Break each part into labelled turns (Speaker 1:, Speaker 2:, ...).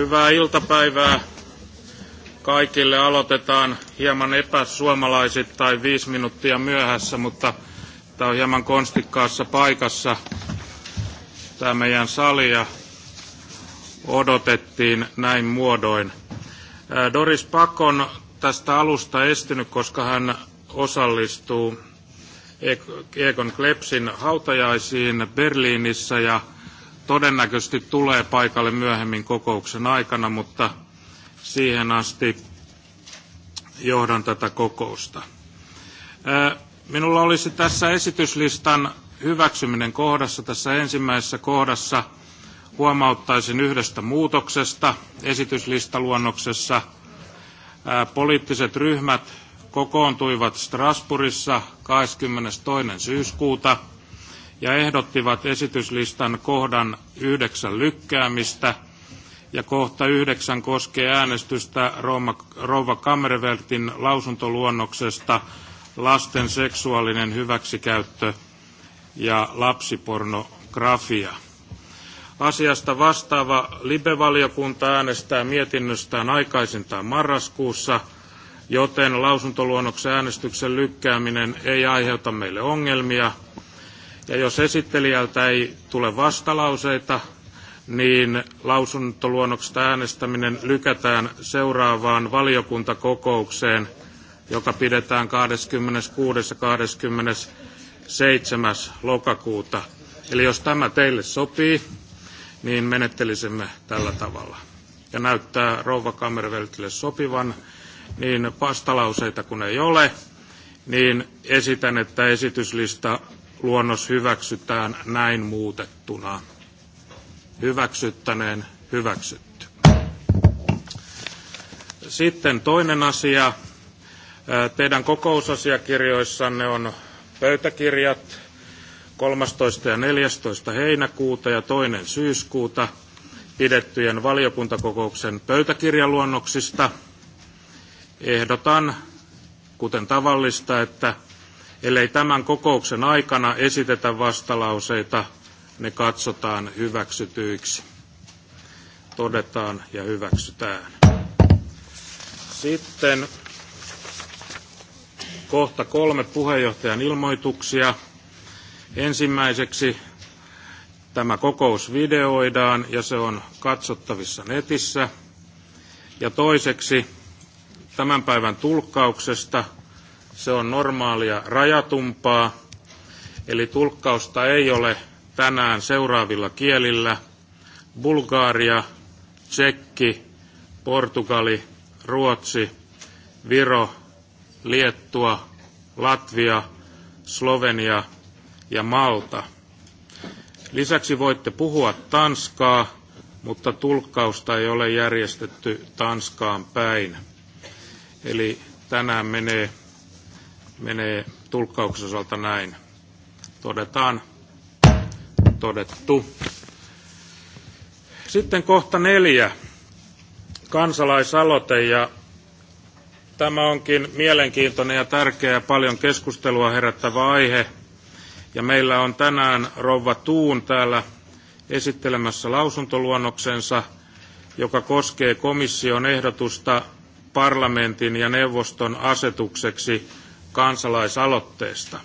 Speaker 1: Hyvää iltapäivää kaikille. Aloitetaan hieman epäsuomalaisittain viisi minuuttia myöhässä, mutta tämä on hieman konstikkaassa paikassa. Tämä meidän sali ja odotettiin näin muodoin. Doris Pakon tästä alusta estynyt, koska hän osallistuu Egon Klepsin hautajaisiin Berliinissä ja todennäköisesti tulee paikalle myöhemmin kokouksen aikana, mutta siihen asti johdan tätä kokousta. Minulla olisi tässä esityslistan hyväksyminen kohdassa. Tässä ensimmäisessä kohdassa huomauttaisin yhdestä muutoksesta esityslistaluonnoksessa. Poliittiset ryhmät kokoontuivat Strasbourgissa 22. syyskuuta – ja ehdottivat esityslistan kohdan yhdeksän lykkäämistä ja kohta yhdeksän koskee äänestystä Rouva, Rouva Kammerveltin lausuntoluonnoksesta lasten seksuaalinen hyväksikäyttö ja lapsipornografia. Asiasta vastaava Libe-valiokunta äänestää mietinnöstään aikaisintaan marraskuussa, joten lausuntoluonnoksen äänestyksen lykkääminen ei aiheuta meille ongelmia – Ja jos esittelijältä ei tule vastalauseita, niin lausuntoluonnoksesta äänestäminen lykätään seuraavaan valiokuntakokoukseen, joka pidetään 26. 27. lokakuuta. Eli jos tämä teille sopii, niin menettelisimme tällä tavalla. Ja näyttää rouva Kammerveltille sopivan, niin vastalauseita kun ei ole, niin esitän, että esityslista luonnos hyväksytään näin muutettuna. Hyväksyttäneen hyväksytty. Sitten toinen asia. Teidän kokousasiakirjoissanne on pöytäkirjat 13. ja 14. heinäkuuta ja toinen syyskuuta pidettyjen valiokuntakokouksen pöytäkirjaluonnoksista. Ehdotan, kuten tavallista, että Ellei tämän kokouksen aikana esitetä vastalauseita, ne katsotaan hyväksytyiksi. Todetaan ja hyväksytään. Sitten kohta kolme puheenjohtajan ilmoituksia. Ensimmäiseksi tämä kokous videoidaan ja se on katsottavissa netissä. Ja toiseksi tämän päivän tulkkauksesta – se on normaalia rajatumpaa, eli tulkkausta ei ole tänään seuraavilla kielillä. Bulgaaria, Tsekki, Portugali, Ruotsi, Viro, Liettua, Latvia, Slovenia ja Malta. Lisäksi voitte puhua tanskaa, mutta tulkkausta ei ole järjestetty Tanskaan päin. Eli tänään menee menee tulkkauksen osalta näin. Todetaan todettu. Sitten kohta neljä, kansalaisaloite, ja tämä onkin mielenkiintoinen ja tärkeä ja paljon keskustelua herättävä aihe. Ja meillä on tänään Rouva Tuun täällä esittelemässä lausuntoluonnoksensa, joka koskee komission ehdotusta parlamentin ja neuvoston asetukseksi kansalaisaloitteesta.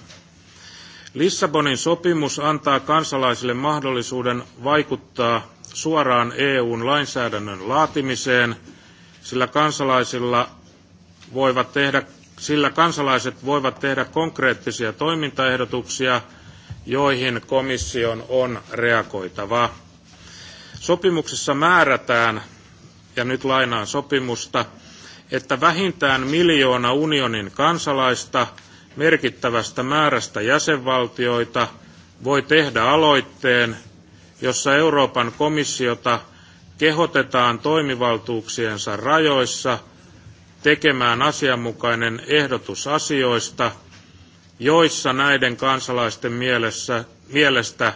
Speaker 1: Lissabonin sopimus antaa kansalaisille mahdollisuuden vaikuttaa suoraan EUn lainsäädännön laatimiseen, sillä kansalaisilla voivat tehdä, sillä kansalaiset voivat tehdä konkreettisia toimintaehdotuksia, joihin komission on reagoitava. Sopimuksessa määrätään, ja nyt lainaan sopimusta, että vähintään miljoona unionin kansalaista merkittävästä määrästä jäsenvaltioita voi tehdä aloitteen, jossa Euroopan komissiota kehotetaan toimivaltuuksiensa rajoissa tekemään asianmukainen ehdotus asioista, joissa näiden kansalaisten mielessä, mielestä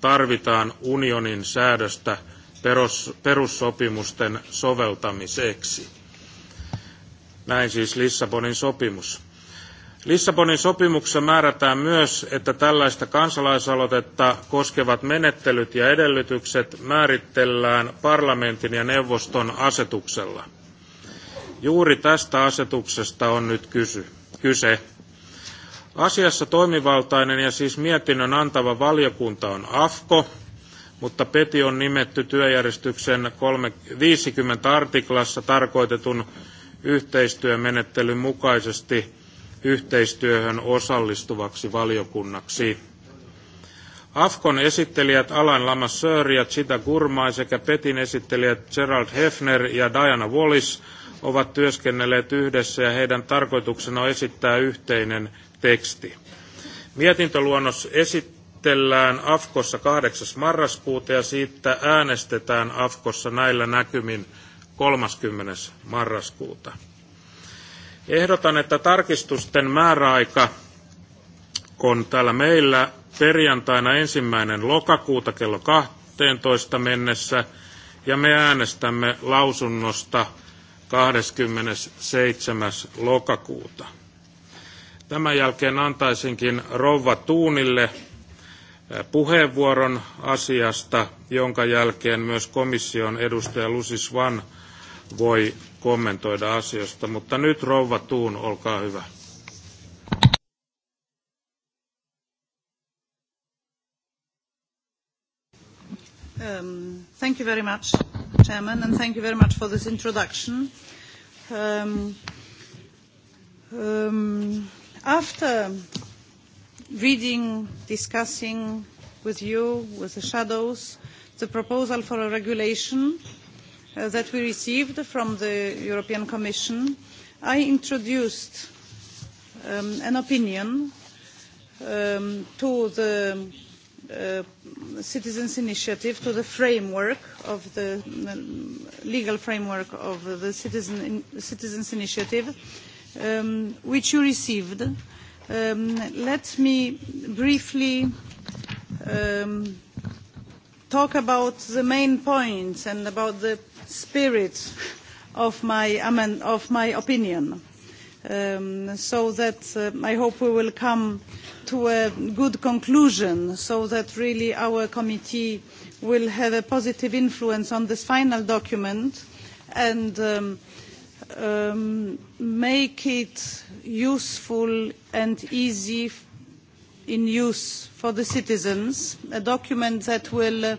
Speaker 1: tarvitaan unionin säädöstä perussopimusten soveltamiseksi näin siis Lissabonin sopimus. Lissabonin sopimuksessa määrätään myös, että tällaista kansalaisaloitetta koskevat menettelyt ja edellytykset määritellään parlamentin ja neuvoston asetuksella. Juuri tästä asetuksesta on nyt kysy, kyse. Asiassa toimivaltainen ja siis mietinnön antava valiokunta on AFKO, mutta PETI on nimetty työjärjestyksen 50 artiklassa tarkoitetun yhteistyömenettelyn mukaisesti yhteistyöhön osallistuvaksi valiokunnaksi. Afkon esittelijät Alan Lamasseur ja Chita Gurmai sekä Petin esittelijät Gerald Hefner ja Diana Wallis ovat työskennelleet yhdessä ja heidän tarkoituksena on esittää yhteinen teksti. Mietintöluonnos esitellään Afkossa 8. marraskuuta ja siitä äänestetään Afkossa näillä näkymin 30. marraskuuta. Ehdotan, että tarkistusten määräaika on täällä meillä perjantaina ensimmäinen lokakuuta kello 12 mennessä ja me äänestämme lausunnosta 27. lokakuuta. Tämän jälkeen antaisinkin Rouva Tuunille puheenvuoron asiasta, jonka jälkeen myös komission edustaja Lusis Van voi kommentoida asiasta. Mutta nyt rouva Tuun, olkaa hyvä.
Speaker 2: Um, thank you very much, Chairman, and thank you very much for this introduction. Um, um, after reading, discussing with you, with the shadows, the proposal for a regulation, Uh, that we received from the European Commission, I introduced um, an opinion um, to the Uh, citizens' initiative to the framework of the uh, legal framework of the citizen in, citizens' initiative, um, which you received. Um, let me briefly um, talk about the main points and about the spirit of my, of my opinion. Um, so that uh, I hope we will come to a good conclusion so that really our committee will have a positive influence on this final document and um, um, make it useful and easy in use for the citizens, a document that will uh,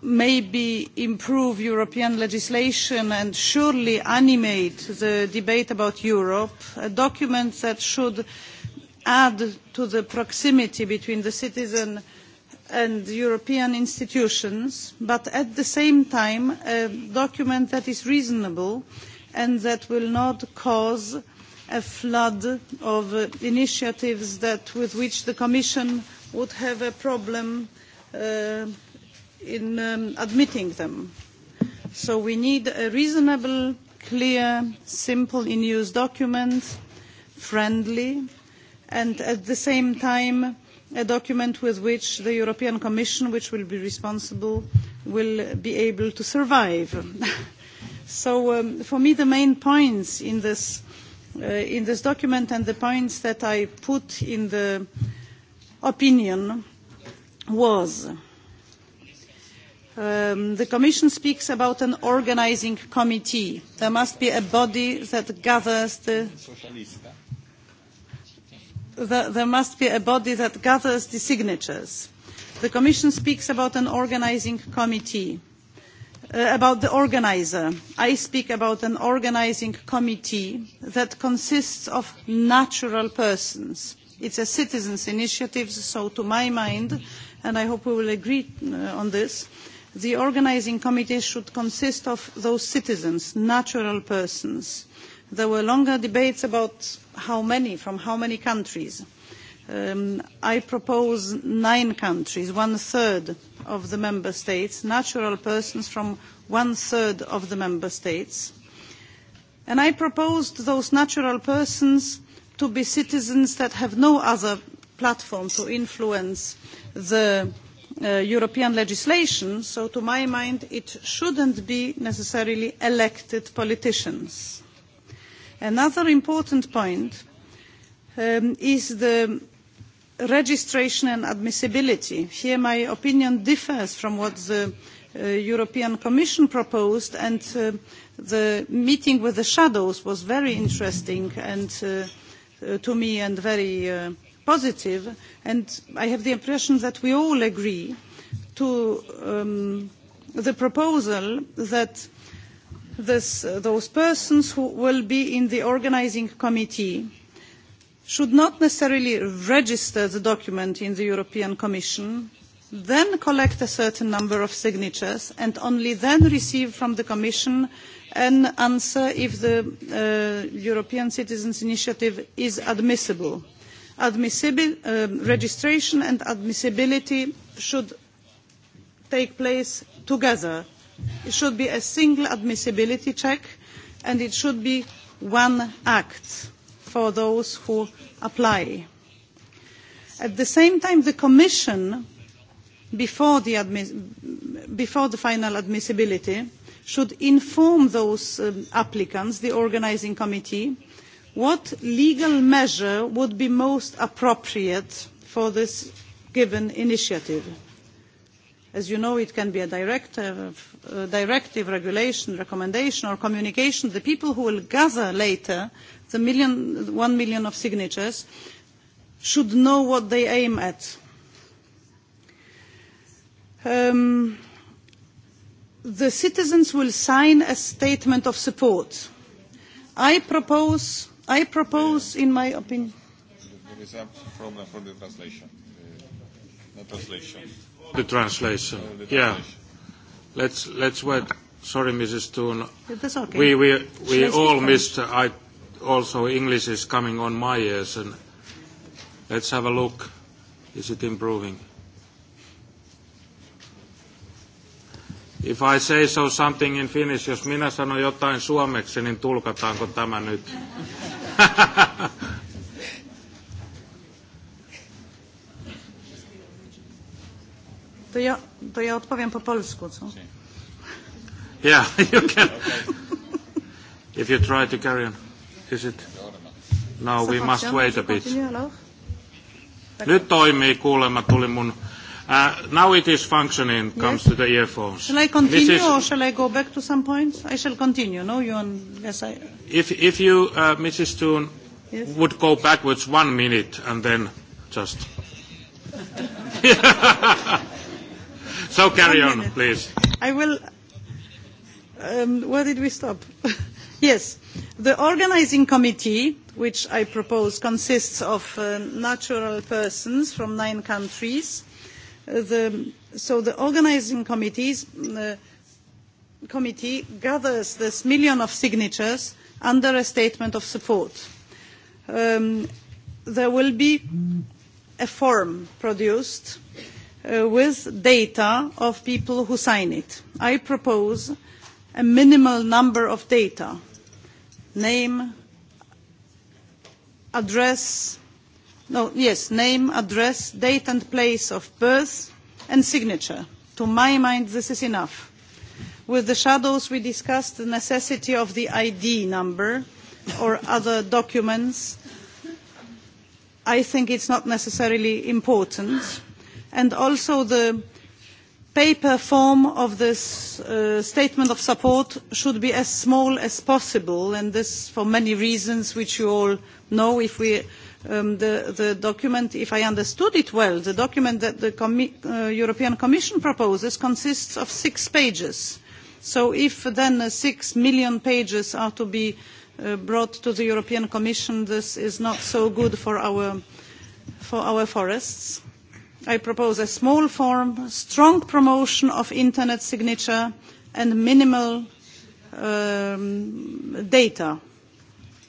Speaker 2: maybe improve European legislation and surely animate the debate about Europe, a document that should add to the proximity between the citizen and European institutions, but at the same time a document that is reasonable and that will not cause a flood of initiatives that, with which the Commission would have a problem uh, in um, admitting them. So we need a reasonable, clear, simple in-use document, friendly, and at the same time a document with which the European Commission, which will be responsible, will be able to survive. so um, for me the main points in this Uh, in this document and the points that I put in the opinion was um, the Commission speaks about an organizing committee. There must be a body that gathers the there must be a body that gathers the signatures. The Commission speaks about an organising committee. Uh, about the organizer. I speak about an organising committee that consists of natural persons. It's a citizens' initiative, so to my mind, and I hope we will agree uh, on this, the organising committee should consist of those citizens, natural persons. There were longer debates about how many, from how many countries Um, I propose nine countries, one-third of the member states, natural persons from one-third of the member states. And I proposed those natural persons to be citizens that have no other platform to influence the uh, European legislation, so to my mind it shouldn't be necessarily elected politicians. Another important point um, is the registration and admissibility. Here my opinion differs from what the uh, European Commission proposed and uh, the meeting with the shadows was very interesting and uh, uh to me and very uh, positive and I have the impression that we all agree to um, the proposal that this, uh, those persons who will be in the organising committee should not necessarily register the document in the European Commission, then collect a certain number of signatures, and only then receive from the Commission an answer if the uh, European Citizens' Initiative is admissible. Admissibil uh, um, registration and admissibility should take place together. It should be a single admissibility check, and it should be one act for those who apply. At the same time, the Commission, before the, before the final admissibility, should inform those um, applicants, the organising committee, what legal measure would be most appropriate for this given initiative. As you know, it can be a directive, a directive regulation, recommendation or communication. The people who will gather later the million, one million of signatures should know what they aim at. Um, the citizens will sign a statement of support. I propose, I propose in my opinion.
Speaker 3: There is a problem for the translation. Uh, the translation. The
Speaker 1: translation. Yeah. Let's let's wait. Sorry, Mrs. Toon. That's okay. We we we all missed. I also English is coming on my ears, and let's have a look. Is it improving? If I say so something in Finnish, jos minä sanon jotain suomeksi, niin tulkataanko tämä nyt?
Speaker 2: To ja, to ja odpowiem po polsku, co?
Speaker 1: Yeah, you can. If you try to carry on. Is it? we must wait a bit. Nyt toimii kuulemma, tuli mun... Uh, now it is functioning, comes yes. to the earphones. Shall I continue Mrs.
Speaker 2: or shall I go back to some points? I shall continue, no? You on, yes, I...
Speaker 1: If, if you, uh, Mrs. Toon, yes. would go backwards one minute and then just... so carry on, please.
Speaker 2: I will... Um, where did we stop? Yes, the organising committee, which I propose, consists of uh, natural persons from nine countries. Uh, the, so the organising committees, mm, uh, committee gathers this million of signatures under a statement of support. Um, there will be a form produced uh, with data of people who sign it. I propose a minimal number of data name, address, no, yes, name, address, date and place of birth, and signature. To my mind, this is enough. With the shadows, we discussed the necessity of the ID number or other documents. I think it's not necessarily important. And also the paper form of this uh, statement of support should be as small as possible, and this for many reasons which you all know. If we, um, the, the document, if I understood it well, the document that the uh, European Commission proposes consists of six pages. So if then uh, six million pages are to be uh, brought to the European Commission, this is not so good for our, for our forests. I propose a small form, strong promotion of internet signature and minimal um, data,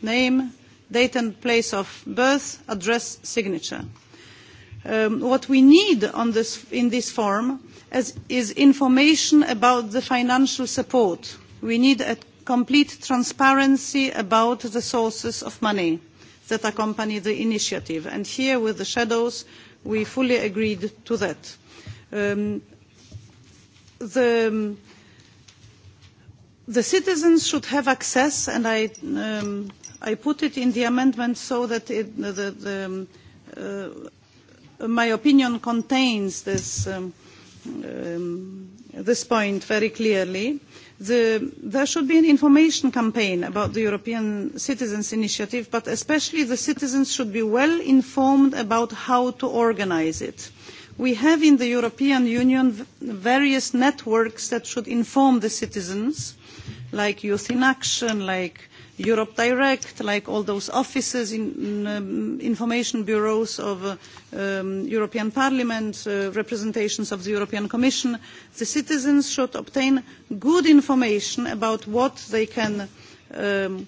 Speaker 2: name, date and place of birth, address, signature. Um, what we need this, in this form is, is information about the financial support. We need a complete transparency about the sources of money that accompany the initiative. And here with the shadows, We fully agreed to that. Um, the, um, the citizens should have access, and I, um, I put it in the amendment so that it, the, the, um, uh, my opinion contains this, um, um, this point very clearly The, there should be an information campaign about the European Citizens Initiative, but especially the citizens should be well informed about how to organise it. We have in the European Union various networks that should inform the citizens, like Youth in Action, like Europe Direct, like all those offices in, um, information bureaus of uh, um, European Parliament, uh, representations of the European Commission, the citizens should obtain good information about what they can um,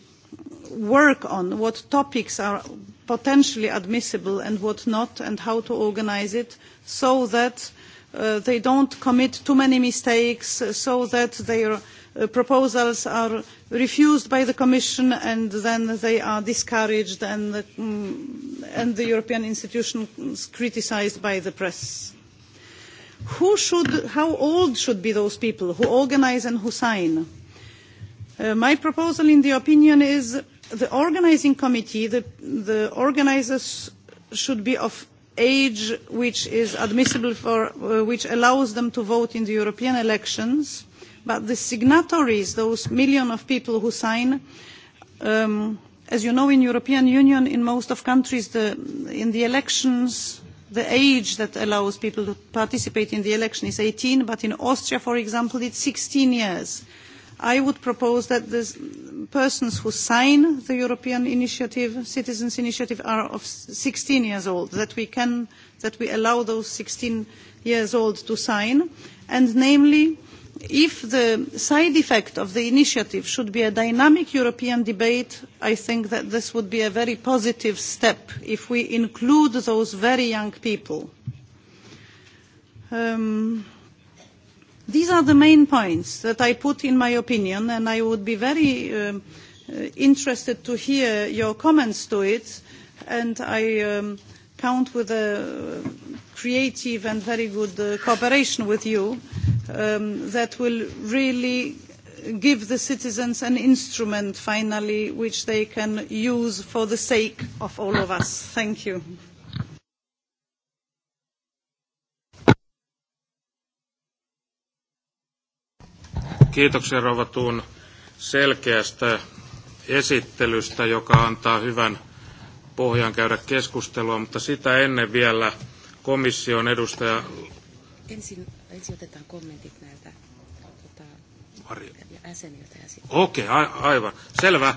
Speaker 2: work on, what topics are potentially admissible and what not, and how to organise it so that uh, they don't commit too many mistakes, uh, so that their Uh, proposals are refused by the Commission and then they are discouraged and, the, um, and the European institutions criticised by the press. Who should, how old should be those people who organise and who sign? Uh, my proposal in the opinion is the organising committee, the, the organisers should be of age which is admissible for uh, which allows them to vote in the European elections But the signatories, those million of people who sign, um, as you know, in European Union, in most of countries, the, in the elections, the age that allows people to participate in the election is 18, but in Austria, for example, it's 16 years. I would propose that the persons who sign the European initiative, citizens' initiative, are of 16 years old, that we, can, that we allow those 16 years old to sign, and namely, if the side effect of the initiative should be a dynamic European debate, I think that this would be a very positive step if we include those very young people. Um, these are the main points that I put in my opinion, and I would be very um, uh, interested to hear your comments to it, and I um, count with a creative and very good uh, cooperation with you um, that will really give the citizens an instrument finally which they can use for the sake of all of us. Thank you.
Speaker 1: Kiitoksia Rova selkeästä esittelystä, joka antaa hyvän pohjan käydä keskustelua, mutta sitä ennen vielä komission edustaja...
Speaker 4: Ensin, ensin otetaan kommentit näiltä tota, jäseniltä.
Speaker 1: Okei, okay, aivan. Selvä.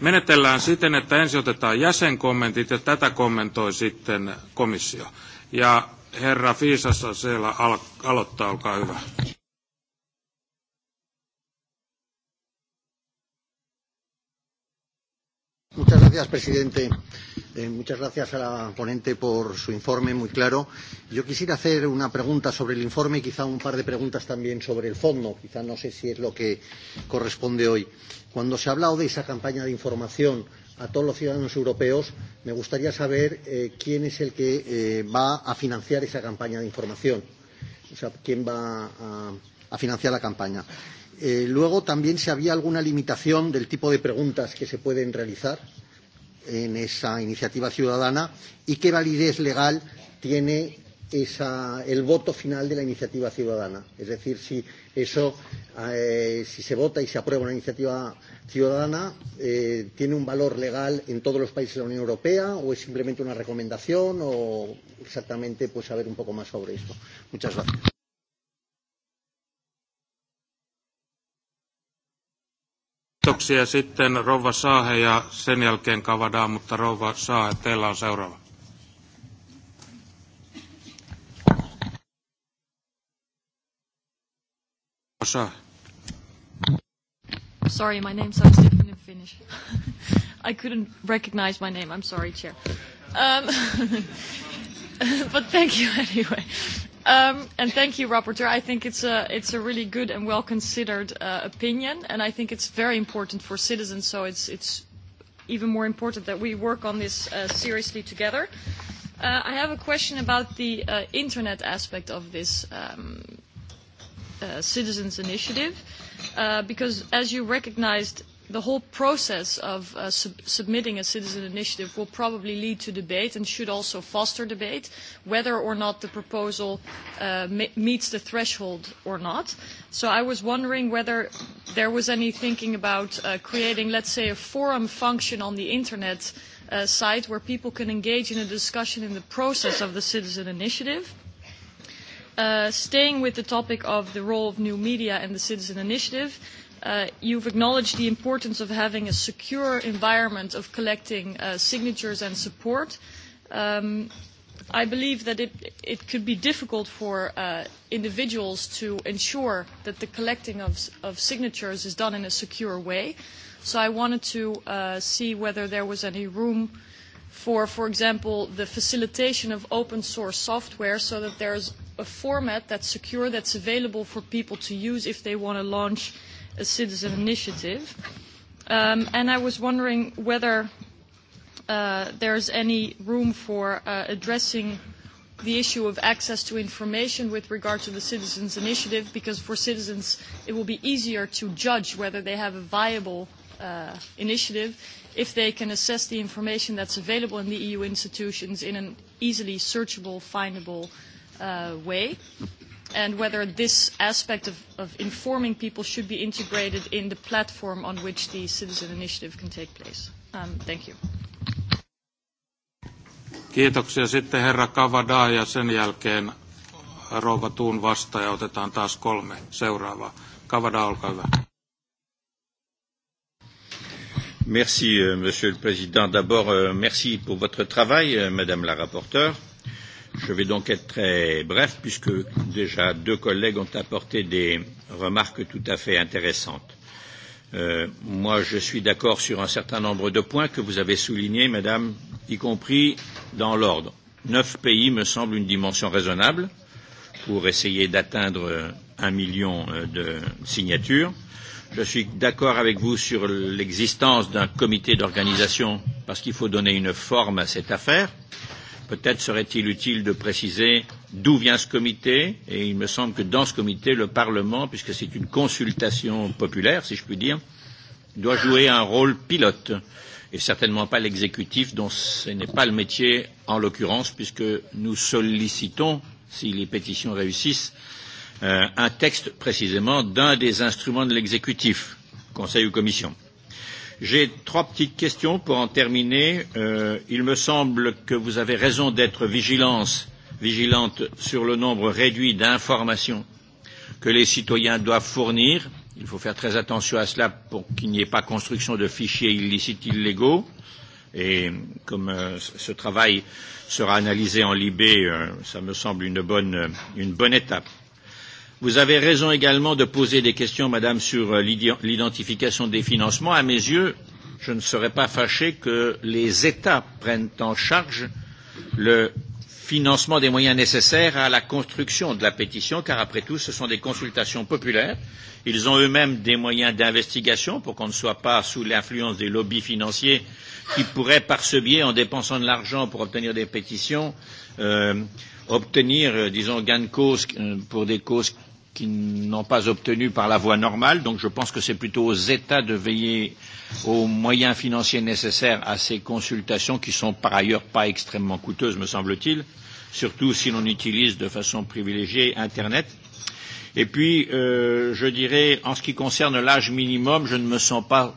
Speaker 1: Menetellään siten, että ensin otetaan jäsenkommentit ja tätä kommentoi sitten komissio. Ja herra Fiisassa siellä al- aloittaa, olkaa hyvä.
Speaker 5: Muchas gracias, presidente. Eh, muchas gracias a la ponente por su informe muy claro. Yo quisiera hacer una pregunta sobre el informe y quizá un par de preguntas también sobre el fondo. Quizá no sé si es lo que corresponde hoy. Cuando se ha hablado de esa campaña de información a todos los ciudadanos europeos, me gustaría saber eh, quién es el que eh, va a financiar esa campaña de información. O sea, quién va a, a financiar la campaña. Eh, luego también si había alguna limitación del tipo de preguntas que se pueden realizar en esa iniciativa ciudadana y qué validez legal tiene esa, el voto final de la iniciativa ciudadana. Es decir, si eso, eh, si se vota y se aprueba una iniciativa ciudadana, eh, tiene un valor legal en todos los países de la Unión Europea o es simplemente una recomendación o exactamente pues saber un poco más sobre esto. Muchas gracias.
Speaker 1: Kiitoksia sitten Rova Saahe ja sen jälkeen Kavadaan, mutta Rova Saahe, teillä on seuraava.
Speaker 6: Sorry, my name sounds different in Finnish. I couldn't recognize my name. I'm sorry, Chair. Um, but thank you anyway. Um, and thank you, Rapporteur. I think it's a, it's a really good and well-considered uh, opinion, and I think it's very important for citizens, so it's, it's even more important that we work on this uh, seriously together. Uh, I have a question about the uh, internet aspect of this um, uh, citizens' initiative, uh, because as you recognized, the whole process of uh, sub submitting a citizen initiative will probably lead to debate and should also foster debate whether or not the proposal uh, meets the threshold or not. So I was wondering whether there was any thinking about uh, creating, let's say, a forum function on the internet uh, site where people can engage in a discussion in the process of the citizen initiative. Uh, staying with the topic of the role of new media and the citizen initiative, uh, uh, you've acknowledged the importance of having a secure environment of collecting uh, signatures and support. Um, I believe that it, it could be difficult for uh, individuals to ensure that the collecting of, of signatures is done in a secure way. So I wanted to uh, see whether there was any room for, for example, the facilitation of open source software so that there's a format that's secure, that's available for people to use if they want to launch uh, a citizen initiative. Um, and I was wondering whether uh, there's any room for uh, addressing the issue of access to information with regard to the citizens' initiative, because for citizens it will be easier to judge whether they have a viable uh, initiative if they can assess the information that's available in the EU institutions in an easily searchable, findable uh, way and whether this aspect of, of informing people should be integrated in the platform on which the citizen initiative can take place. Um, thank you.
Speaker 1: Kiitoksia. Sitten herra Kavada ja sen jälkeen rouva Tuun vastaaja. Otetaan taas kolme seuraavaa. Kavada, olkaa hyvä.
Speaker 7: Merci, euh, Monsieur le Président. D'abord, euh, merci pour votre travail, euh, Madame la rapporteure. Je vais donc être très bref puisque déjà deux collègues ont apporté des remarques tout à fait intéressantes. Euh, moi, je suis d'accord sur un certain nombre de points que vous avez soulignés, Madame, y compris dans l'ordre. Neuf pays me semble une dimension raisonnable pour essayer d'atteindre un million euh, de signatures. Je suis d'accord avec vous sur l'existence d'un comité d'organisation parce qu'il faut donner une forme à cette affaire. Euh, Peut-être serait-il utile de préciser d'où vient ce comité, et il me semble que dans ce comité, le Parlement, puisque c'est une consultation populaire, si je puis dire, doit jouer un rôle pilote, et certainement pas l'exécutif, dont ce n'est pas le métier en l'occurrence, puisque nous sollicitons, si les pétitions réussissent, euh, un texte précisément d'un des instruments de l'exécutif, Conseil ou Commission. J'ai trois petites questions pour en terminer. Euh, il me semble que vous avez raison d'être vigilante sur le nombre réduit d'informations que les citoyens doivent fournir. Il faut faire très attention à cela pour qu'il n'y ait pas construction de fichiers illicites illégaux. Et comme euh, ce travail sera analysé en Libé, euh, ça me semble une bonne, une bonne étape. Vous avez raison également de poser des questions, Madame, sur euh, l'identification des financements. À mes yeux, je ne serais pas fâché que les États prennent en charge le financement des moyens nécessaires à la construction de la pétition, car après tout, ce sont des consultations populaires. Ils ont eux-mêmes des moyens d'investigation pour qu'on ne soit pas sous l'influence des lobbies financiers qui pourraient, par ce biais, en dépensant de l'argent pour obtenir des pétitions, euh, obtenir, euh, disons, gain de cause euh, pour des causes qui n'ont pas obtenu par la voie normale. Donc je pense que c'est plutôt aux États de veiller aux moyens financiers nécessaires à ces consultations qui sont par ailleurs pas extrêmement coûteuses, me semble-t-il, surtout si l'on utilise de façon privilégiée Internet. Et puis, euh, je dirais, en ce qui concerne l'âge minimum, je ne me sens pas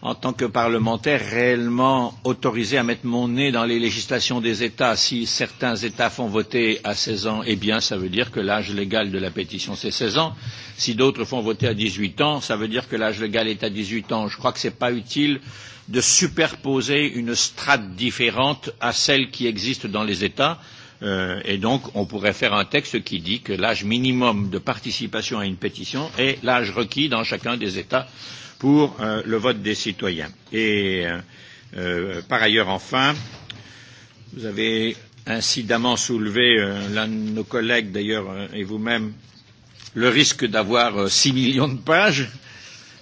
Speaker 7: en tant que parlementaire, réellement autorisé à mettre mon nez dans les législations des États. Si certains États font voter à 16 ans, eh bien, ça veut dire que l'âge légal de la pétition, c'est 16 ans. Si d'autres font voter à 18 ans, ça veut dire que l'âge légal est à 18 ans. Je crois que ce n'est pas utile de superposer une strate différente à celle qui existe dans les États. Euh, et donc, on pourrait faire un texte qui dit que l'âge minimum de participation à une pétition est l'âge requis dans chacun des États pour euh, le vote des citoyens. Et euh, euh, par ailleurs, enfin, vous avez incidemment soulevé, euh, l'un de nos collègues d'ailleurs euh, et vous-même, le risque d'avoir euh, 6 millions de pages.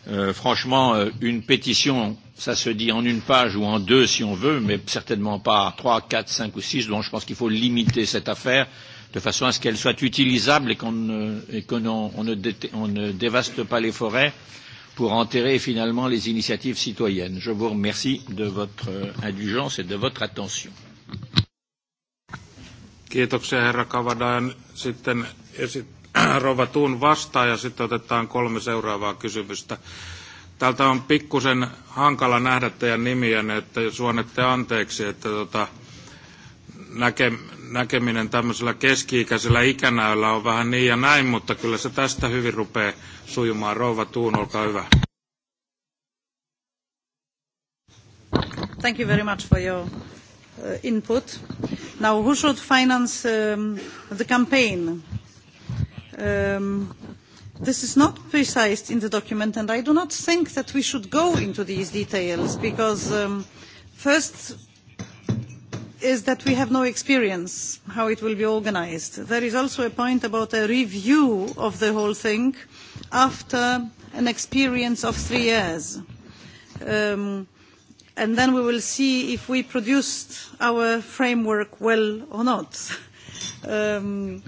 Speaker 7: Euh, franchement, euh, une pétition, ça se dit en une page ou en deux si on veut, mais certainement pas 3, 4, 5 ou 6, donc je pense qu'il faut limiter cette affaire de façon à ce qu'elle soit utilisable et qu'on ne, qu on, on ne, dé, ne dévaste pas les forêts. Euh, pour enterrer finalement les initiatives citoyennes. Je vous remercie de votre euh, indulgence et de votre attention. Kiitoksia herra Kavadajan. Sitten esit, rouva Tuun
Speaker 1: vastaa ja sitten otetaan kolme seuraavaa kysymystä. Täältä on pikkusen hankala nähdä teidän nimiänne, että suonette anteeksi, että tota, näke, näkeminen tämmöisellä keski-ikäisellä ikänäöllä on vähän niin ja näin, mutta kyllä se tästä hyvin rupeaa sujumaan. Rouva Tuun, olkaa hyvä.
Speaker 2: Thank you very much for your uh, input. Now, who should finance um, the campaign? Um, this is not precised in the document, and I do not think that we should go into these details because, um, first, is that we have no experience how it will be organised. There is also a point about a review of the whole thing after an experience of three years. Um, and then we will see if we produced our framework well or not. Um,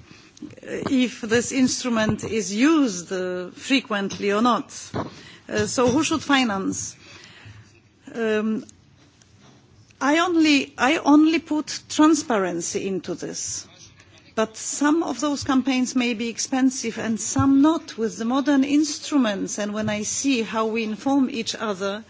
Speaker 2: if this instrument is used uh, frequently or not. Uh, so who should finance? Um, I only, I only put transparency into this. But some of those campaigns may be expensive and some not with the modern instruments. And when I see how we inform each other,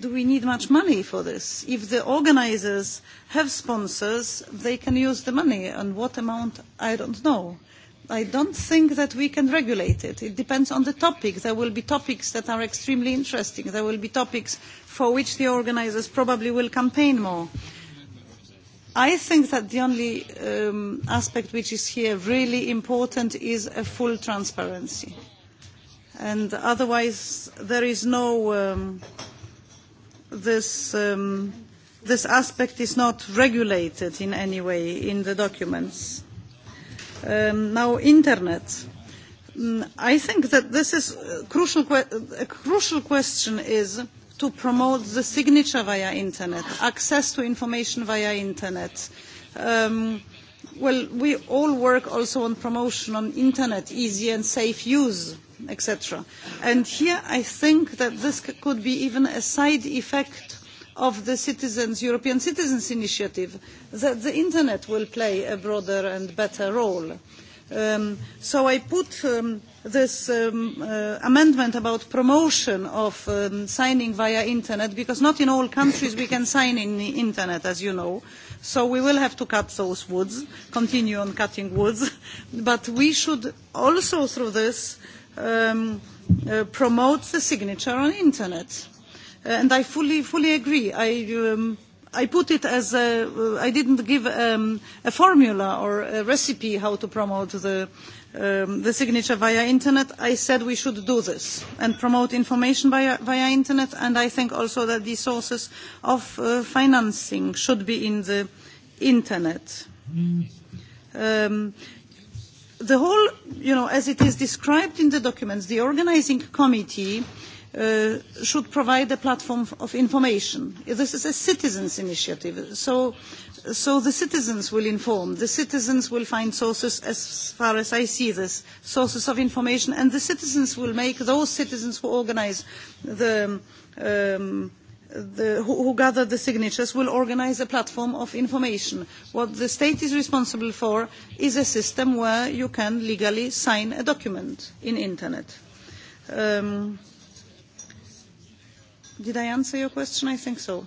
Speaker 2: do we need much money for this? If the organizers have sponsors, they can use the money. And what amount, I don't know. I don't think that we can regulate it. It depends on the topic. There will be topics that are extremely interesting. There will be topics for which the organisers probably will campaign more. I think that the only um, aspect which is here really important is a full transparency. And otherwise, there is no, um, this, um, this aspect is not regulated in any way in the documents. Um, now, Internet. Mm, I think that this is a uh, crucial, que- uh, a crucial question is, to promote the signature via internet, access to information via internet. Um, well, we all work also on promotion on internet, easy and safe use, etc. And here I think that this could be even a side effect of the citizens, European Citizens Initiative, that the internet will play a broader and better role. Um, so I put um, this um, uh, amendment about promotion of um, signing via internet because not in all countries we can sign in the internet as you know so we will have to cut those woods continue on cutting woods but we should also through this um, uh, promote the signature on internet and i fully fully agree i um, I put it as a, I didn't give um, a formula or a recipe how to promote the um, the signature via internet, I said we should do this and promote information via, via internet. And I think also that the sources of uh, financing should be in the internet. Um, the whole, you know, as it is described in the documents, the organizing committee uh, should provide a platform of information. This is a citizens' initiative, so So the citizens will inform. The citizens will find sources, as far as I see this, sources of information, and the citizens will make those citizens who organise the. Um, the, who, who gather the signatures will organise a platform of information. What the state is responsible for is a system where you can legally sign a document in internet. Um, did I answer your question? I think so.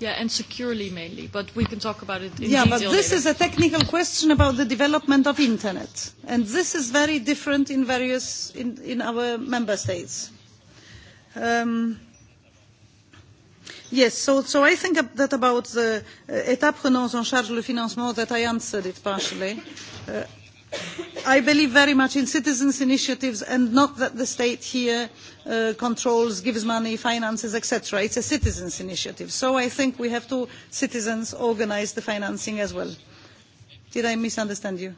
Speaker 2: Yeah, and securely mainly, but we can talk about it in yeah, detail. Yeah, but this later. is a technical question about the development of internet, and this is very different in various in, in our member states. Um, yes, so, so I think that about the uh, état prenant en charge le financement that I answered it partially. Uh, I believe very much in citizens' initiatives and not that the state here uh, controls, gives money, finances, etc. It's a citizens' initiative. So I think we have to, citizens, organise the financing as well. Did I misunderstand you?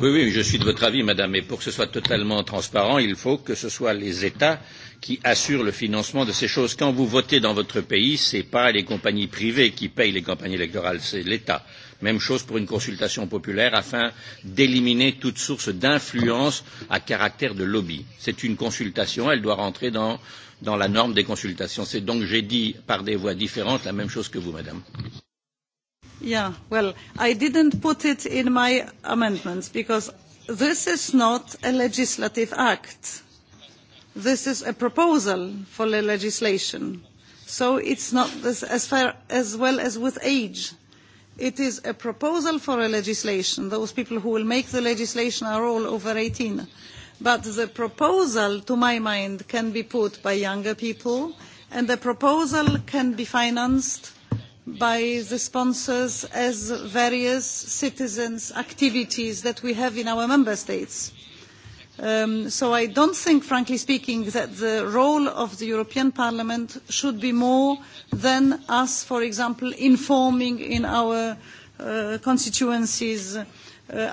Speaker 7: Oui, oui, je suis de votre avis, madame. Et pour que ce soit totalement transparent, il faut que ce soit les États qui assurent le financement de ces choses. Quand vous votez dans votre pays, ce n'est pas les compagnies privées qui payent les campagnes électorales, c'est l'État. Même chose pour une consultation populaire afin d'éliminer toute source d'influence à caractère de lobby. C'est une consultation, elle doit rentrer dans, dans la norme des consultations. C'est donc, j'ai dit par des voix différentes, la même chose que vous, madame.
Speaker 2: Yeah, well, I didn't put it in my amendments because this is not a legislative act this is a proposal for legislation. So it's not this as far as well as with age. It is a proposal for a legislation. Those people who will make the legislation are all over 18. But the proposal, to my mind, can be put by younger people, and the proposal can be financed by the sponsors as various citizens' activities that we have in our member states Um, so I don't think, frankly speaking, that the role of the European Parliament should be more than us, for example, informing in our uh, constituencies. Uh,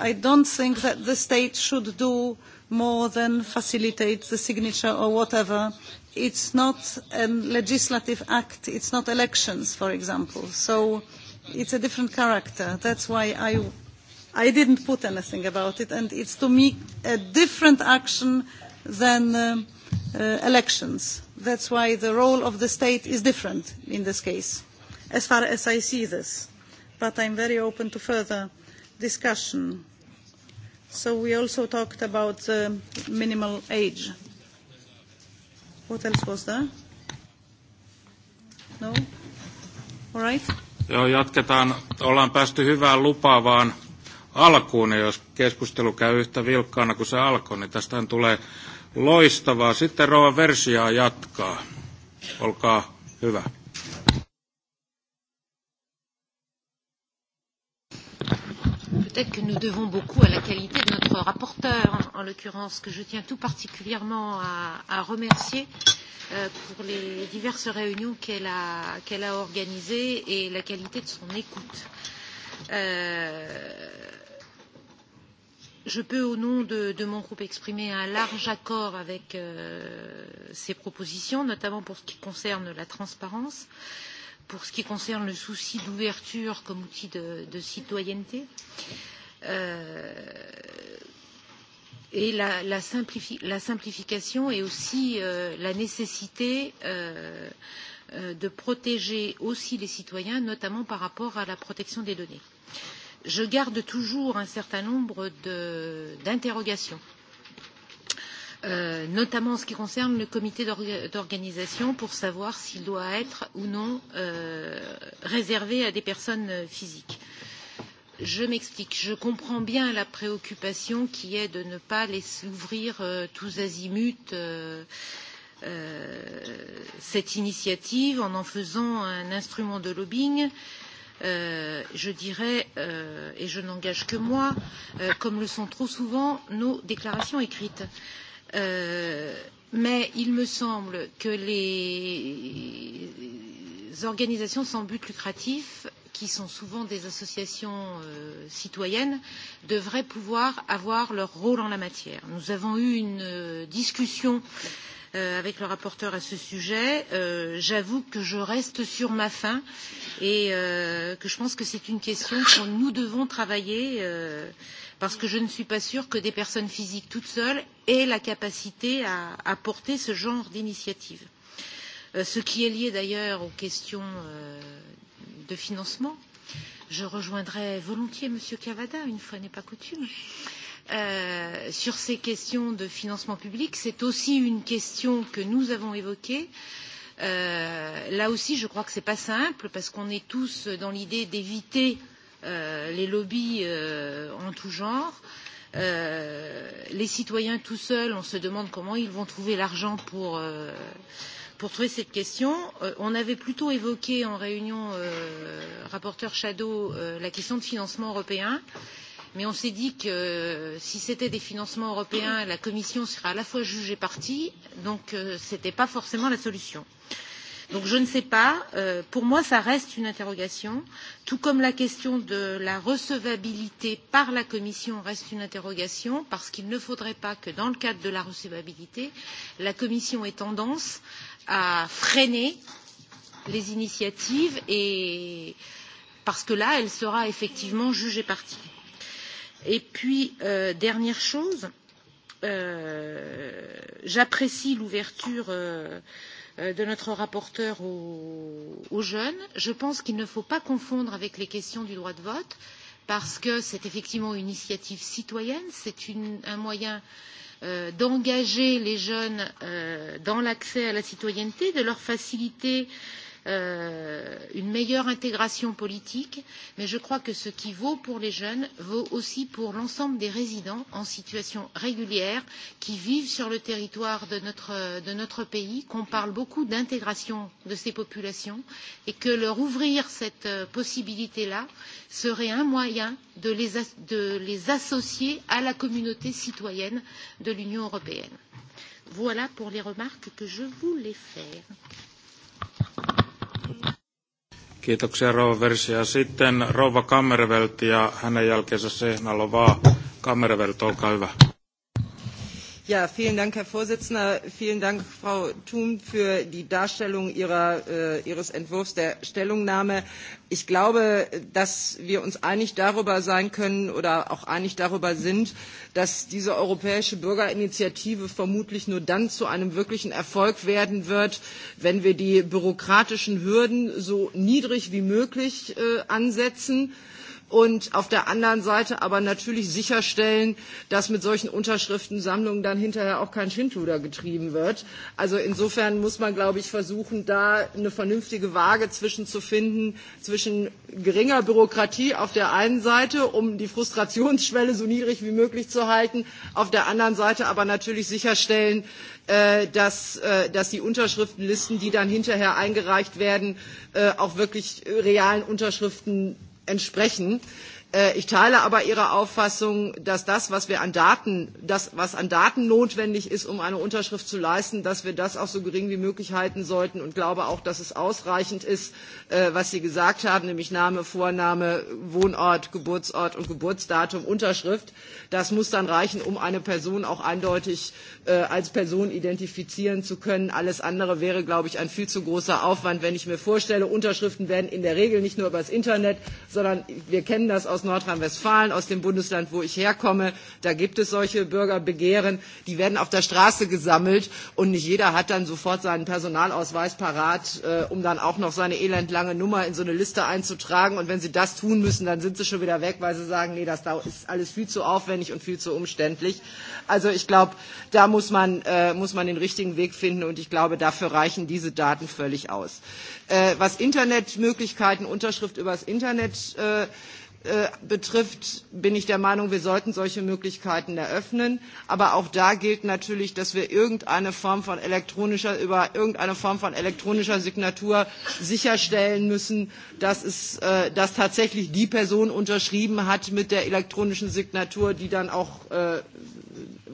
Speaker 2: I don't think that the state should do more than facilitate the signature or whatever. It's not a legislative act. It's not elections, for example. So it's a different character. That's why I I didn't put anything about it, and it's to me a different action than uh, uh, elections. That's why the role of the state is different in this case, as far as I see this. But I'm very open to further discussion. So we also talked about uh, minimal age. What else was there? No? All right.
Speaker 1: Joo, jatketaan. Ollaan päästy hyvään lupaavaan alkuun, ja jos keskustelu käy yhtä vilkkaana kuin se alkoi, niin tästä tulee loistavaa. Sitten Rova Versiaa jatkaa. Olkaa hyvä.
Speaker 8: Peut-être que nous devons beaucoup à la qualité de notre rapporteur, en, en l'occurrence, que je tiens tout particulièrement à, à remercier euh, pour les diverses réunions qu'elle a, qu a organisées et la qualité de son écoute. Euh, Je peux, au nom de, de mon groupe, exprimer un large accord avec euh, ces propositions, notamment pour ce qui concerne la transparence, pour ce qui concerne le souci d'ouverture comme outil de, de citoyenneté. Euh, et la, la, simplifi la simplification et aussi euh, la nécessité euh, euh, de protéger aussi les citoyens, notamment par rapport à la protection des données. Euh, je garde toujours un certain nombre d'interrogations euh, notamment en ce qui concerne le comité d'organisation pour savoir s'il doit être ou non euh, réservé à des personnes physiques. Je m'explique. Je comprends bien la préoccupation qui est de ne pas laisser ouvrir euh, tous azimuts euh, euh, cette initiative en en faisant un instrument de lobbying. Euh, Euh, je dirais, euh, et je n'engage que moi, euh, comme le sont trop souvent nos déclarations écrites. Euh, mais il me semble que les organisations sans but lucratif qui sont souvent des associations euh, citoyennes, devraient pouvoir avoir leur rôle en la matière. Nous avons eu une euh, discussion euh, euh, avec le rapporteur à ce sujet. Euh, J'avoue que je reste sur ma faim et euh, que je pense que c'est une question que nous devons travailler euh, parce que je ne suis pas sûre que des personnes physiques toutes seules aient la capacité à, à porter ce genre d'initiative. Euh, ce qui est lié d'ailleurs aux questions euh, de financement. Je rejoindrai volontiers M. Cavada, une fois n'est pas coutume. Euh, Euh, sur ces questions de financement public, c'est aussi une question que nous avons évoquée. Euh, là aussi, je crois que ce n'est pas simple parce qu'on est tous dans l'idée d'éviter euh, les lobbies euh, en tout genre. Euh, les citoyens tout seuls, on se demande comment ils vont trouver l'argent pour, euh, pour trouver cette question. Euh, on avait plutôt évoqué en réunion euh, rapporteur Shadow euh, la question de financement européen. Euh, mais on s'est dit que euh, si c'était des financements européens, la Commission serait à la fois juge et partie, donc euh, ce n'était pas forcément la solution. Donc je ne sais pas, euh, pour moi ça reste une interrogation, tout comme la question de la recevabilité par la Commission reste une interrogation, parce qu'il ne faudrait pas que dans le cadre de la recevabilité, la Commission ait tendance à freiner les initiatives et parce que là, elle sera effectivement jugée partie. Et puis, euh, dernière chose, euh, j'apprécie l'ouverture euh, euh, de notre rapporteur aux, aux jeunes. Je pense qu'il ne faut pas confondre avec les questions du droit de vote, parce que c'est effectivement une initiative citoyenne, c'est un moyen euh, d'engager les jeunes euh, dans l'accès à la citoyenneté, de leur faciliter euh, euh, une meilleure intégration politique, mais je crois que ce qui vaut pour les jeunes vaut aussi pour l'ensemble des résidents en situation régulière qui vivent sur le territoire de notre, de notre pays, qu'on parle beaucoup d'intégration de ces populations et que leur ouvrir cette euh, possibilité-là serait un moyen de les, de les associer à la communauté citoyenne de l'Union européenne. Voilà pour les remarques que je voulais faire.
Speaker 1: Kiitoksia Rouva Versi. Ja sitten Rouva Kammervelt ja hänen jälkeensä Sehnalova. Kammervelt, olkaa hyvä.
Speaker 9: Ja, vielen Dank, Herr Vorsitzender. Vielen Dank, Frau Thun, für die Darstellung ihrer, äh, Ihres Entwurfs der Stellungnahme. Ich glaube, dass wir uns einig darüber sein können oder auch einig darüber sind, dass diese europäische Bürgerinitiative vermutlich nur dann zu einem wirklichen Erfolg werden wird, wenn wir die bürokratischen Hürden so niedrig wie möglich äh, ansetzen. Äh, und auf der anderen Seite aber natürlich sicherstellen, dass mit solchen Unterschriftensammlungen dann hinterher auch kein Schindluder getrieben wird. Also insofern muss man, glaube ich, versuchen, da eine vernünftige Waage zwischen zu finden, zwischen geringer Bürokratie auf der einen Seite, um die Frustrationsschwelle so niedrig wie möglich zu halten, auf der anderen Seite aber natürlich sicherstellen, äh, dass, äh, dass die Unterschriftenlisten, die dann hinterher eingereicht werden, äh, auch wirklich realen Unterschriften entsprechen. Äh, ich teile aber Ihre Auffassung, dass das, was wir an Daten, das, was an Daten notwendig ist, um eine Unterschrift zu leisten, dass wir das auch so gering wie möglich halten sollten und glaube auch, dass es ausreichend ist, äh, was Sie gesagt haben, nämlich Name, Vorname, Wohnort, Geburtsort und Geburtsdatum, Unterschrift. Das muss dann reichen, um eine Person auch eindeutig äh, als Person identifizieren zu können. Alles andere wäre, glaube ich, ein viel zu großer Aufwand, wenn ich mir vorstelle, Unterschriften werden in der Regel nicht nur über das Internet, sondern wir kennen das aus aus Nordrhein-Westfalen, aus dem Bundesland, wo ich herkomme. Da gibt es solche Bürgerbegehren. Die werden auf der Straße gesammelt und nicht jeder hat dann sofort seinen Personalausweis parat, äh, um dann auch noch seine elendlange Nummer in so eine Liste einzutragen. Und wenn sie das tun müssen, dann sind sie schon wieder weg, weil sie sagen, nee, das ist alles viel zu aufwendig und viel zu umständlich. Also ich glaube, da muss man, äh, muss man den richtigen Weg finden und ich glaube, dafür reichen diese Daten völlig aus. Äh, was Internetmöglichkeiten, Unterschrift übers Internet äh, Äh, betrifft, bin ich der Meinung, wir sollten solche Möglichkeiten eröffnen. Aber auch da gilt natürlich, dass wir irgendeine Form von elektronischer, über irgendeine Form von elektronischer Signatur sicherstellen müssen, dass, es, äh, dass tatsächlich die Person unterschrieben hat mit der elektronischen Signatur, die dann auch, äh,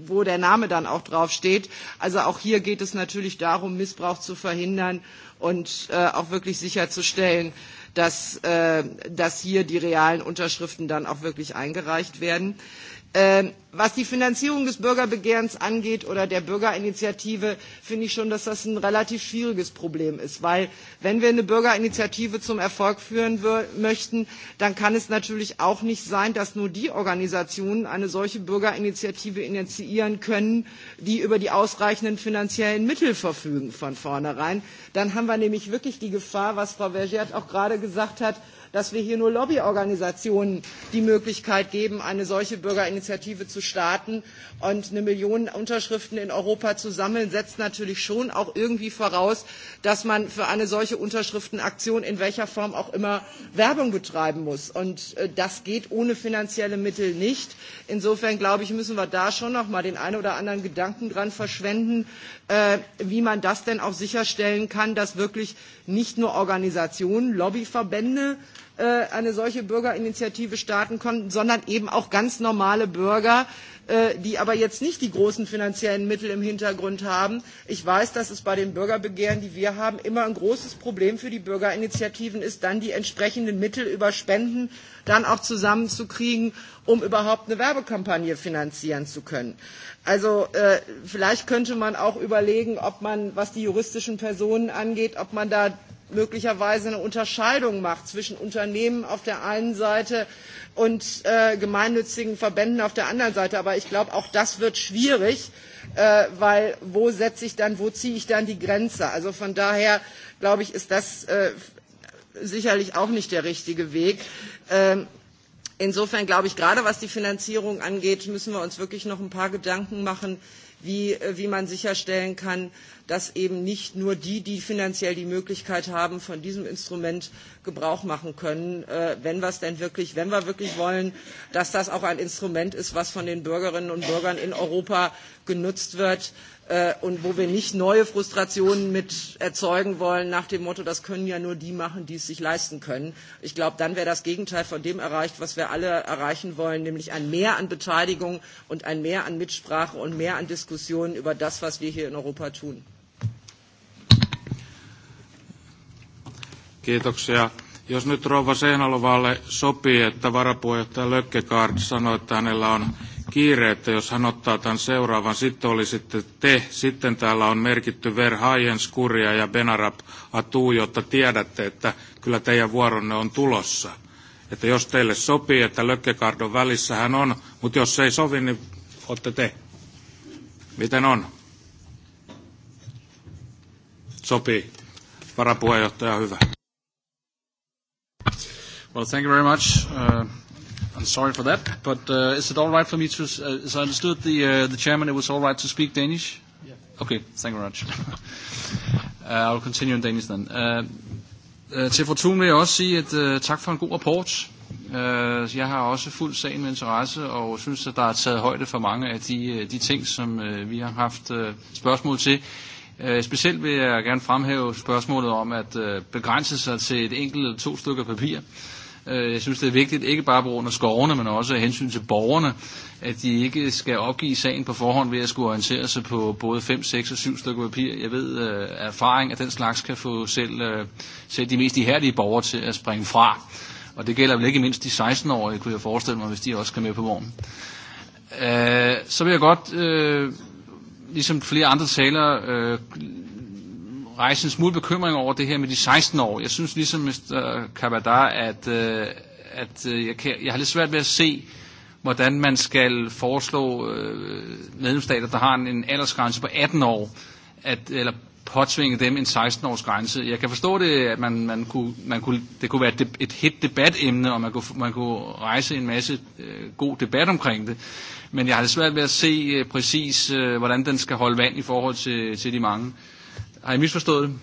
Speaker 9: wo der Name dann auch draufsteht. Also auch hier geht es natürlich darum, Missbrauch zu verhindern und auch wirklich sicherzustellen, dass, äh, dass hier die realen Unterschriften dann auch wirklich eingereicht werden. Ähm, was die Finanzierung des Bürgerbegehrens angeht oder der Bürgerinitiative, finde ich schon, dass das ein relativ schwieriges Problem ist. Weil wenn wir eine Bürgerinitiative zum Erfolg führen möchten, dann kann es natürlich auch nicht sein, dass nur die Organisationen eine solche Bürgerinitiative initiieren können, die über die ausreichenden finanziellen Mittel verfügen von vornherein. Dann haben wir nämlich wirklich die Gefahr, was Frau Vergiat auch gerade gesagt hat, dass wir hier nur Lobbyorganisationen die Möglichkeit geben, eine solche Bürgerinitiative zu starten. Und eine Million Unterschriften in Europa zu sammeln, setzt natürlich schon auch irgendwie voraus, dass man für eine solche Unterschriftenaktion in welcher Form auch immer Werbung betreiben muss. Und äh, das geht ohne finanzielle Mittel nicht. Insofern glaube ich, müssen wir da schon noch mal den einen oder anderen Gedanken dran verschwenden, äh, wie man das denn auch sicherstellen kann, dass wirklich nicht nur Organisationen, Lobbyverbände, Äh, eine solche Bürgerinitiative starten konnten, sondern eben auch ganz normale Bürger, äh, die aber jetzt nicht die großen finanziellen Mittel im Hintergrund haben. Ich weiß, dass es bei den Bürgerbegehren, die wir haben, immer ein großes Problem für die Bürgerinitiativen ist, dann die entsprechenden Mittel über Spenden dann auch zusammenzukriegen, um überhaupt eine Werbekampagne finanzieren zu können. Also äh, vielleicht könnte man auch überlegen, ob man, was die juristischen Personen angeht, ob man da möglicherweise eine Unterscheidung macht zwischen Unternehmen auf der einen Seite und äh, gemeinnützigen Verbänden auf der anderen Seite. Aber ich glaube, auch das wird schwierig, äh, weil wo setze ich dann, wo ziehe ich dann die Grenze? Also von daher, glaube ich, ist das äh, sicherlich auch nicht der richtige Weg. Ähm, insofern glaube ich, gerade was die Finanzierung angeht, müssen wir uns wirklich noch ein paar Gedanken machen, wie, äh, wie man sicherstellen kann, dass eben nicht nur die, die finanziell die Möglichkeit haben, von diesem Instrument Gebrauch machen können, äh, wenn wir es denn wirklich, wenn wir wirklich wollen, dass das auch ein Instrument ist, was von den Bürgerinnen und Bürgern in Europa genutzt wird Äh, und wo wir nicht neue Frustrationen mit erzeugen wollen nach dem Motto, das können ja nur die machen, die es sich leisten können. Ich glaube, dann wäre das Gegenteil von dem erreicht, was wir alle erreichen wollen, nämlich ein Mehr an Beteiligung und ein Mehr an Mitsprache und mehr an Diskussionen über das, was wir hier in Europa tun.
Speaker 1: Kiitoksia. Jos nyt rouva Seinalovalle sopii, että varapuheenjohtaja Lökkekaard sanoi, että hänellä on kiire, että jos hän ottaa tämän seuraavan, sitten oli sitten te, sitten täällä on merkitty Verhaajens, Kuria ja Benarab Atuu, jotta tiedätte, että kyllä teidän vuoronne on tulossa. Että jos teille sopii, että Lökkekardon välissä hän on, mutta jos ei sovi, niin otte te. Miten on? Sopii. Varapuheenjohtaja, hyvä.
Speaker 10: Well, thank you very much. Uh... I'm sorry for that, but uh, is it all right for me to, uh, as I understood the, uh, the chairman, it was all right to speak Danish? Yeah. Okay, thank you very much. uh, I'll continue in Danish then. Uh, uh, til Fortun vil jeg også sige, at uh, tak for en god rapport. Uh, jeg har også fuldt sagen med interesse, og synes, at der er taget højde for mange af de, de ting, som uh, vi har haft uh, spørgsmål til. Uh, specielt vil jeg gerne fremhæve spørgsmålet om at uh, begrænse sig til et enkelt eller to stykker papir. Uh, Øh, jeg synes, det er vigtigt, ikke bare på grund af skovene, men også af hensyn til borgerne, at de ikke skal opgive sagen på forhånd ved at skulle orientere sig på både 5, 6 og 7 stykker papir. Jeg ved, at øh, erfaring af den slags kan få selv, øh, selv de mest ihærdige borgere til at springe fra. Og det gælder vel ikke mindst de 16-årige, kunne jeg forestille mig, hvis de også skal med på morgen. så vil jeg godt, ligesom flere andre talere, rejse en smule bekymring over det her med de 16 år. Jeg synes ligesom Mr. Kabadar, at, øh, at øh, jeg, kan, jeg har lidt svært ved at se, hvordan man skal foreslå øh, medlemsstater, der har en, en aldersgrænse på 18 år, at, eller påtvinge dem en 16-års grænse. Jeg kan forstå det, at man, man kunne, man kunne, det kunne være et, et hit debatemne, og man kunne, man kunne rejse en masse øh, god debat omkring det. Men jeg har det svært ved at se øh, præcis, øh, hvordan den skal holde vand i forhold til, til de mange. Øh, Har jeg misforstået det?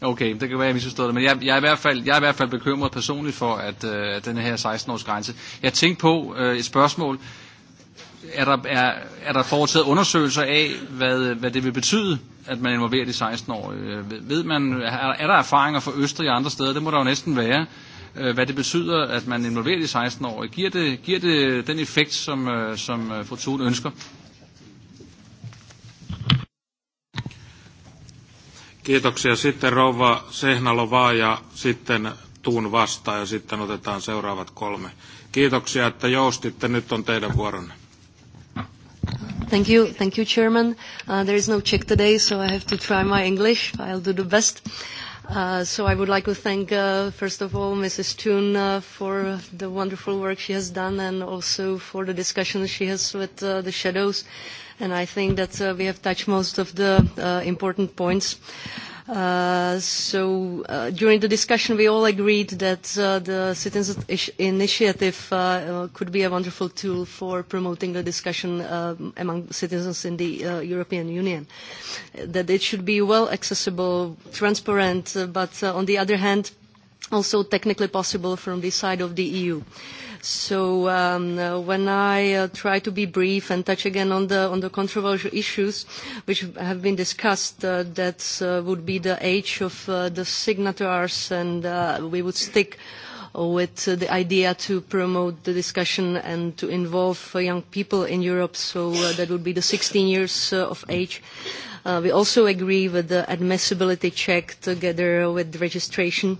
Speaker 10: Okay, det kan være, jeg misforstod det, men jeg, jeg, er i hvert fald, jeg er i hvert fald bekymret personligt for, at øh, den her 16-års grænse. Jeg tænkte på øh, et spørgsmål. Er der, er, er der foretaget undersøgelser af, hvad, hvad det vil betyde, at man involverer de 16-årige? Øh, ved man, er, er der erfaringer fra Østrig og andre steder? Det må der jo næsten være. Øh, hvad det betyder, at man involverer de 16 år? Giver det, giver det den effekt, som, øh, som øh, fru Thun ønsker?
Speaker 1: Kiitoksia. Sitten rouva Sehnalovaa ja sitten Tuun vastaan ja sitten otetaan seuraavat kolme. Kiitoksia, että joustitte. Nyt on teidän vuoronne.
Speaker 11: Thank you, thank you, Chairman. Uh, there is no check today, so I have to try my English. I'll do the best. Uh, so I would like to thank, uh, first of all, Mrs. Toon uh, for the wonderful work she has done and also for the discussions she has with uh, the shadows. Uh, and I think that uh, we have touched most of the uh, important points. Uh, so uh, during the discussion, we all agreed that uh, the citizens initiative uh, uh, could be a wonderful tool for promoting the discussion uh, among citizens in the uh, European Union. That it should be well accessible, transparent, uh, but uh, on the other hand, also technically possible from the side of the EU. Uh, So um, uh, when I uh, try to be brief and touch again on the on the controversial issues which have been discussed, uh, that uh, would be the age of uh, the signatories, and uh, we would stick with uh, the idea to promote the discussion and to involve uh, young people in Europe. So uh, that would be the 16 years uh, of age. Uh, we also agree with the admissibility check together with registration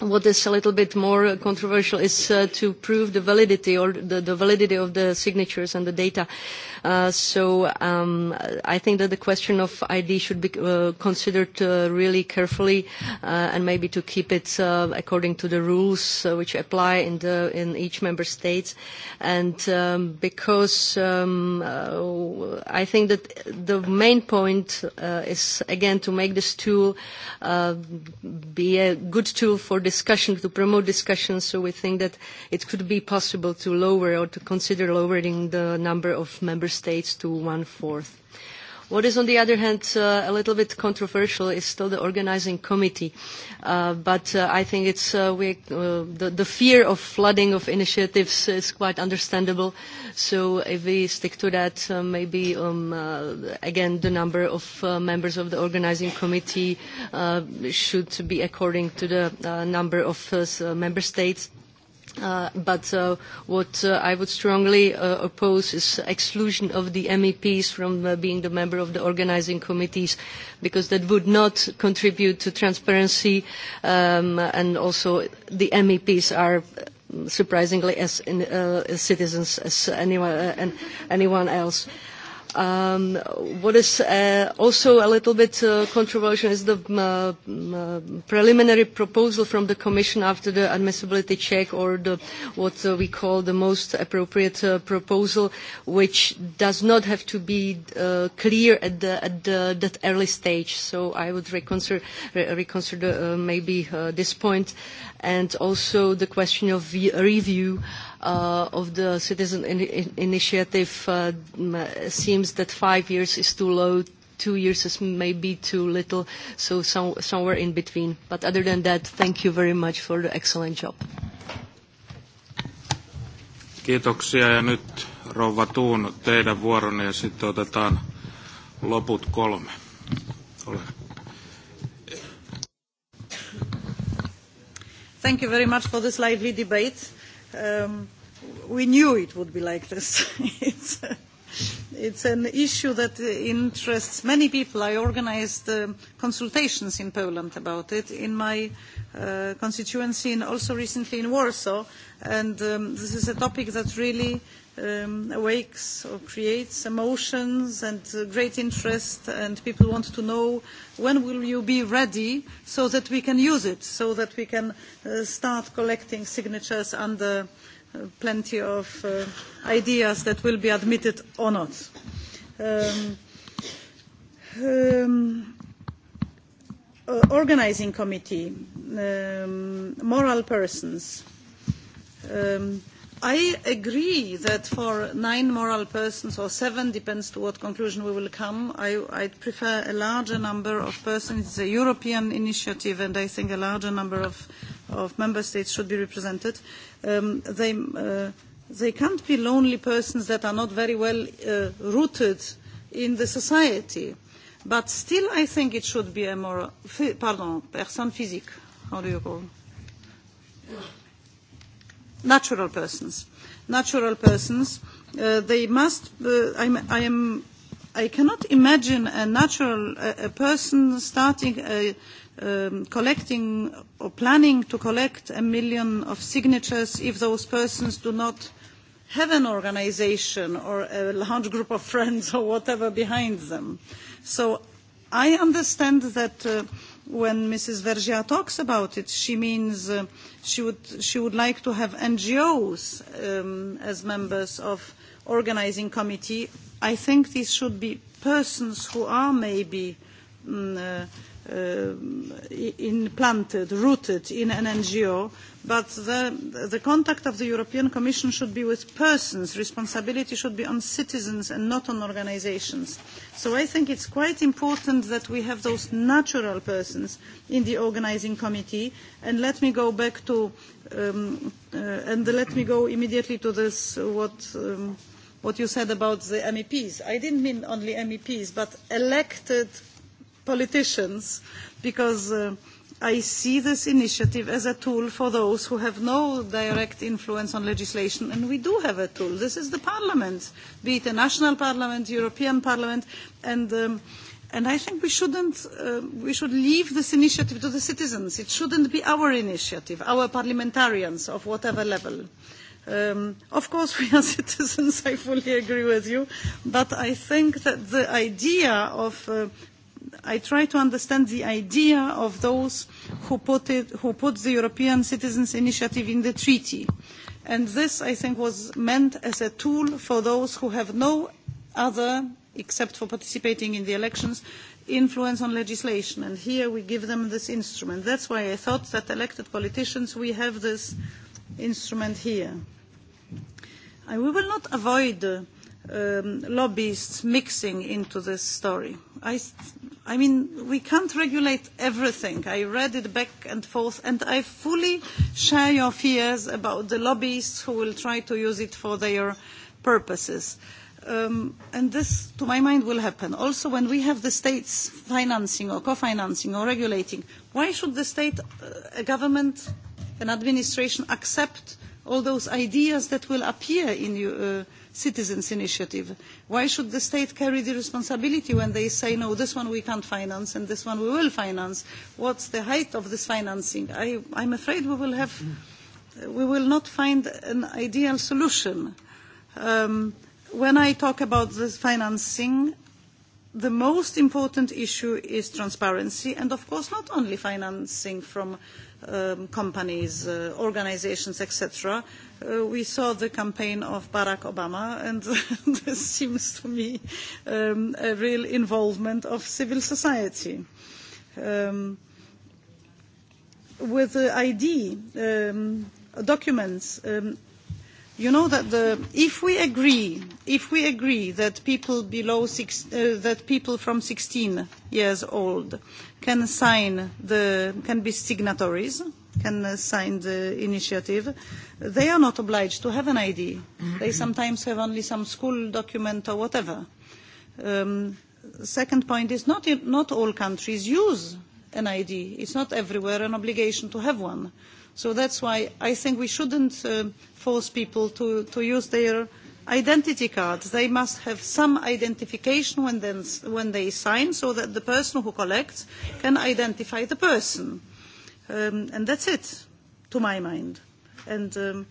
Speaker 11: what is a little bit more controversial is uh, to prove the validity or the, the, validity of the signatures and the data. Uh, so um, I think that the question of ID should be uh, considered uh, really carefully uh, and maybe to keep it uh, according to the rules which apply in, the, in, each member state. And um, because um, I think that the main point is again to make this tool be a good tool for the discussion, to promote discussion, so we think that it could be possible to lower or to consider lowering the number of member states to one-fourth. What is, on the other hand, uh, a little bit controversial is still the organizing committee. Uh, but uh, I think it's uh, we, uh, the, the fear of flooding of initiatives is quite understandable. So if we stick to that, uh, maybe um, uh, again the number of uh, members of the organizing committee uh, should be according to the uh, number of uh, uh member states Uh, but uh, what uh, I would strongly uh, oppose is exclusion of the MEPs from uh, being the member of the organizing committees, because that would not contribute to transparency, um, and also the MEPs are uh, surprisingly as in, uh, citizens as anyone, uh, and anyone else. Uh, Um, what is uh, also a little bit uh, controversial is the uh, uh preliminary proposal from the Commission after the admissibility check or the, what uh, we call the most appropriate uh, proposal, which does not have to be clear at, the, at the, that early stage. So I would reconsider, re reconsider maybe this point. And also the question of review. Uh, uh, of the citizen in initiative uh, seems that five years is too low, two years is maybe too little, so some, somewhere in between. But other than that, thank you very much for the excellent job.
Speaker 1: Kiitoksia ja nyt rouva Tuun teidän vuoronne ja sitten otetaan loput kolme. Ole.
Speaker 2: Thank you very much for this lively debate Um, we knew it would be like this. it's, it's an issue that interests many people. I organized um, consultations in Poland about it, in my uh, constituency and also recently in Warsaw. And um, this is a topic that really um, awakes or creates emotions and uh, great interest and people want to know when will you be ready so that we can use it, so that we can uh, start collecting signatures under uh, plenty of uh, ideas that will be admitted or not. Um, um, uh, organizing committee, um, moral persons, um, I agree that for nine moral persons or seven, depends to what conclusion we will come, I, I'd prefer a larger number of persons. It's a European initiative and I think a larger number of, of member states should be represented. Um, they, uh, they can't be lonely persons that are not very well uh, rooted in the society. But still I think it should be a moral, pardon, personne physique, how do you call
Speaker 12: it?
Speaker 2: natural persons. Natural persons, uh, they must, uh, I'm, I am, I cannot imagine a natural, a, a person starting a, um, collecting or planning to collect a million of signatures if those persons do not have an organization or a large group of friends or whatever behind them. So I understand that uh, when Mrs. Vergia talks about it, she means uh, she, would, she would like to have NGOs um, as members of organizing committee. I think these should be persons who are maybe um, uh, uh, implanted, rooted in an NGO, but the, the contact of the European Commission should be with persons. Responsibility should be on citizens and not on organizations. So I think it's quite important that we have those natural persons in the organizing committee. And let me go back to, um, uh, and let me go immediately to this, what... Um, what you said about the MEPs. I didn't mean only MEPs, but elected politicians, because uh, I see this initiative as a tool for those who have no direct influence on legislation, and we do have a tool. This is the Parliament, be it a national parliament, European Parliament, and. Um, and I think we shouldn't, uh, we should leave this initiative to the citizens. It shouldn't be our initiative, our parliamentarians of whatever level. Um, of course, we are citizens, I fully agree with you, but I think that the idea of uh, I try to understand the idea of those who put, it, who put the European Citizens' Initiative in the treaty. And this, I think, was meant as a tool for those who have no other, except for participating in the elections, influence on legislation. And here we give them this instrument. That's why I thought that elected politicians, we have this instrument here. we will not avoid um, lobbyists mixing into this story. I, I mean, we can't regulate everything. I read it back and forth, and I fully share your fears about the lobbyists who will try to use it for their purposes. Um, and this, to my mind, will happen. Also, when we have the states financing or co-financing or regulating, why should the state, uh, a government, an administration accept all those ideas that will appear in you, uh, citizens' initiative. Why should the state carry the responsibility when they say, no, this one we can't finance and this one we will finance? What's the height of this financing? I, I'm afraid we will, have, we will not find an ideal solution. Um, when I talk about this financing, the most important issue is transparency, and of course not only financing from um, companies, uh, organizations, etc. Uh, we saw the campaign of Barack Obama, and this seems to me um, a real involvement of civil society. Um, with the ID um, documents, um, you know that the, if we agree if we agree that people below six, uh, that people from 16 years old can sign the can be signatories can sign the initiative they are not obliged to have an id they mm-hmm. sometimes have only some school document or whatever um, second point is not not all countries use an id it's not everywhere an obligation to have one uh, So that's why I think we shouldn't uh, force people to, to use their identity card. They must have some identification when, then, when they sign so that the person who collects can identify the person. Um, and that's it, to my mind. And, um,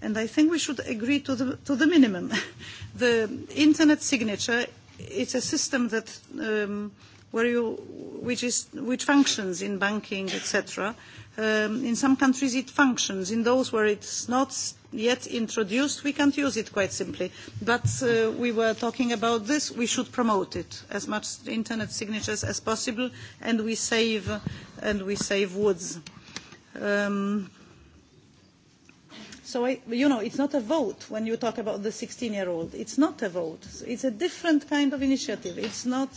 Speaker 2: and I think we should agree to the, to the minimum. the internet signature, it's a system that, um, where you, which, is, which functions in banking, etc., Um, in some countries it functions. In those where it's not yet introduced, we can't use it quite simply. But uh, we were talking about this. We should promote it as much internet signatures as possible, and we save and we save woods. Um, so I, you know, it's not a vote when you talk about the 16-year-old. It's not a vote. It's a different kind of initiative. It's not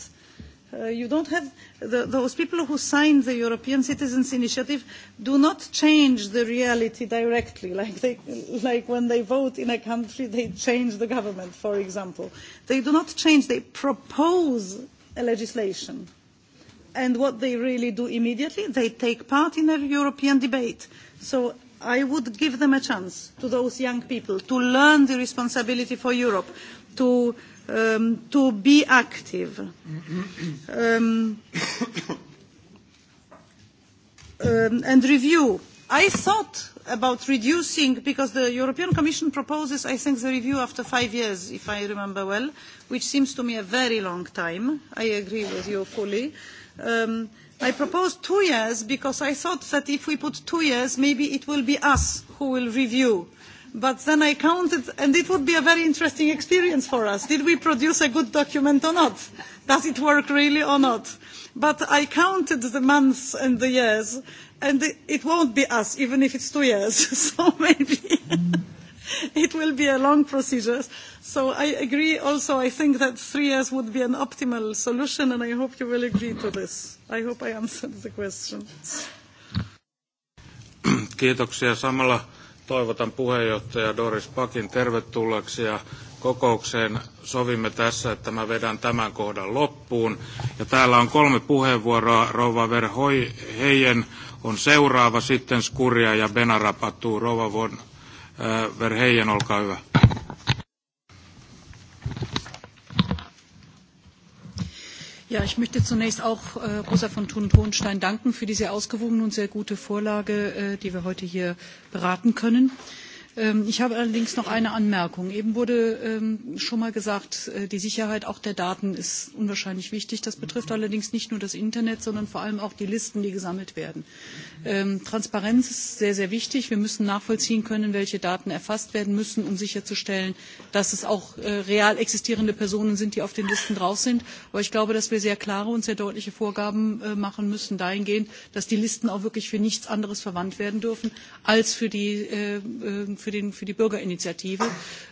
Speaker 2: Uh, you don't have the, those people who signed the European Citizens Initiative do not change the reality directly, like, they, like when they vote in a country, they change the government, for example. They do not change; they propose a legislation. And what they really do immediately, they take part in a European debate. So I would give them a chance to those young people to learn the responsibility for Europe, to um, to be active. Um, um, and review. I thought about reducing, because the European Commission proposes, I think, the review after five years, if I remember well, which seems to me a very long time. I agree with you fully. Um, I proposed two years because I thought that if we put two years, maybe it will be us who will review uh, But then I counted, and it would be a very interesting experience for us. Did we produce a good document or not? Does it work really or not? But I counted the months and the years, and it won't be us, even if it's two years. so maybe it will be a long procedure. So I agree also, I think that three years would be an optimal solution, and I hope you will agree to this. I hope I answered the question.
Speaker 1: Kiitoksia. Samalla toivotan puheenjohtaja Doris Pakin tervetulleeksi ja kokoukseen sovimme tässä, että mä vedän tämän kohdan loppuun. Ja täällä on kolme puheenvuoroa. Rova Verhoi Heijen on seuraava, sitten Skuria ja Benarapatuu. Rova von äh, Verheijen, olkaa hyvä.
Speaker 13: Ja, ich möchte zunächst auch äh, Rosa von Thun-Hohenstein danken für diese ausgewogene und sehr gute Vorlage, äh, die wir heute hier beraten können. Ähm, ich habe allerdings noch eine Anmerkung. Eben wurde ähm, schon mal gesagt, äh, die Sicherheit auch der Daten ist unwahrscheinlich wichtig. Das betrifft allerdings nicht nur das Internet, sondern vor allem auch die Listen, die gesammelt werden. Ähm, Transparenz ist sehr, sehr wichtig. Wir müssen nachvollziehen können, welche Daten erfasst werden müssen, um sicherzustellen, dass es auch äh, real existierende Personen sind, die auf den Listen drauf sind. Aber ich glaube, dass wir sehr klare und sehr deutliche Vorgaben äh, machen müssen dahingehend, dass die Listen auch wirklich für nichts anderes verwandt werden dürfen als für die für, den, für die Bürgerinitiative,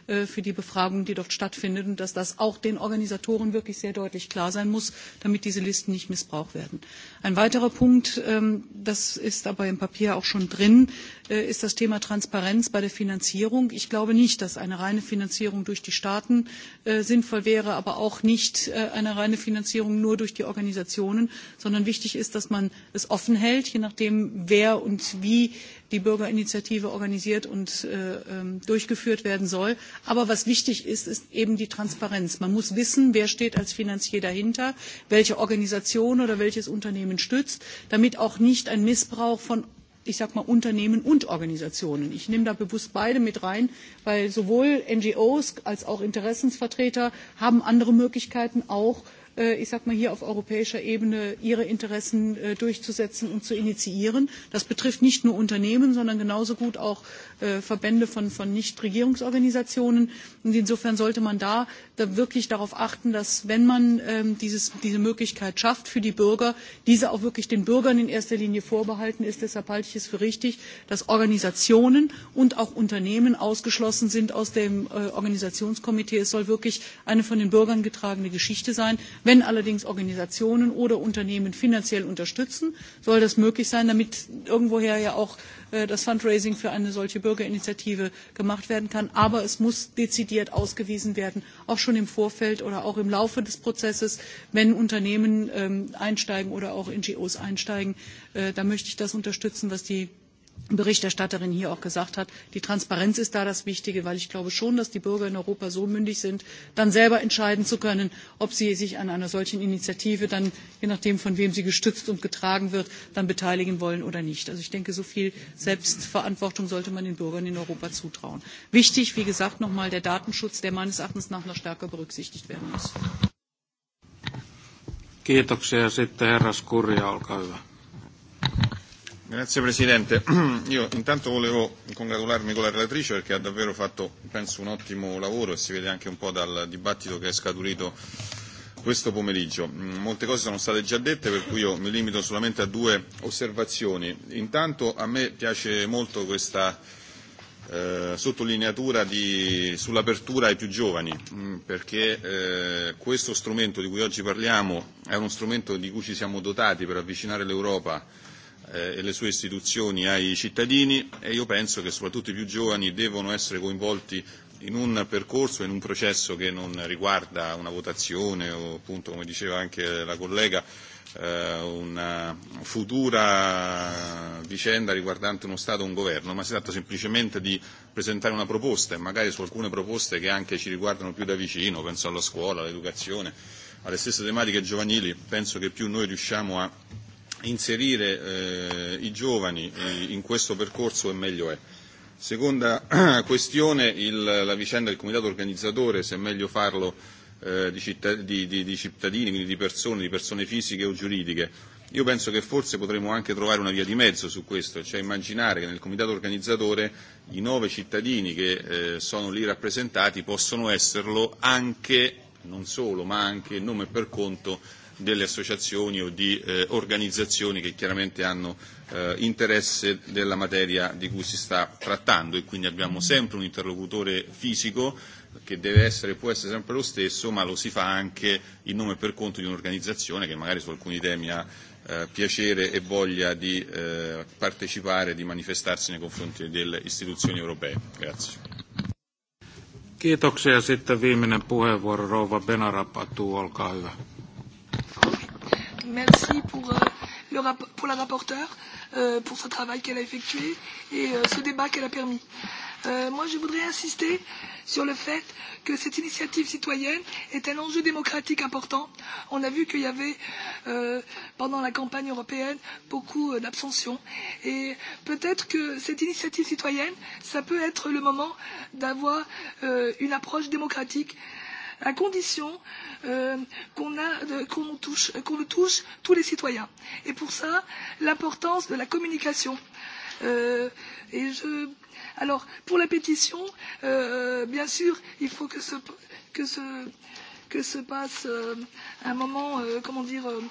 Speaker 13: äh, für die Befragung, die dort stattfindet und dass das auch den Organisatoren wirklich sehr deutlich klar sein muss, damit diese Listen nicht missbraucht werden. Ein weiterer Punkt, ähm, das ist aber im Papier auch schon drin, äh, ist das Thema Transparenz bei der Finanzierung. Ich glaube nicht, dass eine reine Finanzierung durch die Staaten äh, sinnvoll wäre, aber auch nicht äh, eine reine Finanzierung nur durch die Organisationen, sondern wichtig ist, dass man es offen hält, je nachdem, wer und wie die Bürgerinitiative organisiert und äh, ähm, durchgeführt werden soll. Aber was wichtig ist, ist eben die Transparenz. Man muss wissen, wer steht als Finanzier dahinter, welche Organisation oder welches Unternehmen stützt, damit auch nicht ein Missbrauch von ich sage mal Unternehmen und Organisationen. Ich nehme da bewusst beide mit rein, weil sowohl NGOs als auch Interessensvertreter haben andere Möglichkeiten auch Äh, ich sag mal hier auf europäischer Ebene ihre Interessen äh, durchzusetzen und zu initiieren. Das betrifft nicht nur Unternehmen, sondern genauso gut auch äh, Verbände von, von Nichtregierungsorganisationen. Und insofern sollte man da, da wirklich darauf achten, dass wenn man ähm, dieses, diese Möglichkeit schafft für die Bürger, diese auch wirklich den Bürgern in erster Linie vorbehalten ist. Deshalb halte ich es für richtig, dass Organisationen und auch Unternehmen ausgeschlossen sind aus dem Organisationskomitee. Es soll wirklich eine von den Bürgern getragene Geschichte sein. Wenn allerdings Organisationen oder Unternehmen finanziell unterstützen, soll das möglich sein, damit irgendwoher ja auch äh, das Fundraising für eine solche Bürgerinitiative gemacht werden kann. Aber es muss dezidiert ausgewiesen werden, auch schon im Vorfeld oder auch im Laufe des Prozesses, wenn Unternehmen ähm, einsteigen oder auch NGOs einsteigen. Äh, da möchte ich das unterstützen, was die Berichterstatterin hier auch gesagt hat, die Transparenz ist da das Wichtige, weil ich glaube schon, dass die Bürger in Europa so mündig sind, dann selber entscheiden zu können, ob sie sich an einer solchen Initiative dann, je nachdem von wem sie gestützt und getragen wird, dann beteiligen wollen oder nicht. Also ich denke, so viel Selbstverantwortung sollte man den Bürgern in Europa zutrauen. Wichtig, wie gesagt, nochmal der Datenschutz, der meines Erachtens nach noch stärker berücksichtigt werden muss.
Speaker 1: Kiitoksia. Sitten herra Skurja, olkaa hyvä.
Speaker 3: Grazie Presidente. Io intanto volevo congratularmi con la relatrice perché ha davvero fatto, penso, un ottimo lavoro e si vede anche un po' dal dibattito che è scaturito questo pomeriggio. Mm, molte cose sono state già dette per cui io mi limito solamente a due osservazioni. Intanto a me piace molto questa eh, sottolineatura di, sull'apertura ai più giovani, mm, perché eh, questo strumento di cui oggi parliamo è uno strumento di cui ci siamo dotati per avvicinare l'Europa Eh, e le sue istituzioni ai cittadini e io penso che soprattutto i più giovani devono essere coinvolti in un percorso, in un processo che non riguarda una votazione o appunto, come diceva anche la collega, eh, una futura vicenda riguardante uno Stato o un governo, ma si tratta semplicemente di presentare una proposta e magari su alcune proposte che anche ci riguardano più da vicino, penso alla scuola, all'educazione, alle stesse tematiche giovanili, penso che più noi riusciamo a inserire eh, i giovani eh, in questo percorso e meglio è. Seconda questione, il, la vicenda del comitato organizzatore, se è meglio farlo eh, di, città, di, di, di cittadini, quindi di persone, di persone fisiche o giuridiche. Io penso che forse potremmo anche trovare una via di mezzo su questo, cioè immaginare che nel comitato organizzatore i nove cittadini che eh, sono lì rappresentati possono esserlo anche non solo, ma anche il nome e per conto delle associazioni o di eh, organizzazioni che chiaramente hanno eh, interesse della materia di cui si sta trattando e quindi abbiamo sempre un interlocutore fisico che deve essere, può essere sempre lo stesso, ma lo si fa anche in nome e per conto di un'organizzazione che magari su alcuni temi ha eh, piacere e voglia di eh, partecipare, di manifestarsi nei confronti delle istituzioni europee.
Speaker 1: Grazie. Kiitoksia. Sitten viimeinen puheenvuoro, rouva Benarapatu, olkaa hyvä.
Speaker 12: Merci pour, euh, le, pour la rapporteure, euh, pour ce travail qu'elle a effectué et euh, ce débat qu'elle a permis. Euh, moi, je voudrais insister sur le fait que cette initiative citoyenne est un enjeu démocratique important. On a vu qu'il y avait, euh, pendant la campagne européenne, beaucoup euh, d'abstention. Et peut-être que cette initiative citoyenne, ça peut être le moment d'avoir euh, une approche démocratique à condition euh, qu'on qu qu touche, qu touche tous les citoyens. Et pour ça, l'importance de la communication. Euh, et je Alors, pour la pétition, euh, euh, bien sûr, il faut que ce, que ce, que se passe euh, un moment, euh, comment dire, euh,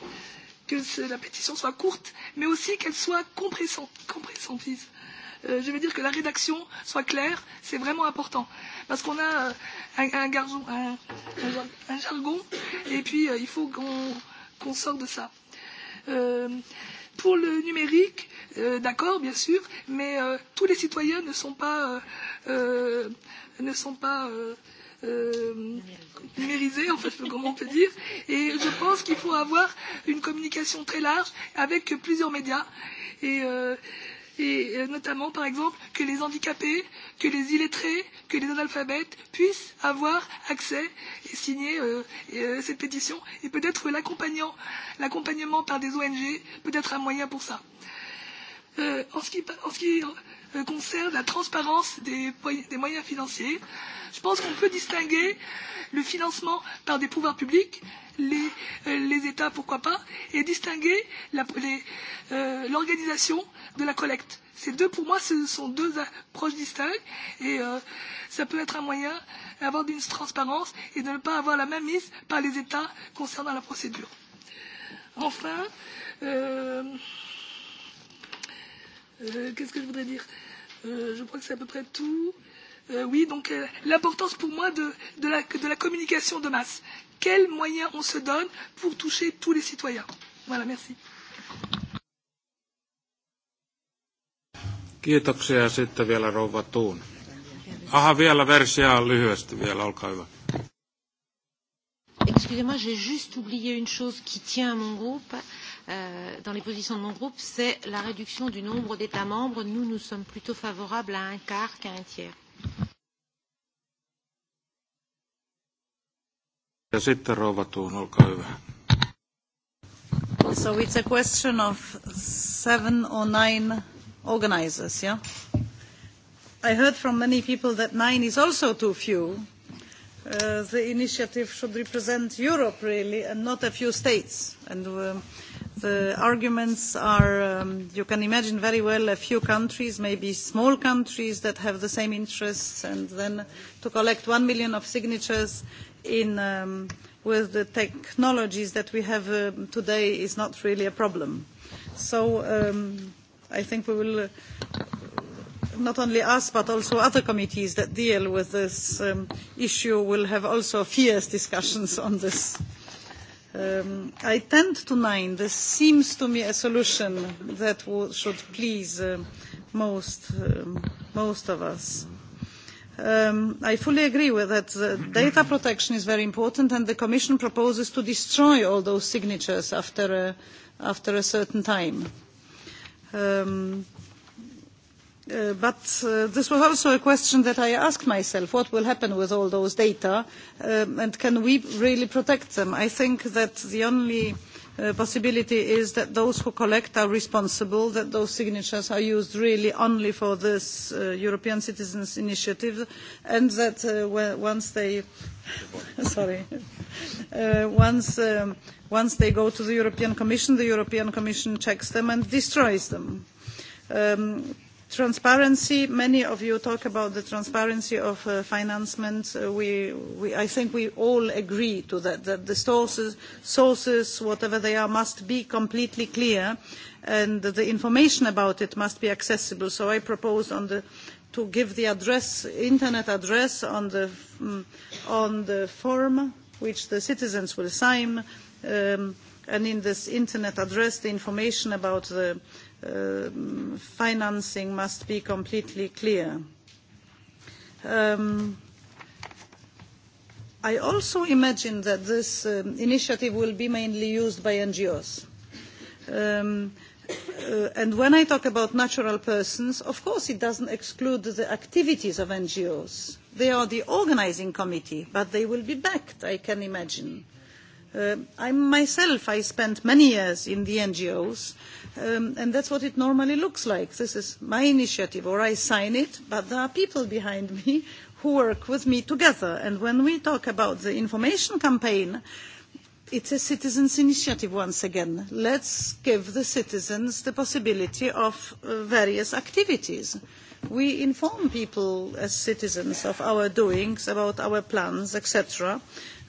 Speaker 12: que ce, la pétition soit courte, mais aussi qu'elle soit compressantiste. Euh, je veux dire que la rédaction soit claire, c'est vraiment important. Parce qu'on a euh, un, un, gargon, un, un, un jargon, et puis euh, il faut qu'on qu sorte de ça. Euh, pour le numérique, euh, d'accord, bien sûr, mais euh, tous les citoyens ne sont pas, euh, euh, ne sont pas euh, euh, numérisés, en fait, comment on peut dire. Et je pense qu'il faut avoir une communication très large avec plusieurs médias. Et euh, et euh, notamment par exemple que les handicapés, que les illettrés, que les analphabètes puissent avoir accès et signer euh, euh, cette pétition et peut-être l'accompagnant, l'accompagnement par des ONG peut être un moyen pour ça. Euh, en ce qui, en ce qui Euh, concerne la transparence des, des moyens financiers. Je pense qu'on peut distinguer le financement par des pouvoirs publics, les, euh, les États, pourquoi pas, et distinguer euh, l'organisation euh, de la collecte. Ces deux, pour moi, ce sont deux approches distinctes et euh, ça peut être un moyen d'avoir une transparence et de ne pas avoir la même mise par les États concernant la procédure. Enfin, euh, Euh, qu'est-ce que je voudrais dire euh, Je crois que c'est à peu près tout. Euh, oui, donc euh, l'importance pour moi de, de, la, de la communication de masse. Quels moyens on se donne pour toucher tous les citoyens Voilà, merci.
Speaker 1: Kiitoksia. Sitten vielä rouva Tuun. Aha, vielä versiä lyhyesti vielä, olkaa hyvä.
Speaker 8: Excusez-moi, j'ai juste oublié une chose qui tient à mon groupe. Euh, Euh, dans les positions de mon groupe, c'est la réduction du nombre d'États membres. Nous, nous sommes plutôt favorables à un quart qu'à un tiers.
Speaker 1: Ja sitten rouva Tuun, olkaa hyvä.
Speaker 2: So it's a question of seven or nine organizers, yeah? I heard from many people that nine is also too few. Uh, the initiative should represent Europe, really, and not a few states. And uh, The uh, arguments are, um, you can imagine very well, a few countries, maybe small countries that have the same interests, and then to collect one million of signatures in, um, with the technologies that we have uh, today is not really a problem. So um, I think we will, uh, not only us, but also other committees that deal with this um, issue will have also fierce discussions on this. Um, I tend to nine. This seems to me a solution that should please uh, most, um, most of us. Um, I fully agree with that. The uh, data protection is very important, and the Commission proposes to destroy all those signatures after a, after a certain time. Um, Uh, but uh, this was also a question that I asked myself, what will happen with all those data um, and can we really protect them? I think that the only uh, possibility is that those who collect are responsible, that those signatures are used really only for this European Citizens Initiative and that once they... sorry. once, um, once they go to the European Commission, the European Commission checks them and destroys them. Um, Transparency, many of you talk about the transparency of uh, financement. Uh, we, we, I think we all agree to that, that the sources, sources, whatever they are, must be completely clear and the information about it must be accessible. So I propose on the, to give the address, internet address on the, um, on the form which the citizens will sign um, and in this internet address the information about the Um, financing must be completely clear. Um, I also imagine that this um, initiative will be mainly used by NGOs. Um, uh, and when I talk about natural persons, of course it doesn't exclude the activities of NGOs. They are the organising committee, but they will be backed, I can imagine. Uh, Uh, I myself, I spent many years in the NGOs, um, and that's what it normally looks like. This is my initiative, or I sign it, but there are people behind me who work with me together. And when we talk about the information campaign, it's a citizens' initiative once again. Let's give the citizens the possibility of uh, various activities. We inform people as citizens of our doings, about our plans, etc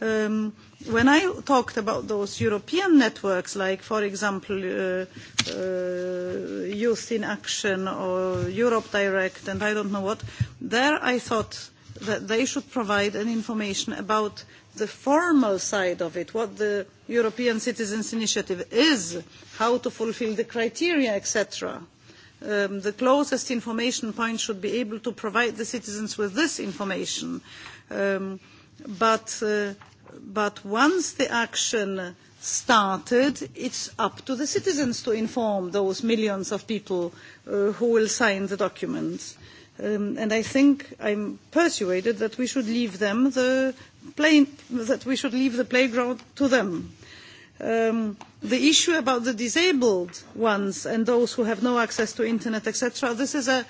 Speaker 2: Um, when I talked about those European networks, like, for example, uh, uh, Youth in Action or Europe Direct, and I don't know what, there I thought that they should provide an information about the formal side of it, what the European Citizens Initiative is, how to fulfil the criteria, etc. Um, the closest information point should be able to provide the citizens with this information. Um, but uh, but once the action started, it's up to the citizens to inform those millions of people uh, who will sign the documents. Um, and I think I'm persuaded that we should leave them the play, that we should leave the playground to them. Um, the issue about the disabled ones and those who have no access to internet, etc., this is a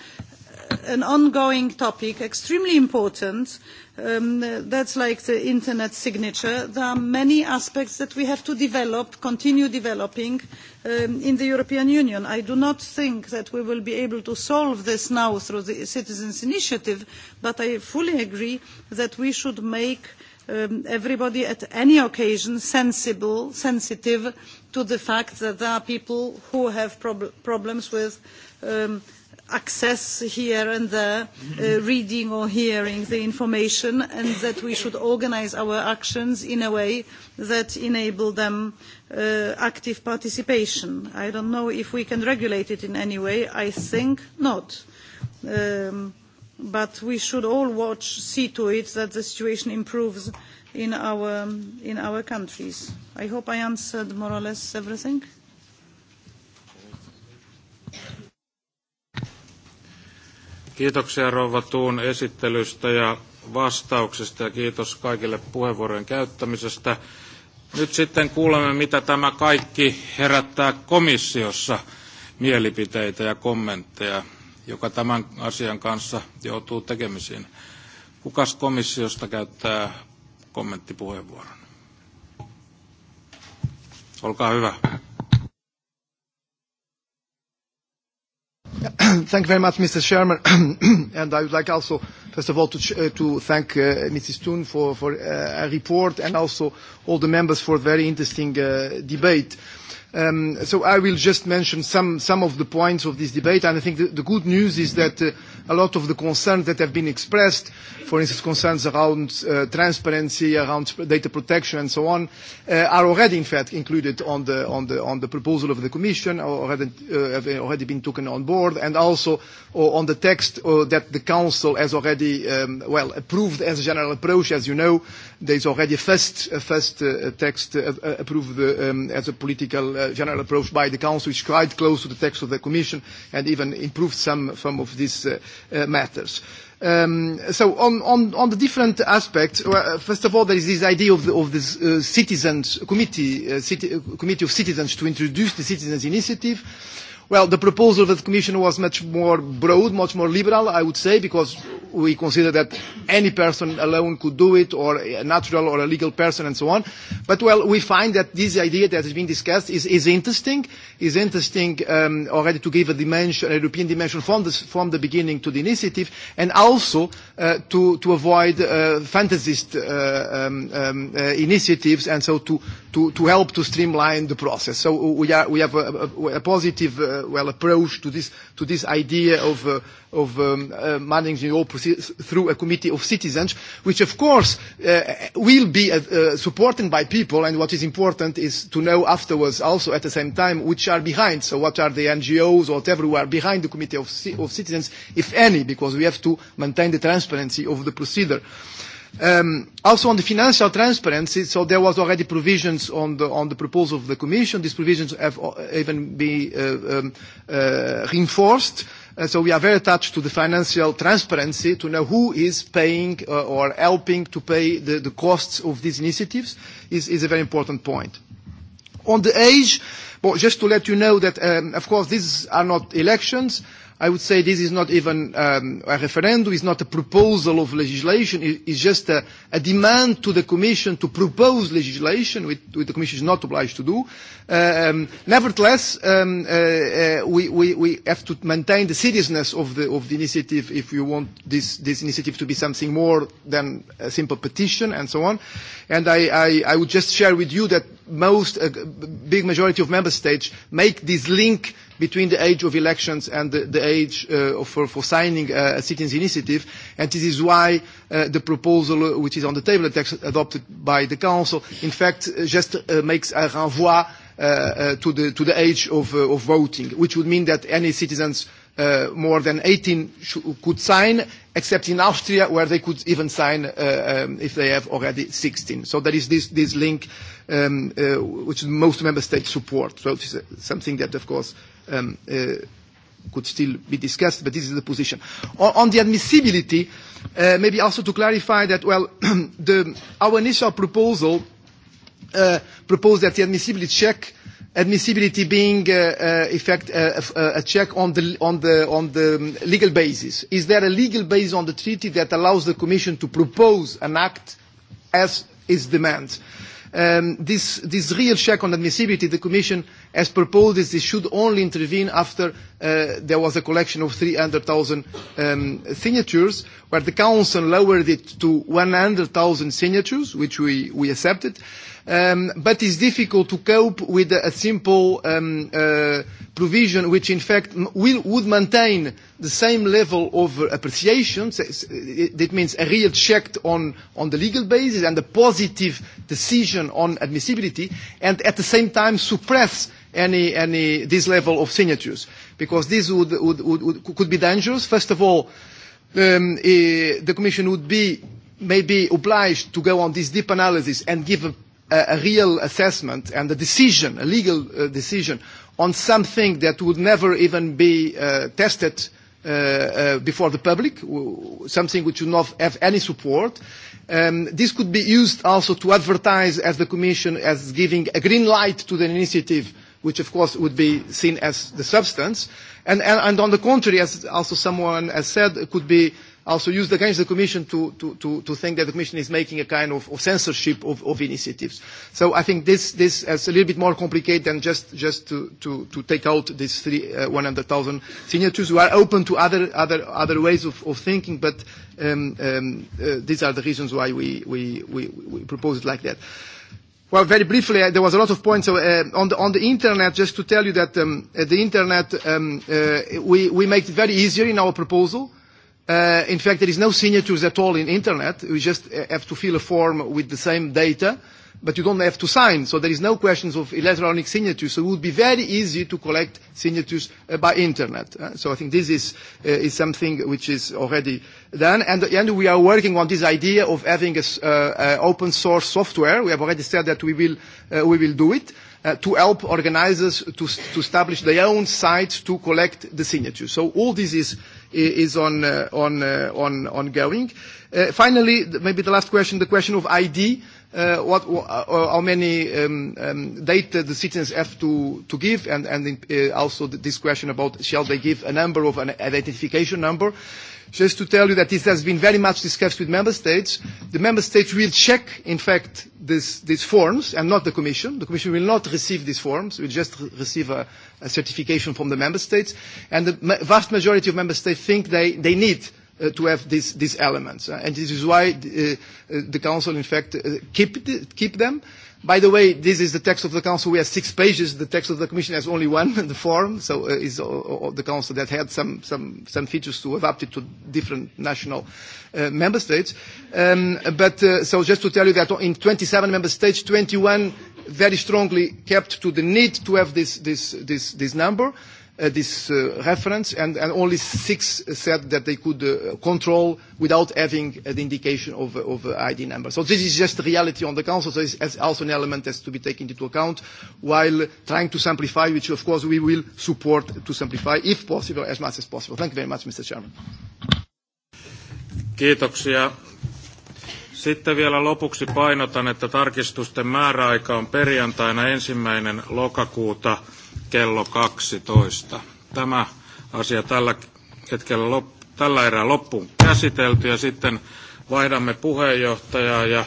Speaker 2: an ongoing topic, extremely important. Um, that's like the internet signature. There are many aspects that we have to develop, continue developing um, in the European Union. I do not think that we will be able to solve this now through the citizens' initiative, but I fully agree that we should make um, everybody at any occasion sensible, sensitive to the fact that there are people who have prob problems with um, access here and there, uh, mm-hmm. reading or hearing the information, and that we should organise our actions in a way that enable them uh, active participation. I don't know if we can regulate it in any way. I think not. Um, but we should all watch, see to it that the situation improves in our, in our countries. I hope I answered more or less everything.
Speaker 1: Kiitoksia rouva Tuun esittelystä ja vastauksesta ja kiitos kaikille puheenvuorojen käyttämisestä. Nyt sitten kuulemme, mitä tämä kaikki herättää komissiossa mielipiteitä ja kommentteja, joka tämän asian kanssa joutuu tekemisiin. Kukas komissiosta käyttää kommenttipuheenvuoron? Olkaa hyvä.
Speaker 14: Thank you very much, Mr. Chairman. and I would like also, first of all, to, uh, to thank uh, Mrs. Toon for, for uh, her report and also all the members for a very interesting uh, debate. Um, so I will just mention some, some of the points of this debate, and I think the, the good news is that uh, a lot of the concerns that have been expressed, for instance, concerns around uh, transparency, around data protection, and so on, uh, are already, in fact, included on the, on the, on the proposal of the Commission, already, uh, have already been taken on board, and also uh, on the text uh, that the Council has already, um, well, approved as a general approach. As you know, there is already a first, a first uh, text uh, approved um, as a political uh, general approach by the Council, which is quite close to the text of the Commission and even improved some, some of these uh, uh, matters. Um, so on, on, on the different aspects, well, uh, first of all, there is this idea of, the, of this uh, citizens committee, uh, city, uh, committee of citizens to introduce the citizens initiative. Well, the proposal of the Commission was much more broad, much more liberal, I would say, because we consider that any person alone could do it, or a natural or a legal person, and so on. But well, we find that this idea that is being discussed is, is interesting, is interesting um, already to give a dimension, a European dimension from the, from the beginning to the initiative, and also uh, to, to avoid uh, fantasist uh, um, um, uh, initiatives, and so to, to, to help to streamline the process. So we, are, we have a, a, a positive uh, uh, well approach to this to this idea of uh, of um, uh, managing all process through a committee of citizens, which of course uh, will be uh, uh, supported by people. And what is important is to know afterwards, also at the same time, which are behind. So what are the NGOs or whatever who are behind the committee of, of citizens, if any, because we have to maintain the transparency of the procedure. Uh, Um, also on the financial transparency, so there was already provisions on the, on the proposal of the Commission. These provisions have uh, even been uh, um, uh, reinforced. Uh, so we are very attached to the financial transparency to know who is paying uh, or helping to pay the, the costs of these initiatives is, is a very important point. On the age, well, just to let you know that, um, of course, these are not elections. I would say this is not even um, a referendum, it's not a proposal of legislation, it's just a, a demand to the Commission to propose legislation, which, which the Commission is not obliged to do. Uh, um, nevertheless, um, uh, uh, we, we, we have to maintain the seriousness of the, of the initiative if we want this, this initiative to be something more than a simple petition and so on. And I, I, I would just share with you that most, a uh, big majority of member states make this link between the age of elections and the, the age uh, for, for signing a, a citizens' initiative. And this is why uh, the proposal uh, which is on the table, the adopted by the Council, in fact, uh, just uh, makes a renvoi uh, uh, to, the, to the age of, uh, of voting, which would mean that any citizens uh, more than 18 sh- could sign, except in Austria, where they could even sign uh, um, if they have already 16. So there is this, this link, um, uh, which most member states support. So it's something that, of course, uh, um, uh, could still be discussed, but this is the position. O- on the admissibility, uh, maybe also to clarify that, well, the, our initial proposal uh, proposed that the admissibility check admissibility being uh, uh, effect uh, a, uh, a check on the on the on the legal basis is there a legal basis on the treaty that allows the commission to propose an act as is demanded um, this, this real check on admissibility the Commission has proposed is this should only intervene after uh, there was a collection of 300,000 um, signatures, where the Council lowered it to 100,000 signatures, which we, we accepted. Um, but it's difficult to cope with a, a simple um, uh, provision which, in fact, will, would maintain the same level of appreciation. That means a real check on, on the legal basis and a positive decision on admissibility, and at the same time suppress any, any, this level of signatures because this would, would, would, could be dangerous. First of all, um, uh, the Commission would be maybe obliged to go on this deep analysis and give a, a, a real assessment and a decision, a legal uh, decision, on something that would never even be uh, tested uh, uh, before the public, something which would not have any support. Um, this could be used also to advertise as the Commission as giving a green light to the initiative which of course would be seen as the substance. And, and, and on the contrary, as also someone has said, it could be also used against the Commission to, to, to, to think that the Commission is making a kind of, of censorship of, of initiatives. So I think this, this is a little bit more complicated than just, just to, to, to take out these uh, 100,000 signatures. We are open to other, other, other ways of, of thinking, but um, um, uh, these are the reasons why we, we, we, we propose it like that. Well, very briefly, uh, there was a lot of points uh, uh, on, the, on the internet. Just to tell you that um, uh, the internet, um, uh, we, we make it very easier in our proposal. Uh, in fact, there is no signatures at all in internet. We just have to fill a form with the same data but you don't have to sign, so there is no questions of electronic signatures. So it would be very easy to collect signatures uh, by internet. Uh, so I think this is, uh, is something which is already done, and, and we are working on this idea of having a, uh, uh, open source software. We have already said that we will, uh, we will do it. Uh, to help organizers to, to establish their own sites to collect the signatures. So all this is, is on, uh, on, uh, on, ongoing. Uh, finally, maybe the last question, the question of ID. Uh, uh, what, uh, how many um, um, data the citizens have to, to give, and, and in, uh, also this question about shall they give a number of an identification number. Just to tell you that this has been very much discussed with member states. The member states will check, in fact, this, these forms, and not the Commission. The Commission will not receive these forms. It will just re receive a, a certification from the member states. And the vast majority of member states think they, they need uh, to have these these elements. Uh, and this is why the, uh, uh, the Council, in fact, uh, keep, the, keep them. By the way, this is the text of the Council. We have six pages. The text of the Commission has only one, the form. So uh, is uh, the Council that had some, some, some features to adapt it to different national uh, member states. Um, but uh, so just to tell you that in 27 member states, 21 very strongly kept to the need to have this, this, this, this number uh, this uh, reference, and, and only six said that they could uh, control without having uh, the indication of, uh, of uh, ID number. So this is just the reality on the council. So it's also an element that has to be taken into account while trying to simplify, which of course we will support to simplify, if possible, as much as possible. Thank you very much, Mr. Chairman.
Speaker 1: Kiitoksia. Sitten vielä lopuksi painotan, että tarkistusten määräaika on perjantaina ensimmäinen lokakuuta kello 12. Tämä asia tällä hetkellä loppuu. tällä erää loppuun käsitelty ja sitten vaihdamme puheenjohtajaa ja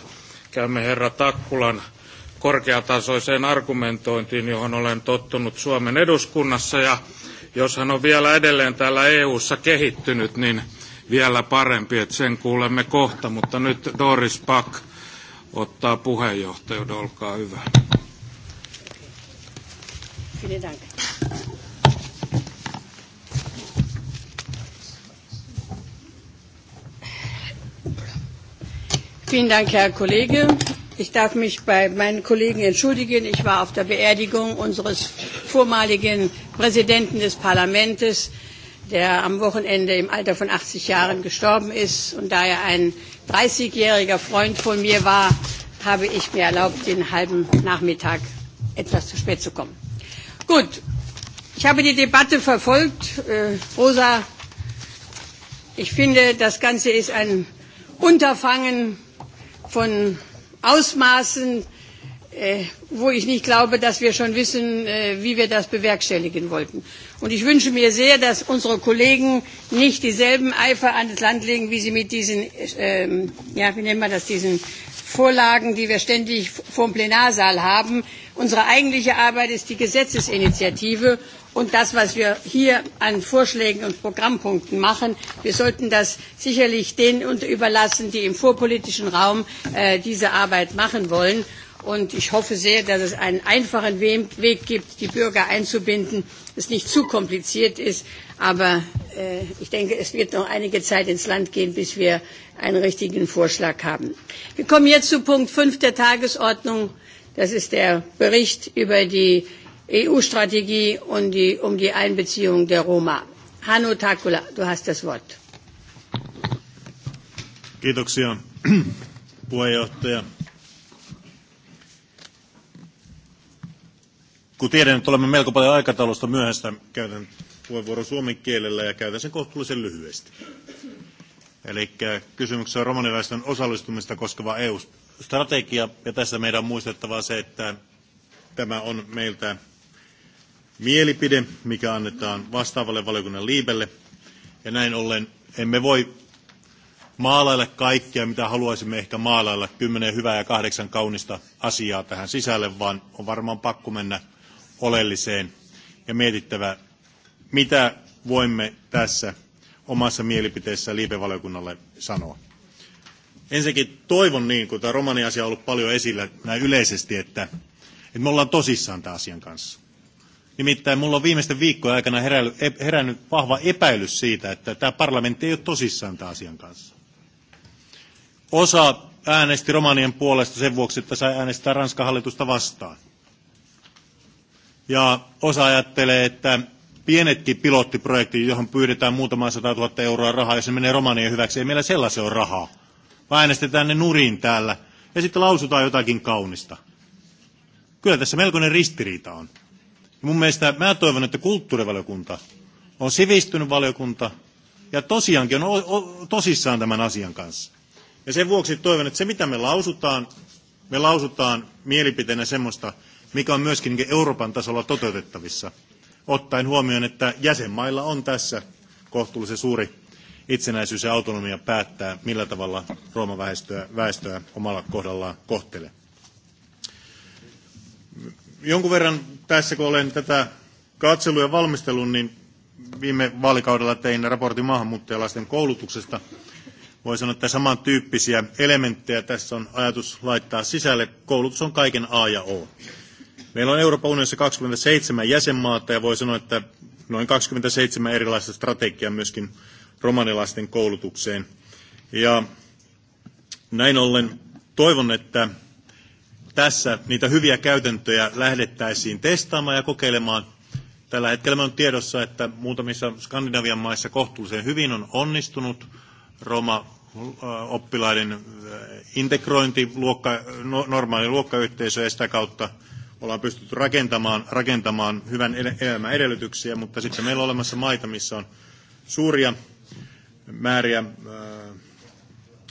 Speaker 1: käymme herra Takkulan korkeatasoiseen argumentointiin, johon olen tottunut Suomen eduskunnassa ja jos hän on vielä edelleen täällä EU-ssa kehittynyt, niin vielä parempi, että sen kuulemme kohta, mutta nyt Doris Pak ottaa puheenjohtajuuden, olkaa hyvä.
Speaker 15: Vielen Dank. Vielen Dank, Herr Kollege. Ich darf mich bei meinen Kollegen entschuldigen. Ich war auf der Beerdigung unseres vormaligen Präsidenten des Parlaments, der am Wochenende im Alter von 80 Jahren gestorben ist. Und da er ein 30-jähriger Freund von mir war, habe ich mir erlaubt, den halben Nachmittag etwas zu spät zu kommen. Gut, ich habe die Debatte verfolgt. Äh, Rosa, ich finde, das Ganze ist ein Unterfangen von Ausmaßen, Äh, wo ich nicht glaube, dass wir schon wissen, äh, wie wir das bewerkstelligen wollten. Und ich wünsche mir sehr, dass unsere Kollegen nicht dieselben Eifer an das Land legen, wie sie mit diesen, ähm, ja, wie nennen wir das, diesen Vorlagen, die wir ständig vor dem Plenarsaal haben. Unsere eigentliche Arbeit ist die Gesetzesinitiative und das, was wir hier an Vorschlägen und Programmpunkten machen. Wir sollten das sicherlich denen überlassen, die im vorpolitischen Raum äh, diese Arbeit machen wollen. Und ich hoffe sehr, dass es einen einfachen Weg gibt, die Bürger einzubinden, es nicht zu kompliziert ist. Aber äh, ich denke, es wird noch einige Zeit ins Land gehen, bis wir einen richtigen Vorschlag haben. Wir kommen jetzt zu Punkt 5 der Tagesordnung. Das ist der Bericht über die EU-Strategie und die, um die Einbeziehung der Roma. Hanno Takula, du hast das Wort.
Speaker 16: Kiitoksia puheenjohtaja. Kun tiedän, että olemme melko paljon aikataulusta myöhässä, käytän puheenvuoron suomen kielellä ja käytän sen kohtuullisen lyhyesti. Eli kysymyksessä on romaniväestön osallistumista koskeva EU-strategia, ja tässä meidän on muistettava se, että tämä on meiltä mielipide, mikä annetaan vastaavalle valiokunnan liibelle, ja näin ollen emme voi maalailla kaikkea, mitä haluaisimme ehkä maalailla, kymmenen hyvää ja kahdeksan kaunista asiaa tähän sisälle, vaan on varmaan pakko mennä oleelliseen ja mietittävä, mitä voimme tässä omassa mielipiteessä liipevaliokunnalle sanoa. Ensinnäkin toivon niin, kuin tämä romaniasia on ollut paljon esillä näin yleisesti, että, että me ollaan tosissaan tämän asian kanssa. Nimittäin mulla on viimeisten viikkojen aikana herännyt, e, herännyt vahva epäilys siitä, että tämä parlamentti ei ole tosissaan tämän asian kanssa. Osa äänesti romanien puolesta sen vuoksi, että sai äänestää Ranskan hallitusta vastaan. Ja osa ajattelee, että pienetkin pilottiprojekti, johon pyydetään muutama sata tuhatta euroa rahaa, jos se menee romanien hyväksi, ei meillä sellaisen ole rahaa. Vaan ne nurin täällä ja sitten lausutaan jotakin kaunista. Kyllä tässä melkoinen ristiriita on. Ja mun mielestä mä toivon, että kulttuurivaliokunta on sivistynyt valiokunta ja tosiaankin on tosissaan tämän asian kanssa. Ja sen vuoksi toivon, että se mitä me lausutaan, me lausutaan mielipiteenä semmoista, mikä on myöskin Euroopan tasolla toteutettavissa, ottaen huomioon, että jäsenmailla on tässä kohtuullisen suuri itsenäisyys ja autonomia päättää, millä tavalla Rooman väestöä, väestöä omalla kohdallaan kohtelee. Jonkun verran tässä, kun olen tätä ja valmistellut, niin viime vaalikaudella tein raportin maahanmuuttajalaisten koulutuksesta. Voi sanoa, että samantyyppisiä elementtejä tässä on ajatus laittaa sisälle. Koulutus on kaiken A ja O. Meillä on Euroopan unionissa 27 jäsenmaata ja voi sanoa, että noin 27 erilaista strategiaa myöskin romanilaisten koulutukseen. Ja näin ollen toivon, että tässä niitä hyviä käytäntöjä lähdettäisiin testaamaan ja kokeilemaan. Tällä hetkellä me on tiedossa, että muutamissa Skandinavian maissa kohtuullisen hyvin on onnistunut Roma äh, oppilaiden äh, integrointi luokka, normaali luokkayhteisö ja sitä kautta ollaan pystytty rakentamaan, rakentamaan hyvän elämän edellytyksiä, mutta sitten meillä on olemassa maita, missä on suuria määriä äh,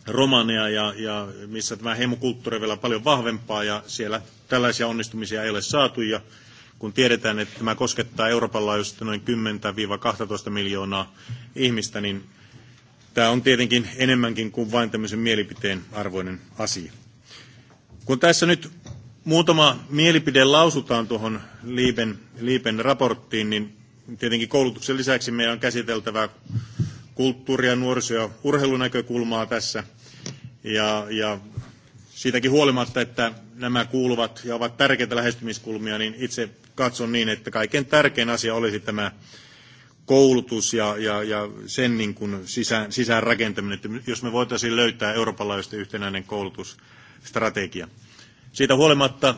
Speaker 16: romaneja ja, ja missä tämä heimokulttuuri on vielä paljon vahvempaa ja siellä tällaisia onnistumisia ei ole saatu ja kun tiedetään, että tämä koskettaa Euroopan laajuisesti noin 10-12 miljoonaa ihmistä, niin tämä on tietenkin enemmänkin kuin vain tämmöisen mielipiteen arvoinen asia. Kun tässä nyt Muutama mielipide lausutaan tuohon Liipen, Liipen raporttiin, niin tietenkin koulutuksen lisäksi meidän on käsiteltävä kulttuuria, nuoriso- ja urheilunäkökulmaa tässä. Ja, ja siitäkin huolimatta, että nämä kuuluvat ja ovat tärkeitä lähestymiskulmia, niin itse katson niin, että kaiken tärkein asia olisi tämä koulutus ja, ja, ja sen niin kuin sisään, sisään rakentaminen, että jos me voitaisiin löytää Euroopan laajuisesti yhtenäinen koulutusstrategia. Siitä huolimatta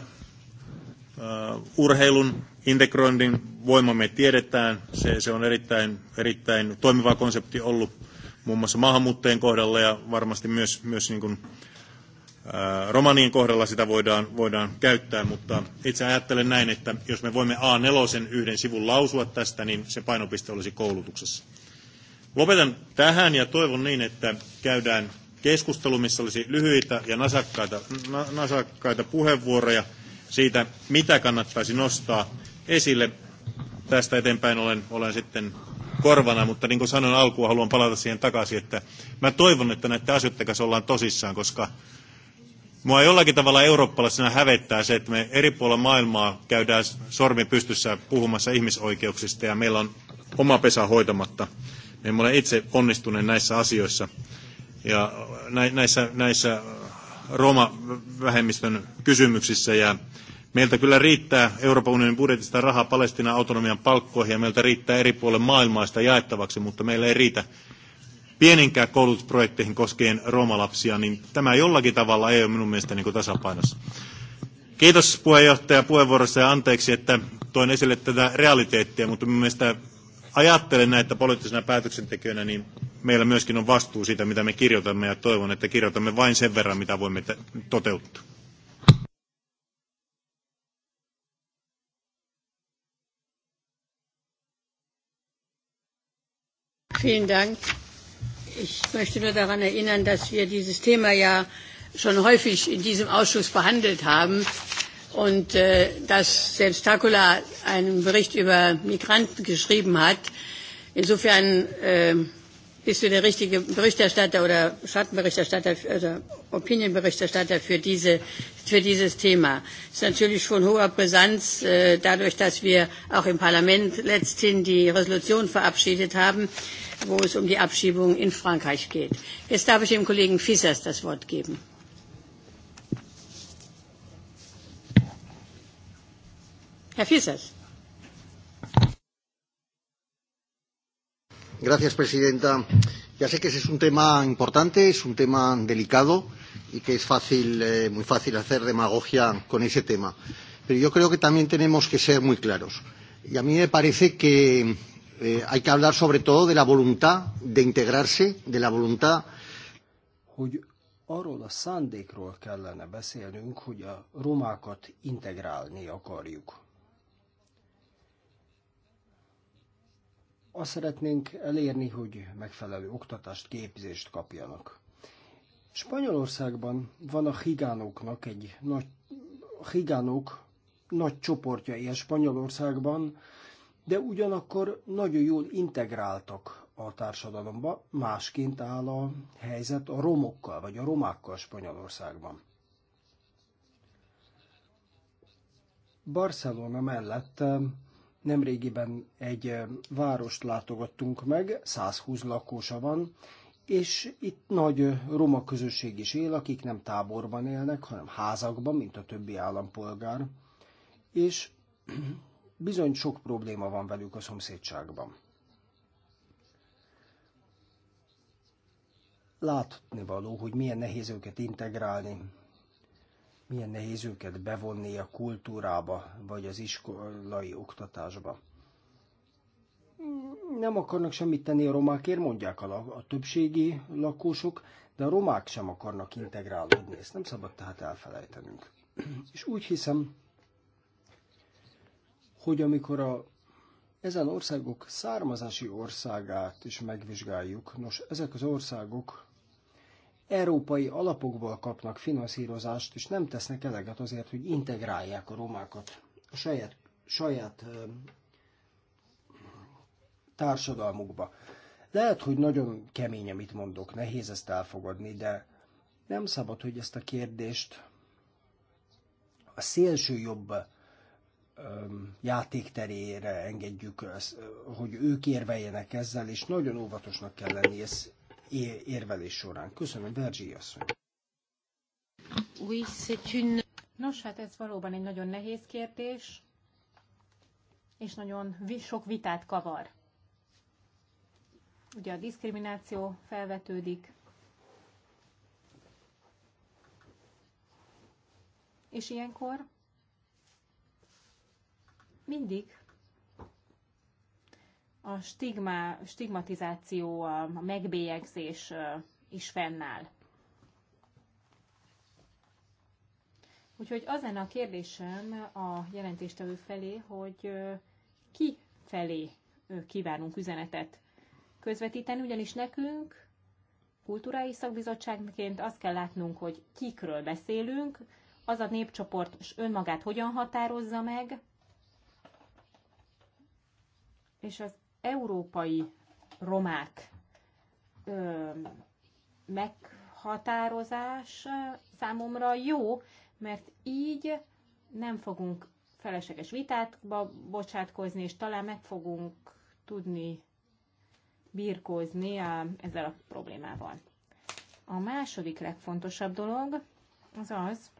Speaker 16: uh, urheilun integroinnin voima me tiedetään. Se, se on erittäin, erittäin toimiva konsepti ollut muun muassa maahanmuuttajien kohdalla ja varmasti myös, myös niin kuin, uh, romanien kohdalla sitä voidaan, voidaan käyttää, mutta itse ajattelen näin, että jos me voimme A4 yhden sivun lausua tästä, niin se painopiste olisi koulutuksessa. Lopetan tähän ja toivon niin, että käydään keskustelu, missä olisi lyhyitä ja nasakkaita, na, nasakkaita puheenvuoroja siitä, mitä kannattaisi nostaa esille. Tästä eteenpäin olen, olen sitten korvana, mutta niin kuin sanoin alkuun, haluan palata siihen takaisin, että mä toivon, että näiden asioiden kanssa ollaan tosissaan, koska Mua jollakin tavalla eurooppalaisena hävettää se, että me eri puolilla maailmaa käydään sormi pystyssä puhumassa ihmisoikeuksista ja meillä on oma pesä hoitamatta. Me emme ole itse onnistuneet näissä asioissa ja näissä, näissä Roma-vähemmistön kysymyksissä ja Meiltä kyllä riittää Euroopan unionin budjetista rahaa Palestinan autonomian palkkoihin ja meiltä riittää eri puolille maailmaista jaettavaksi, mutta meillä ei riitä pieninkään koulutusprojekteihin koskien roomalapsia, niin tämä jollakin tavalla ei ole minun mielestäni niin tasapainossa. Kiitos puheenjohtaja puheenvuorossa ja anteeksi, että toin esille tätä realiteettia, mutta minun mielestä ajattelen näitä poliittisena päätöksentekijöinä, niin meillä myöskin on vastuu siitä, mitä me kirjoitamme, ja toivon, että kirjoitamme vain sen verran, mitä voimme toteuttaa.
Speaker 15: Vielen Dank. Ich möchte nur daran erinnern, dass wir dieses Thema ja schon häufig in diesem Ausschuss behandelt haben und äh, dass selbst Takula einen Bericht über Migranten geschrieben hat. Insofern äh, Bist du der richtige Berichterstatter oder Schattenberichterstatter oder Opinionberichterstatter für, diese, für dieses Thema? Es ist natürlich von hoher Brisanz, äh, dadurch, dass wir auch im Parlament letzthin die Resolution verabschiedet haben, wo es um die Abschiebung in Frankreich geht. Jetzt darf ich dem Kollegen Fissers das Wort geben. Herr Fissers.
Speaker 5: Gracias, presidenta. Ya sé que ese es un tema importante, es un tema delicado y que es fácil, eh, muy fácil hacer demagogia con ese tema. Pero yo creo que también tenemos que ser muy claros. Y a mí me parece que eh, hay que hablar sobre todo de la voluntad de integrarse, de la voluntad. Hogy
Speaker 17: arról a szándékról kellene beszélnünk, hogy a romákat integrálni akarjuk. azt szeretnénk elérni, hogy megfelelő oktatást, képzést kapjanak. Spanyolországban van a higánoknak egy nagy, a higánok nagy csoportja ilyen Spanyolországban, de ugyanakkor nagyon jól integráltak a társadalomba, másként áll a helyzet a romokkal, vagy a romákkal Spanyolországban. Barcelona mellett Nemrégiben egy várost látogattunk meg, 120 lakósa van, és itt nagy roma közösség is él, akik nem táborban élnek, hanem házakban, mint a többi állampolgár. És bizony sok probléma van velük a szomszédságban. Látni való, hogy milyen nehéz őket integrálni milyen nehéz őket bevonni a kultúrába, vagy az iskolai oktatásba. Nem akarnak semmit tenni a romákért, mondják a, a többségi lakósok, de a romák sem akarnak integrálódni, ezt nem szabad tehát elfelejtenünk. És úgy hiszem, hogy amikor a ezen országok származási országát is megvizsgáljuk, nos, ezek az országok európai alapokból kapnak finanszírozást, és nem tesznek eleget azért, hogy integrálják a romákat a saját, saját társadalmukba. Lehet, hogy nagyon kemény, amit mondok, nehéz ezt elfogadni, de nem szabad, hogy ezt a kérdést a szélső jobb játékterére engedjük, hogy ők érveljenek ezzel, és nagyon óvatosnak kell lenni. Ez érvelés során. Köszönöm, Bergyi asszony.
Speaker 4: Nos, hát ez valóban egy nagyon nehéz kérdés, és nagyon sok vitát kavar. Ugye a diszkrimináció felvetődik, és ilyenkor mindig a stigma, stigmatizáció, a megbélyegzés is fennáll. Úgyhogy az lenne a kérdésem a jelentéstevő felé, hogy ki felé kívánunk üzenetet közvetíteni, ugyanis nekünk kulturális szakbizottságként azt kell látnunk, hogy kikről beszélünk, az a népcsoport és önmagát hogyan határozza meg, és az európai romák ö, meghatározás számomra jó, mert így nem fogunk felesleges vitákba bocsátkozni, és talán meg fogunk tudni birkózni a, ezzel a problémával. A második legfontosabb dolog az az,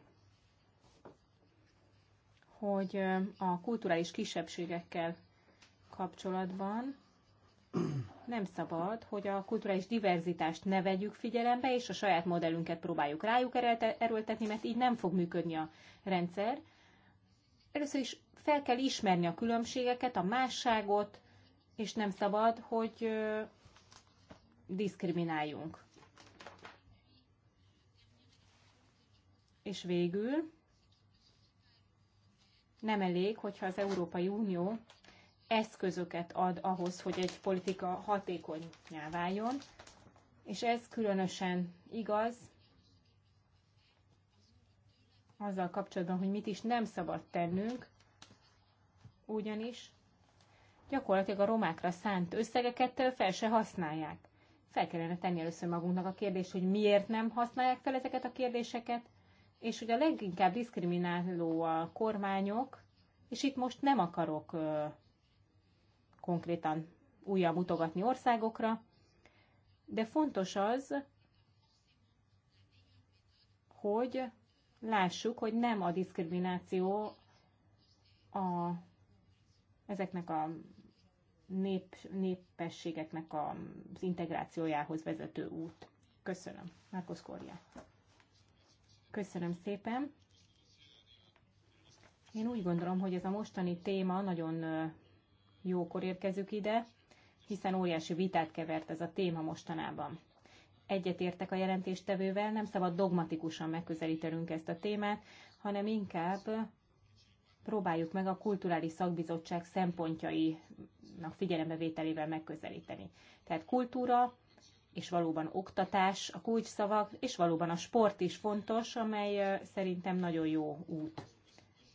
Speaker 4: hogy a kulturális kisebbségekkel kapcsolatban nem szabad, hogy a kulturális diverzitást ne vegyük figyelembe, és a saját modellünket próbáljuk rájuk erőltetni, mert így nem fog működni a rendszer. Először is fel kell ismerni a különbségeket, a másságot, és nem szabad, hogy ö, diszkrimináljunk. És végül nem elég, hogyha az Európai Unió eszközöket ad ahhoz, hogy egy politika hatékonyá váljon, és ez különösen igaz azzal kapcsolatban, hogy mit is nem szabad tennünk, ugyanis gyakorlatilag a romákra szánt összegeket fel se használják. Fel kellene tenni először magunknak a kérdés, hogy miért nem használják fel ezeket a kérdéseket, és hogy a leginkább diszkrimináló a kormányok, és itt most nem akarok konkrétan újra mutogatni országokra, de fontos az, hogy lássuk, hogy nem a diszkrimináció a, ezeknek a nép, népességeknek az integrációjához vezető út. Köszönöm. Márkusz Korjá. Köszönöm szépen. Én úgy gondolom, hogy ez a mostani téma nagyon jókor érkezünk ide, hiszen óriási vitát kevert ez a téma mostanában. Egyetértek a jelentéstevővel, nem szabad dogmatikusan megközelítenünk ezt a témát, hanem inkább próbáljuk meg a kulturális szakbizottság szempontjainak figyelembevételével megközelíteni. Tehát kultúra, és valóban oktatás, a kulcsszavak, és valóban a sport is fontos, amely szerintem nagyon jó út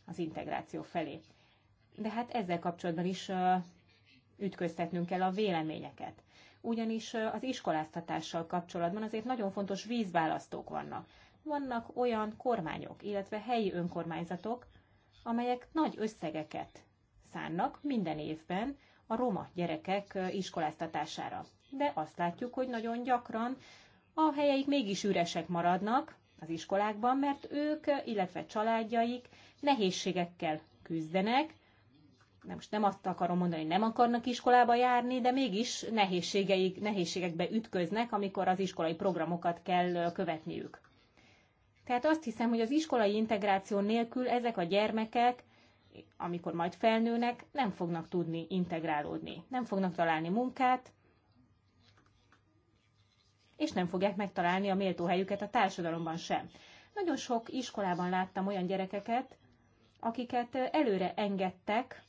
Speaker 4: az integráció felé de hát ezzel kapcsolatban is ütköztetnünk kell a véleményeket. Ugyanis az iskoláztatással kapcsolatban azért nagyon fontos vízválasztók vannak. Vannak olyan kormányok, illetve helyi önkormányzatok, amelyek nagy összegeket szánnak minden évben a roma gyerekek iskoláztatására. De azt látjuk, hogy nagyon gyakran a helyeik mégis üresek maradnak az iskolákban, mert ők, illetve családjaik nehézségekkel küzdenek, nem, most nem azt akarom mondani, hogy nem akarnak iskolába járni, de mégis nehézségeik, nehézségekbe ütköznek, amikor az iskolai programokat kell követniük. Tehát azt hiszem, hogy az iskolai integráció nélkül ezek a gyermekek, amikor majd felnőnek, nem fognak tudni integrálódni. Nem fognak találni munkát, és nem fogják megtalálni a méltó helyüket a társadalomban sem. Nagyon sok iskolában láttam olyan gyerekeket, akiket előre engedtek,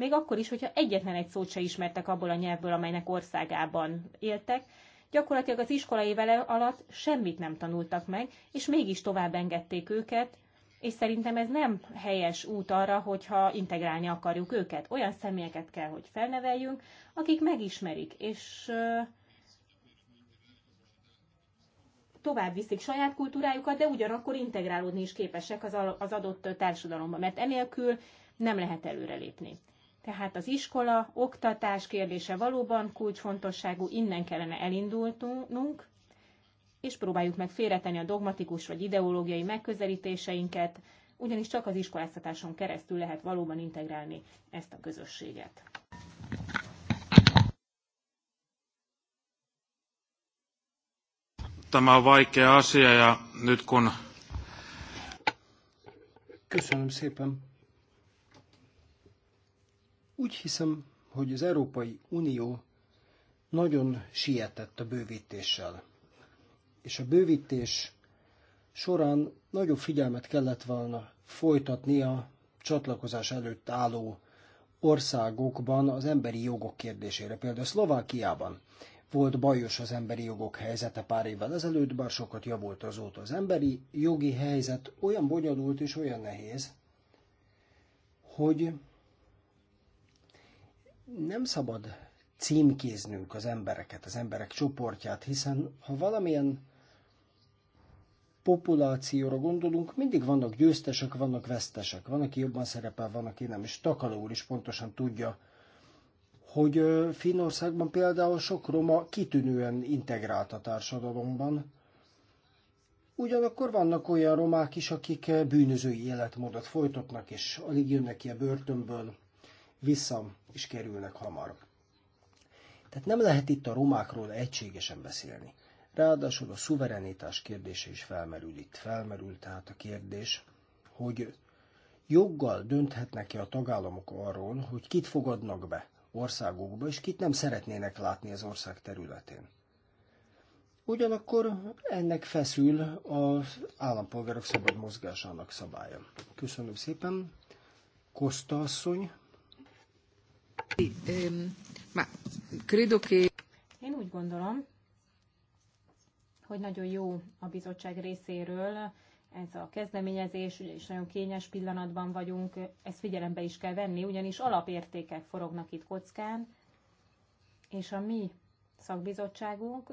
Speaker 4: még akkor is, hogyha egyetlen egy szót se ismertek abból a nyelvből, amelynek országában éltek, gyakorlatilag az iskola évele alatt semmit nem tanultak meg, és mégis tovább engedték őket, és szerintem ez nem helyes út arra, hogyha integrálni akarjuk őket. Olyan személyeket kell, hogy felneveljünk, akik megismerik, és tovább viszik saját kultúrájukat, de ugyanakkor integrálódni is képesek az adott társadalomba, mert enélkül nem lehet előrelépni. Tehát az iskola, oktatás kérdése valóban kulcsfontosságú, innen kellene elindultunk, és próbáljuk meg félretenni a dogmatikus vagy ideológiai megközelítéseinket, ugyanis csak az iskoláztatáson keresztül lehet valóban integrálni ezt a közösséget.
Speaker 1: Tämä on vaikea asia ja nyt kun... Köszönöm szépen.
Speaker 17: Úgy hiszem, hogy az Európai Unió nagyon sietett a bővítéssel. És a bővítés során nagyobb figyelmet kellett volna folytatni a csatlakozás előtt álló országokban az emberi jogok kérdésére. Például Szlovákiában volt bajos az emberi jogok helyzete pár évvel ezelőtt, bár sokat javult azóta. Az emberi jogi helyzet olyan bonyolult és olyan nehéz, hogy nem szabad címkéznünk az embereket, az emberek csoportját, hiszen ha valamilyen populációra gondolunk, mindig vannak győztesek, vannak vesztesek. Van, aki jobban szerepel, van, aki nem. És Takaló úr is pontosan tudja, hogy Finnországban például sok roma kitűnően integrált a társadalomban. Ugyanakkor vannak olyan romák is, akik bűnözői életmódot folytatnak, és alig jönnek ki a börtönből, vissza is kerülnek hamar. Tehát nem lehet itt a romákról egységesen beszélni. Ráadásul a szuverenitás kérdése is felmerül itt. Felmerül tehát a kérdés, hogy joggal dönthetnek-e a tagállamok arról, hogy kit fogadnak be országokba, és kit nem szeretnének látni az ország területén. Ugyanakkor ennek feszül az állampolgárok szabad mozgásának szabálya. Köszönöm szépen. Kosta asszony.
Speaker 4: Én úgy gondolom, hogy nagyon jó a bizottság részéről ez a kezdeményezés, ugyanis nagyon kényes pillanatban vagyunk, ezt figyelembe is kell venni, ugyanis alapértékek forognak itt kockán, és a mi szakbizottságunk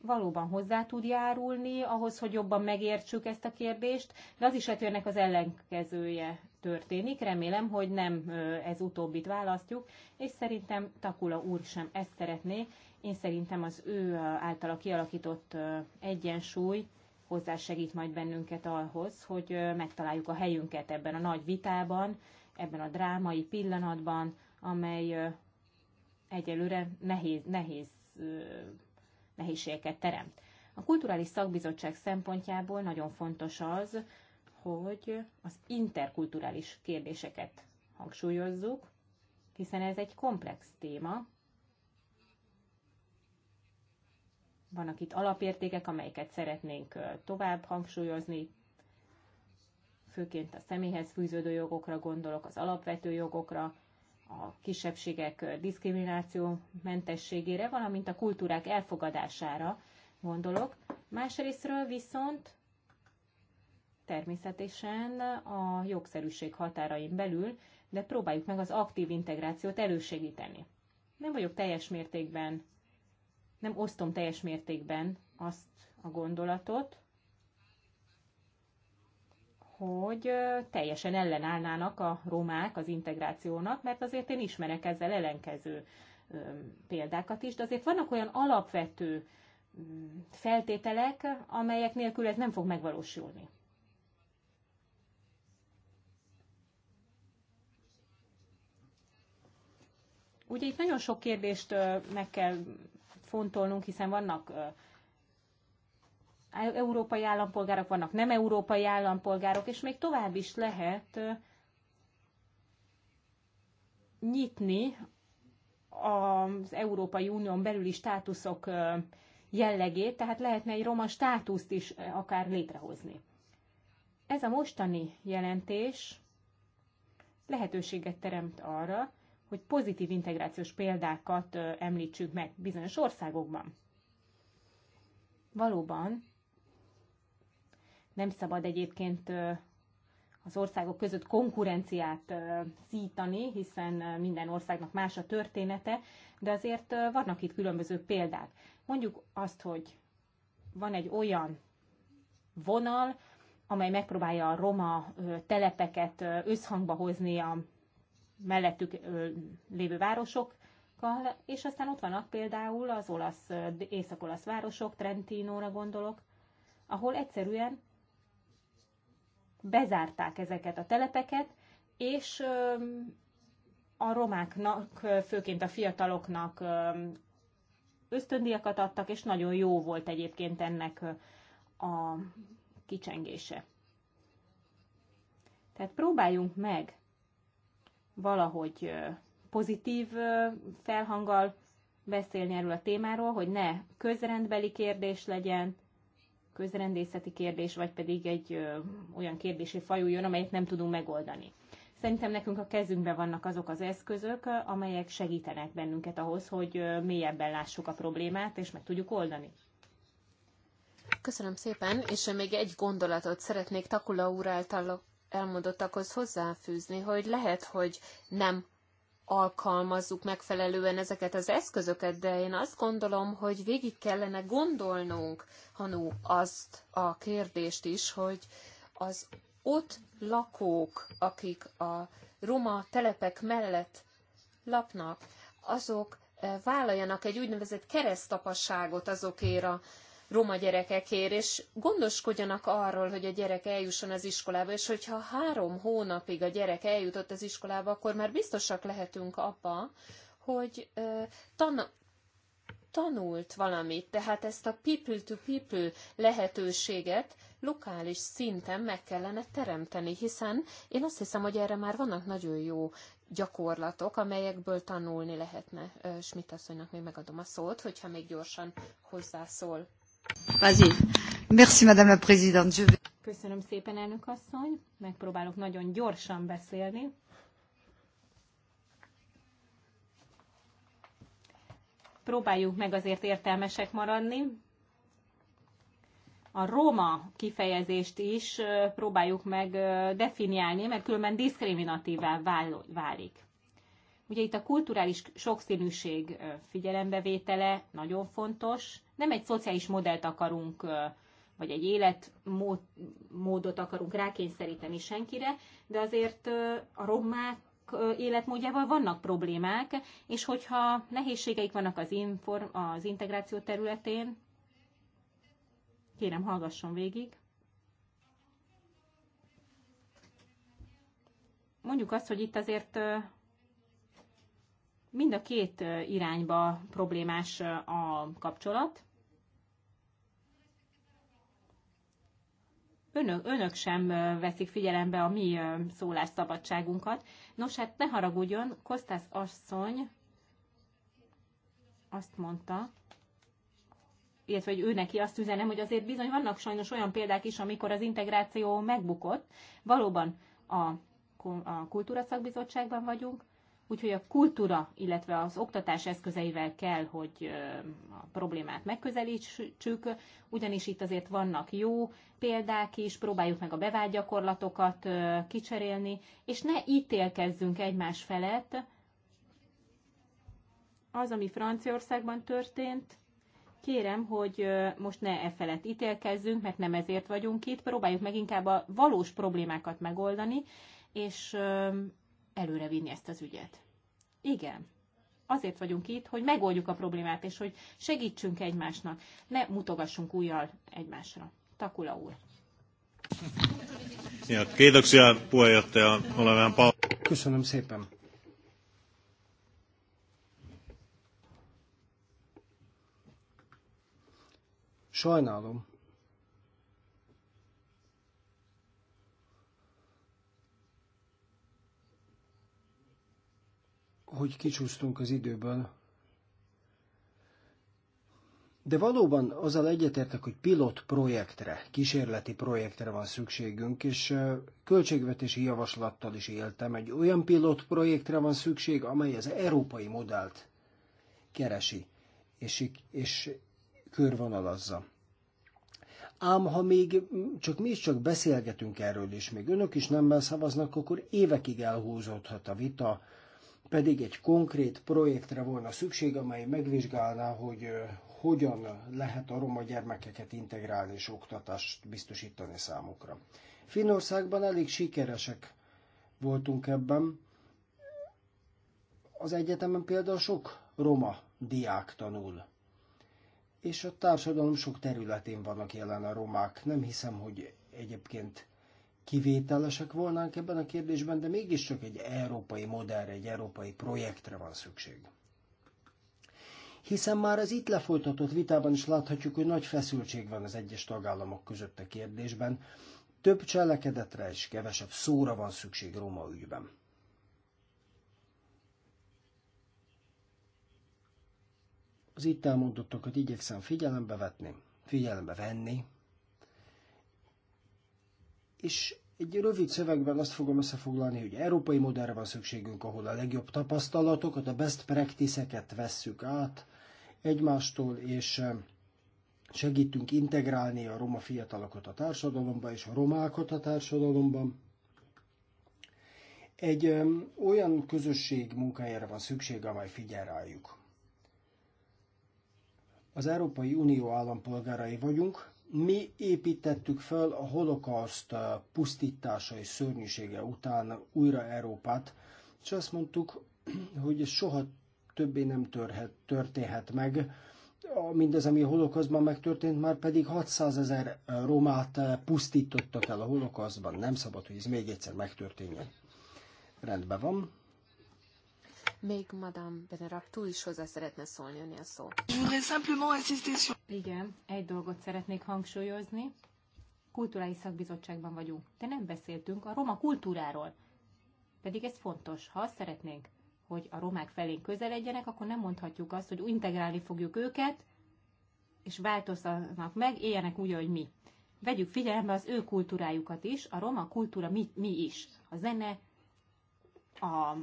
Speaker 4: valóban hozzá tud járulni ahhoz, hogy jobban megértsük ezt a kérdést, de az is lehet, hogy ennek az ellenkezője történik. Remélem, hogy nem ez utóbbit választjuk, és szerintem Takula úr sem ezt szeretné. Én szerintem az ő általa kialakított egyensúly hozzásegít majd bennünket ahhoz, hogy megtaláljuk a helyünket ebben a nagy vitában, ebben a drámai pillanatban, amely egyelőre nehéz, nehéz, nehézségeket teremt. A kulturális szakbizottság szempontjából nagyon fontos az, hogy az interkulturális kérdéseket hangsúlyozzuk, hiszen ez egy komplex téma. Vannak itt alapértékek, amelyeket szeretnénk tovább hangsúlyozni, főként a személyhez fűződő jogokra gondolok, az alapvető jogokra, a kisebbségek diszkrimináció mentességére, valamint a kultúrák elfogadására gondolok. Másrésztről viszont természetesen a jogszerűség határain belül, de próbáljuk meg az aktív integrációt elősegíteni. Nem vagyok teljes mértékben, nem osztom teljes mértékben azt a gondolatot, hogy teljesen ellenállnának a romák az integrációnak, mert azért én ismerek ezzel ellenkező példákat is, de azért vannak olyan alapvető mm, feltételek, amelyek nélkül ez nem fog megvalósulni. Ugye itt nagyon sok kérdést meg kell fontolnunk, hiszen vannak e- európai állampolgárok, vannak nem európai állampolgárok, és még tovább is lehet nyitni az Európai Unión belüli státuszok jellegét, tehát lehetne egy roma státuszt is akár létrehozni. Ez a mostani jelentés lehetőséget teremt arra, hogy pozitív integrációs példákat említsük meg bizonyos országokban. Valóban nem szabad egyébként az országok között konkurenciát szítani, hiszen minden országnak más a története, de azért vannak itt különböző példák. Mondjuk azt, hogy van egy olyan vonal, amely megpróbálja a roma telepeket összhangba hozni a mellettük lévő városokkal, és aztán ott vannak például az olasz, észak-olasz városok, Trentinóra gondolok, ahol egyszerűen bezárták ezeket a telepeket, és a romáknak, főként a fiataloknak ösztöndíjakat adtak, és nagyon jó volt egyébként ennek a kicsengése. Tehát próbáljunk meg valahogy pozitív felhanggal beszélni erről a témáról, hogy ne közrendbeli kérdés legyen, közrendészeti kérdés, vagy pedig egy ö, olyan fajú jön, amelyet nem tudunk megoldani. Szerintem nekünk a kezünkben vannak azok az eszközök, amelyek segítenek bennünket ahhoz, hogy mélyebben lássuk a problémát, és meg tudjuk oldani.
Speaker 18: Köszönöm szépen, és még egy gondolatot szeretnék Takula úr által elmondottakhoz hozzáfűzni, hogy lehet, hogy nem alkalmazzuk megfelelően ezeket az eszközöket, de én azt gondolom, hogy végig kellene gondolnunk, Hanú, azt a kérdést is, hogy az ott lakók, akik a roma telepek mellett lapnak, azok eh, vállaljanak egy úgynevezett keresztapasságot azokért a roma gyerekekért, és gondoskodjanak arról, hogy a gyerek eljusson az iskolába, és hogyha három hónapig a gyerek eljutott az iskolába, akkor már biztosak lehetünk abba, hogy tan tanult valamit, tehát ezt a people-to-people -people lehetőséget lokális szinten meg kellene teremteni, hiszen én azt hiszem, hogy erre már vannak nagyon jó gyakorlatok, amelyekből tanulni lehetne. Schmidt asszonynak még megadom a szót, hogyha még gyorsan hozzászól
Speaker 8: vas
Speaker 4: Köszönöm szépen, elnök asszony. Megpróbálok nagyon gyorsan beszélni. Próbáljuk meg azért értelmesek maradni. A roma kifejezést is próbáljuk meg definiálni, mert különben diszkriminatívá válik. Ugye itt a kulturális sokszínűség figyelembevétele nagyon fontos, nem egy szociális modellt akarunk, vagy egy életmódot akarunk rákényszeríteni senkire, de azért a romák életmódjával vannak problémák, és hogyha nehézségeik vannak az, inform, az integráció területén, kérem hallgasson végig. Mondjuk azt, hogy itt azért mind a két irányba problémás a kapcsolat. önök, önök sem veszik figyelembe a mi szólásszabadságunkat. Nos, hát ne haragudjon, Kostász asszony azt mondta, illetve hogy ő neki azt üzenem, hogy azért bizony vannak sajnos olyan példák is, amikor az integráció megbukott. Valóban a, a Kultúra Szakbizottságban vagyunk, Úgyhogy a kultúra, illetve az oktatás eszközeivel kell, hogy a problémát megközelítsük, ugyanis itt azért vannak jó példák is, próbáljuk meg a bevált gyakorlatokat kicserélni, és ne ítélkezzünk egymás felett. Az, ami Franciaországban történt, kérem, hogy most ne e felett ítélkezzünk, mert nem ezért vagyunk itt, próbáljuk meg inkább a valós problémákat megoldani, és előrevinni ezt az ügyet. Igen. Azért vagyunk itt, hogy megoldjuk a problémát, és hogy segítsünk egymásnak. Ne mutogassunk újjal egymásra. Takula úr.
Speaker 16: Köszönöm szépen.
Speaker 17: Sajnálom, hogy kicsúsztunk az időből. De valóban azzal egyetértek, hogy pilot projektre, kísérleti projektre van szükségünk, és költségvetési javaslattal is éltem. Egy olyan pilot projektre van szükség, amely az európai modellt keresi, és, és körvonalazza. Ám ha még csak mi is csak beszélgetünk erről, és még önök is nem szavaznak, akkor évekig elhúzódhat a vita, pedig egy konkrét projektre volna szükség, amely megvizsgálná, hogy hogyan lehet a roma gyermekeket integrálni és oktatást biztosítani számukra. Finnországban elég sikeresek voltunk ebben. Az egyetemen például sok roma diák tanul. És a társadalom sok területén vannak jelen a romák. Nem hiszem, hogy egyébként kivételesek volnánk ebben a kérdésben, de mégiscsak egy európai modellre, egy európai projektre van szükség. Hiszen már az itt lefolytatott vitában is láthatjuk, hogy nagy feszültség van az egyes tagállamok között a kérdésben, több cselekedetre és kevesebb szóra van szükség Róma ügyben. Az itt elmondottakat igyekszem figyelembe vetni, figyelembe venni, és egy rövid szövegben azt fogom összefoglalni, hogy európai modellre van szükségünk, ahol a legjobb tapasztalatokat, a best practice-eket vesszük át egymástól, és segítünk integrálni a roma fiatalokat a társadalomban és a romákat a társadalomban. Egy olyan közösség munkájára van szükség, amely figyel rájuk. Az Európai Unió állampolgárai vagyunk, mi építettük föl a holokauszt eh, pusztítása és szörnyűsége után újra Európát, és azt mondtuk, hogy ez soha többé nem törhet, történhet meg. Mindez, ami a holokauszban megtörtént, már pedig 600 ezer eh, romát eh, pusztítottak el a holokauszban. Nem szabad, hogy ez még egyszer megtörténjen. Rendben van.
Speaker 18: Még Madame Benerak túl is hozzá szeretne szólni önni a szó.
Speaker 4: Igen, egy dolgot szeretnék hangsúlyozni. Kulturális szakbizottságban vagyunk, de nem beszéltünk a roma kultúráról. Pedig ez fontos. Ha azt szeretnénk, hogy a romák felé közeledjenek, akkor nem mondhatjuk azt, hogy integrálni fogjuk őket, és változzanak meg, éljenek úgy, ahogy mi. Vegyük figyelembe az ő kultúrájukat is, a roma kultúra mi, mi is. A zene, a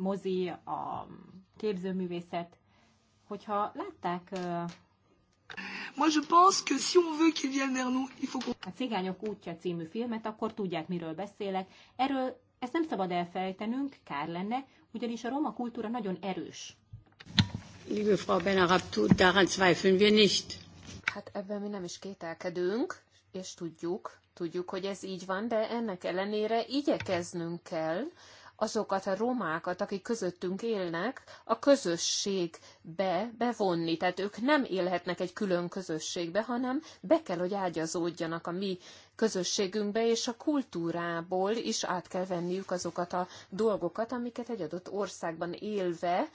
Speaker 4: mozi, a képzőművészet, hogyha látták...
Speaker 12: Moi je pense que si on veut qu'ils viennent vers nous, il
Speaker 4: faut qu'on... A Cigányok útja című filmet, akkor tudják, miről beszélek. Erről ezt nem szabad elfelejtenünk, kár lenne, ugyanis a roma kultúra nagyon erős.
Speaker 15: Liebe Frau Benarabtut, daran zweifeln wir nicht.
Speaker 18: Hát ebben mi nem is kételkedünk, és tudjuk, tudjuk, hogy ez így van, de ennek ellenére igyekeznünk kell, azokat a romákat, akik közöttünk élnek, a közösségbe bevonni. Tehát ők nem élhetnek egy külön közösségbe, hanem be kell, hogy ágyazódjanak a mi közösségünkbe, és a kultúrából is át kell venniük azokat a dolgokat, amiket egy adott országban élve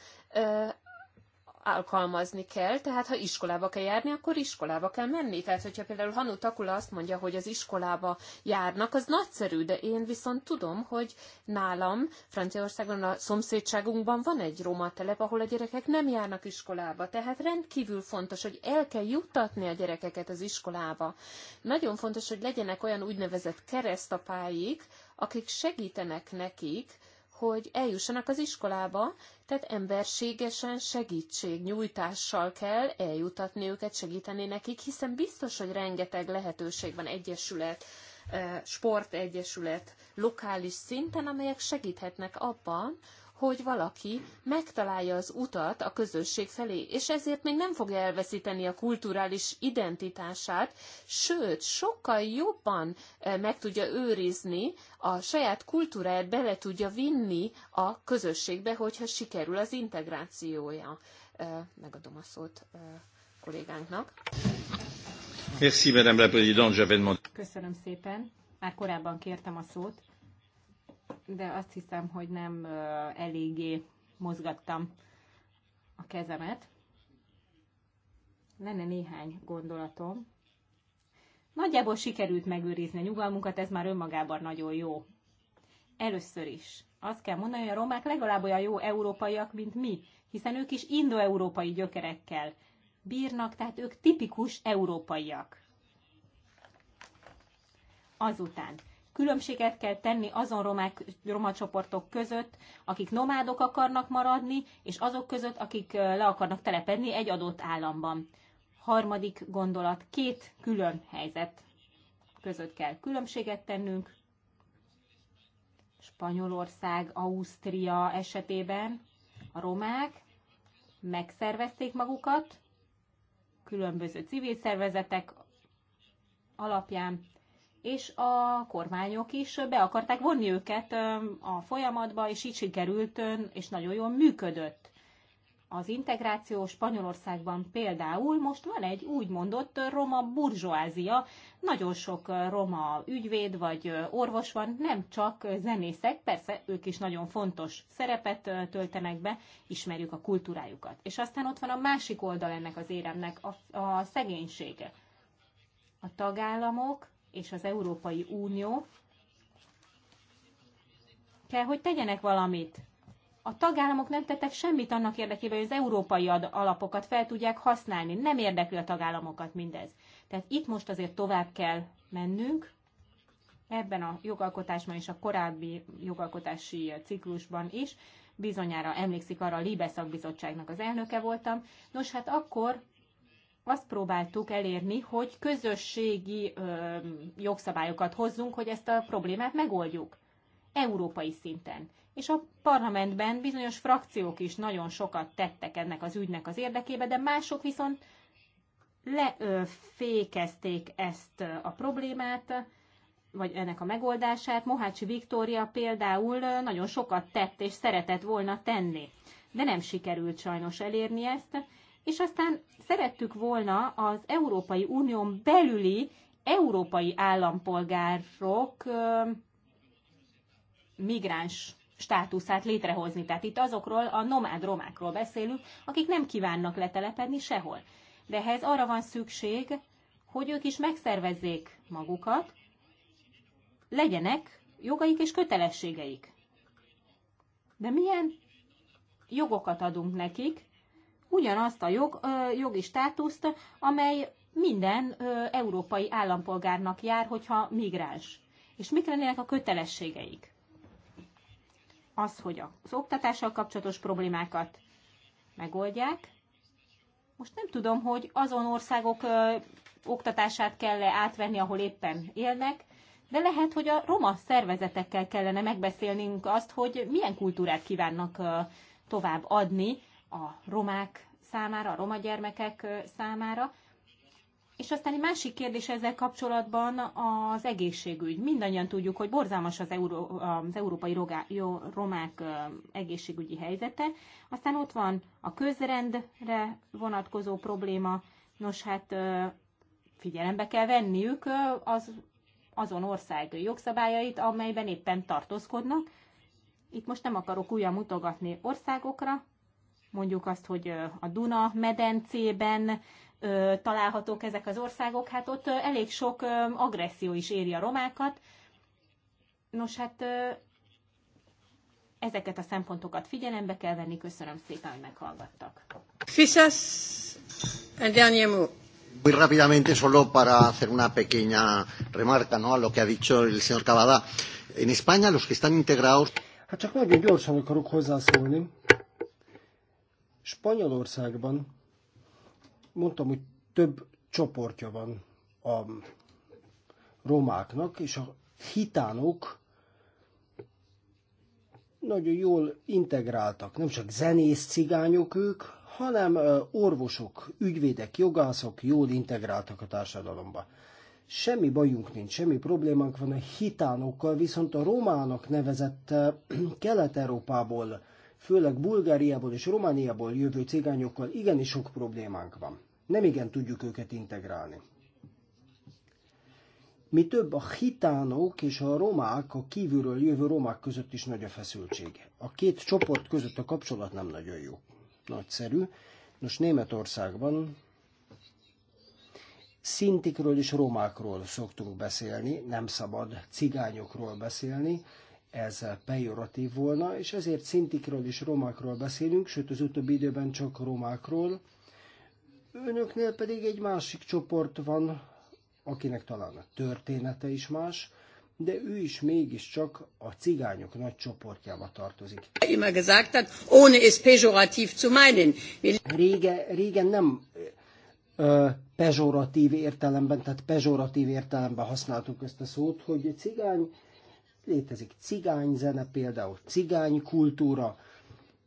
Speaker 18: alkalmazni kell, tehát ha iskolába kell járni, akkor iskolába kell menni. Tehát, hogyha például Hanu Takula azt mondja, hogy az iskolába járnak, az nagyszerű, de én viszont tudom, hogy nálam Franciaországban a szomszédságunkban van egy roma telep, ahol a gyerekek nem járnak iskolába. Tehát rendkívül fontos, hogy el kell juttatni a gyerekeket az iskolába. Nagyon fontos, hogy legyenek olyan úgynevezett keresztapáik, akik segítenek nekik, hogy eljussanak az iskolába, tehát emberségesen segítségnyújtással kell eljutatni őket, segíteni nekik, hiszen biztos, hogy rengeteg lehetőség van egyesület, eh, sportegyesület lokális szinten, amelyek segíthetnek abban, hogy valaki megtalálja az utat a közösség felé, és ezért még nem fogja elveszíteni a kulturális identitását, sőt, sokkal jobban eh, meg tudja őrizni a saját kultúráját, bele tudja vinni a közösségbe, hogyha sikerül az integrációja. Eh, megadom a szót eh, kollégánknak.
Speaker 7: Merci, Madame la Présidente,
Speaker 4: Köszönöm szépen. Már korábban kértem a szót, de azt hiszem, hogy nem eléggé mozgattam a kezemet. Lenne néhány gondolatom. Nagyjából sikerült megőrizni a nyugalmunkat, ez már önmagában nagyon jó. Először is. Azt kell mondani, hogy a romák legalább olyan jó európaiak, mint mi, hiszen ők is indoeurópai gyökerekkel bírnak, tehát ők tipikus európaiak. Azután Különbséget kell tenni azon romák, roma csoportok között, akik nomádok akarnak maradni, és azok között, akik le akarnak telepedni egy adott államban. Harmadik gondolat, két külön helyzet között kell különbséget tennünk. Spanyolország, Ausztria esetében a romák megszervezték magukat, különböző civil szervezetek alapján, és a kormányok is be akarták vonni őket a folyamatba, és így sikerült, és nagyon jól működött. Az integráció Spanyolországban például most van egy úgymondott roma burzsóázia, nagyon sok roma ügyvéd vagy orvos van, nem csak zenészek, persze ők is nagyon fontos szerepet töltenek be, ismerjük a kultúrájukat. És aztán ott van a másik oldal ennek az éremnek, a, a szegénység. A tagállamok és az Európai Unió kell, hogy tegyenek valamit. A tagállamok nem tettek semmit annak érdekében, hogy az európai alapokat fel tudják használni. Nem érdekli a tagállamokat mindez. Tehát itt most azért tovább kell mennünk, ebben a jogalkotásban és a korábbi jogalkotási ciklusban is, bizonyára emlékszik arra, a Libe az elnöke voltam. Nos, hát akkor azt próbáltuk elérni, hogy közösségi ö, jogszabályokat hozzunk, hogy ezt a problémát megoldjuk. Európai szinten. És a parlamentben bizonyos frakciók is nagyon sokat tettek ennek az ügynek az érdekébe, de mások viszont lefékezték ezt a problémát, vagy ennek a megoldását. Mohácsi Viktória például nagyon sokat tett és szeretett volna tenni, de nem sikerült sajnos elérni ezt, és aztán szerettük volna az Európai Unión belüli európai állampolgárok migráns státuszát létrehozni. Tehát itt azokról a nomád romákról beszélünk, akik nem kívánnak letelepedni sehol. De ehhez arra van szükség, hogy ők is megszervezzék magukat, legyenek jogaik és kötelességeik. De milyen jogokat adunk nekik, ugyanazt a jog, jogi státuszt, amely minden európai állampolgárnak jár, hogyha migráns. És mik lennének a kötelességeik? Az, hogy az oktatással kapcsolatos problémákat megoldják. Most nem tudom, hogy azon országok ö, oktatását kell -e átvenni, ahol éppen élnek, de lehet, hogy a roma szervezetekkel kellene megbeszélnünk azt, hogy milyen kultúrát kívánnak ö, tovább adni a romák számára, a roma gyermekek számára. És aztán egy másik kérdés ezzel kapcsolatban az egészségügy. Mindannyian tudjuk, hogy borzalmas az, euró, az európai rogá, jó, romák egészségügyi helyzete. Aztán ott van a közrendre vonatkozó probléma. Nos, hát figyelembe kell venniük az, azon ország jogszabályait, amelyben éppen tartózkodnak. Itt most nem akarok újra mutogatni országokra, mondjuk azt, hogy a Duna medencében találhatók ezek az országok, hát ott elég sok agresszió is éri a romákat. Nos, hát ezeket a szempontokat figyelembe kell venni. Köszönöm szépen, hogy meghallgattak.
Speaker 5: Fisas, el dernier Muy rápidamente, solo para hacer una pequeña remarca ¿no? a lo que ha dicho el señor Cavada. En España, los que están integrados... Hát csak nagyon gyorsan akarok hozzászólni. Spanyolországban
Speaker 17: mondtam, hogy több csoportja van a romáknak, és a hitánok nagyon jól integráltak. Nem csak zenész cigányok ők, hanem orvosok, ügyvédek, jogászok jól integráltak a társadalomba. Semmi bajunk nincs, semmi problémánk van a hitánokkal, viszont a romának nevezett Kelet-Európából főleg Bulgáriából és Romániából jövő cigányokkal igenis sok problémánk van. Nem igen tudjuk őket integrálni. Mi több a hitánok és a romák, a kívülről jövő romák között is nagy a feszültség. A két csoport között a kapcsolat nem nagyon jó. Nagyszerű. Nos, Németországban szintikről és romákról szoktunk beszélni, nem szabad cigányokról beszélni, ez pejoratív volna, és ezért szintikről és romákról beszélünk, sőt az utóbbi időben csak romákról. Önöknél pedig egy másik csoport van, akinek talán a története is más, de ő is mégiscsak a cigányok nagy csoportjába
Speaker 15: tartozik. Rége, régen nem
Speaker 17: ö, pejoratív értelemben, tehát pejoratív értelemben használtuk ezt a szót, hogy cigány Létezik zene, például cigány kultúra,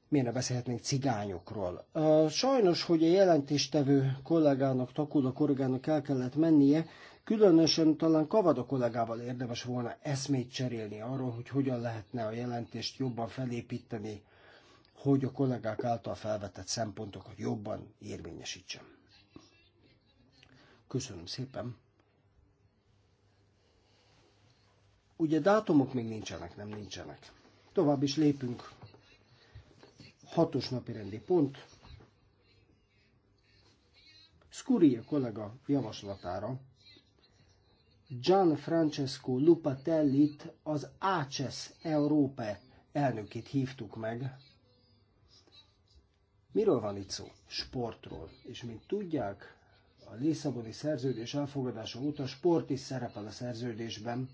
Speaker 17: miért ne beszélhetnénk cigányokról. Sajnos, hogy a jelentéstevő kollégának, Takula kollégának el kellett mennie, különösen talán Kavada kollégával érdemes volna eszmét cserélni arról, hogy hogyan lehetne a jelentést jobban felépíteni, hogy a kollégák által felvetett szempontokat jobban érvényesítsem. Köszönöm szépen! Ugye dátumok még nincsenek, nem nincsenek. Tovább is lépünk. Hatos napi rendi pont. Scuria kollega javaslatára Gian Francesco Lupatellit, az ACES Európe elnökét hívtuk meg. Miről van itt szó? Sportról. És mint tudják, a Lisszaboni szerződés elfogadása óta sport is szerepel a szerződésben,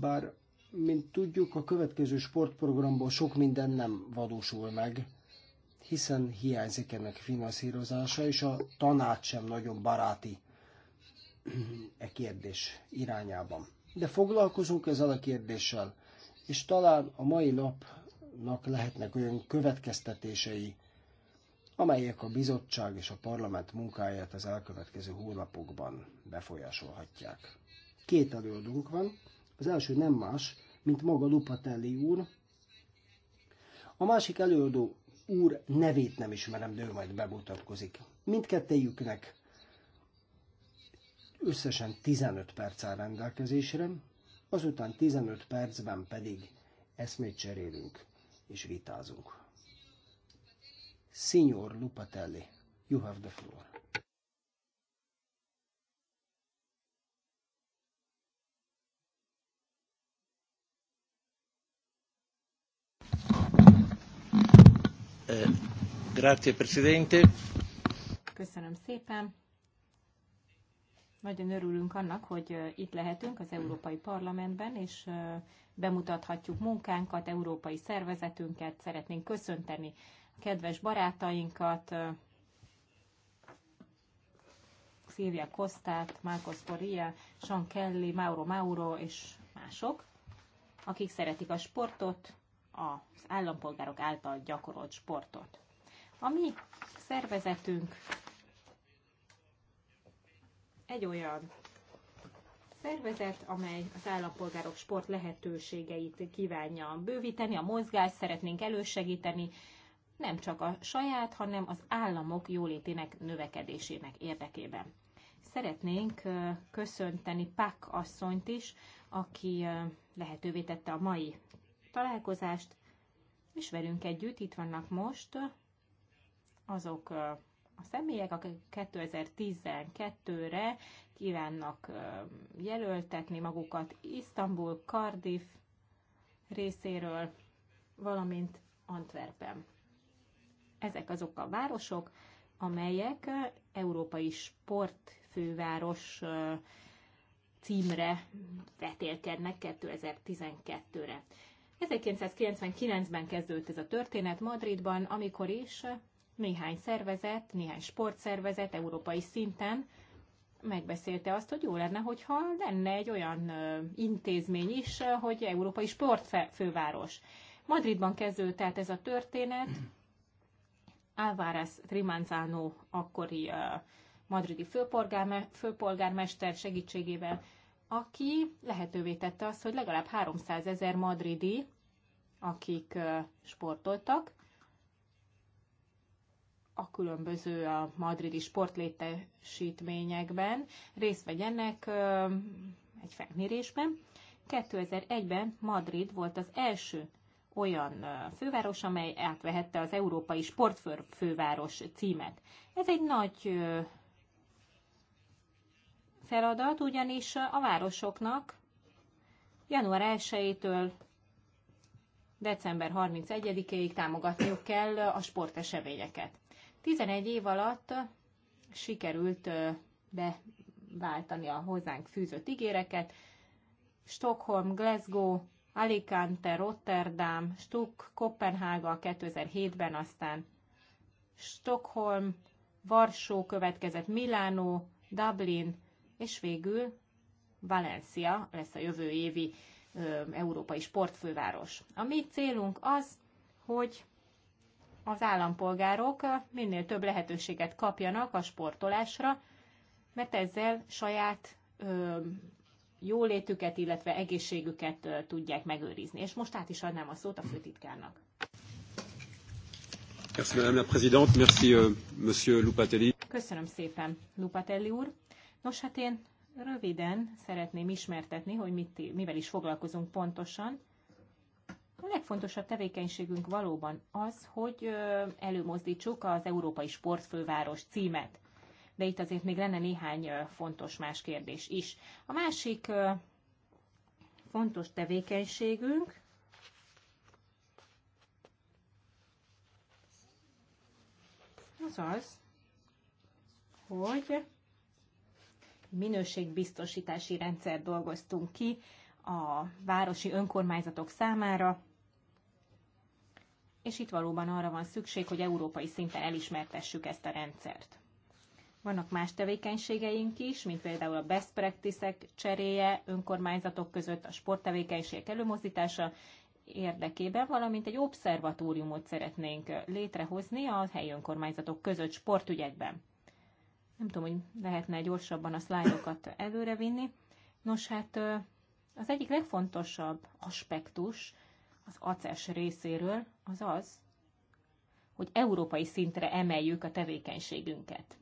Speaker 17: bár mint tudjuk, a következő sportprogramból sok minden nem valósul meg, hiszen hiányzik ennek finanszírozása, és a tanács sem nagyon baráti e kérdés irányában. De foglalkozunk ezzel a kérdéssel, és talán a mai napnak lehetnek olyan következtetései, amelyek a bizottság és a parlament munkáját az elkövetkező hónapokban befolyásolhatják. Két előadónk van, az első nem más, mint maga Lupatelli úr. A másik előadó úr nevét nem ismerem, de ő majd bemutatkozik. Mindkettejüknek összesen 15 perc áll rendelkezésre, azután 15 percben pedig eszmét cserélünk és vitázunk. Signor Lupatelli, you have the floor.
Speaker 5: Eh, grazie, Presidente.
Speaker 4: Köszönöm szépen. Nagyon örülünk annak, hogy eh, itt lehetünk az Európai Parlamentben, és eh, bemutathatjuk munkánkat, európai szervezetünket. Szeretnénk köszönteni kedves barátainkat, Szilvia Kostát, Márkos Toria, Sean Kelly, Mauro Mauro és mások, akik szeretik a sportot, az állampolgárok által gyakorolt sportot. A mi szervezetünk egy olyan szervezet, amely az állampolgárok sport lehetőségeit kívánja bővíteni, a mozgást szeretnénk elősegíteni, nem csak a saját, hanem az államok jólétének növekedésének érdekében. Szeretnénk köszönteni Pák asszonyt is, aki lehetővé tette a mai találkozást, és velünk együtt itt vannak most azok a személyek, akik 2012-re kívánnak jelöltetni magukat Isztambul, Cardiff részéről, valamint Antwerpen. Ezek azok a városok, amelyek európai sportfőváros címre vetélkednek 2012-re. 1999-ben kezdődött ez a történet Madridban, amikor is néhány szervezet, néhány sportszervezet európai szinten megbeszélte azt, hogy jó lenne, hogyha lenne egy olyan intézmény is, hogy európai sportfőváros. Madridban kezdődött tehát ez a történet. Álvárez Trimanzano akkori madridi főpolgármester segítségével, aki lehetővé tette azt, hogy legalább 300 ezer madridi akik sportoltak a különböző a madridi sportlétesítményekben részt vegyenek egy felmérésben. 2001-ben Madrid volt az első olyan főváros, amely átvehette az Európai Sportfőváros címet. Ez egy nagy feladat, ugyanis a városoknak január 1-től december 31-ig támogatniuk kell a sporteseményeket. 11 év alatt sikerült beváltani a hozzánk fűzött ígéreket. Stockholm, Glasgow, Alicante, Rotterdam, Stuck, Kopenhága 2007-ben, aztán Stockholm, Varsó következett, Milánó, Dublin, és végül Valencia lesz a jövő évi európai sportfőváros. A mi célunk az, hogy az állampolgárok minél több lehetőséget kapjanak a sportolásra, mert ezzel saját jólétüket, illetve egészségüket tudják megőrizni. És most át is adnám a szót a főtitkárnak.
Speaker 7: Euh,
Speaker 4: Köszönöm szépen, Lupatelli úr. Nos, hát én Röviden szeretném ismertetni, hogy mit, mivel is foglalkozunk pontosan. A legfontosabb tevékenységünk valóban az, hogy előmozdítsuk az Európai Sportfőváros címet. De itt azért még lenne néhány fontos más kérdés is. A másik fontos tevékenységünk az az, hogy minőségbiztosítási rendszer dolgoztunk ki a városi önkormányzatok számára, és itt valóban arra van szükség, hogy európai szinten elismertessük ezt a rendszert. Vannak más tevékenységeink is, mint például a best practice cseréje önkormányzatok között, a sporttevékenységek előmozdítása érdekében, valamint egy obszervatóriumot szeretnénk létrehozni a helyi önkormányzatok között sportügyekben. Nem tudom, hogy lehetne gyorsabban a szlájdokat előrevinni. Nos, hát az egyik legfontosabb aspektus az ACES részéről az az, hogy európai szintre emeljük a tevékenységünket.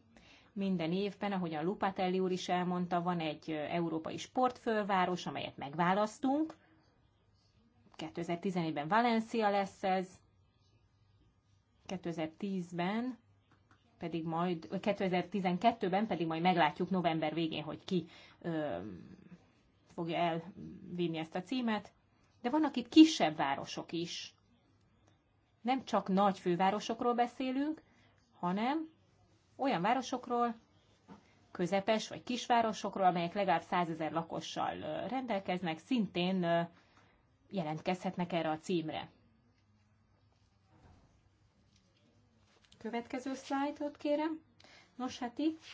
Speaker 4: Minden évben, ahogy a Lupatelli úr is elmondta, van egy európai sportfőváros, amelyet megválasztunk. 2014-ben Valencia lesz ez, 2010-ben pedig majd, 2012-ben pedig majd meglátjuk november végén, hogy ki ö, fogja elvinni ezt a címet. De vannak itt kisebb városok is. Nem csak nagy fővárosokról beszélünk, hanem olyan városokról, közepes vagy kisvárosokról, amelyek legalább 100 ezer lakossal rendelkeznek, szintén jelentkezhetnek erre a címre. Következő szlájdot kérem. Nos, hát itt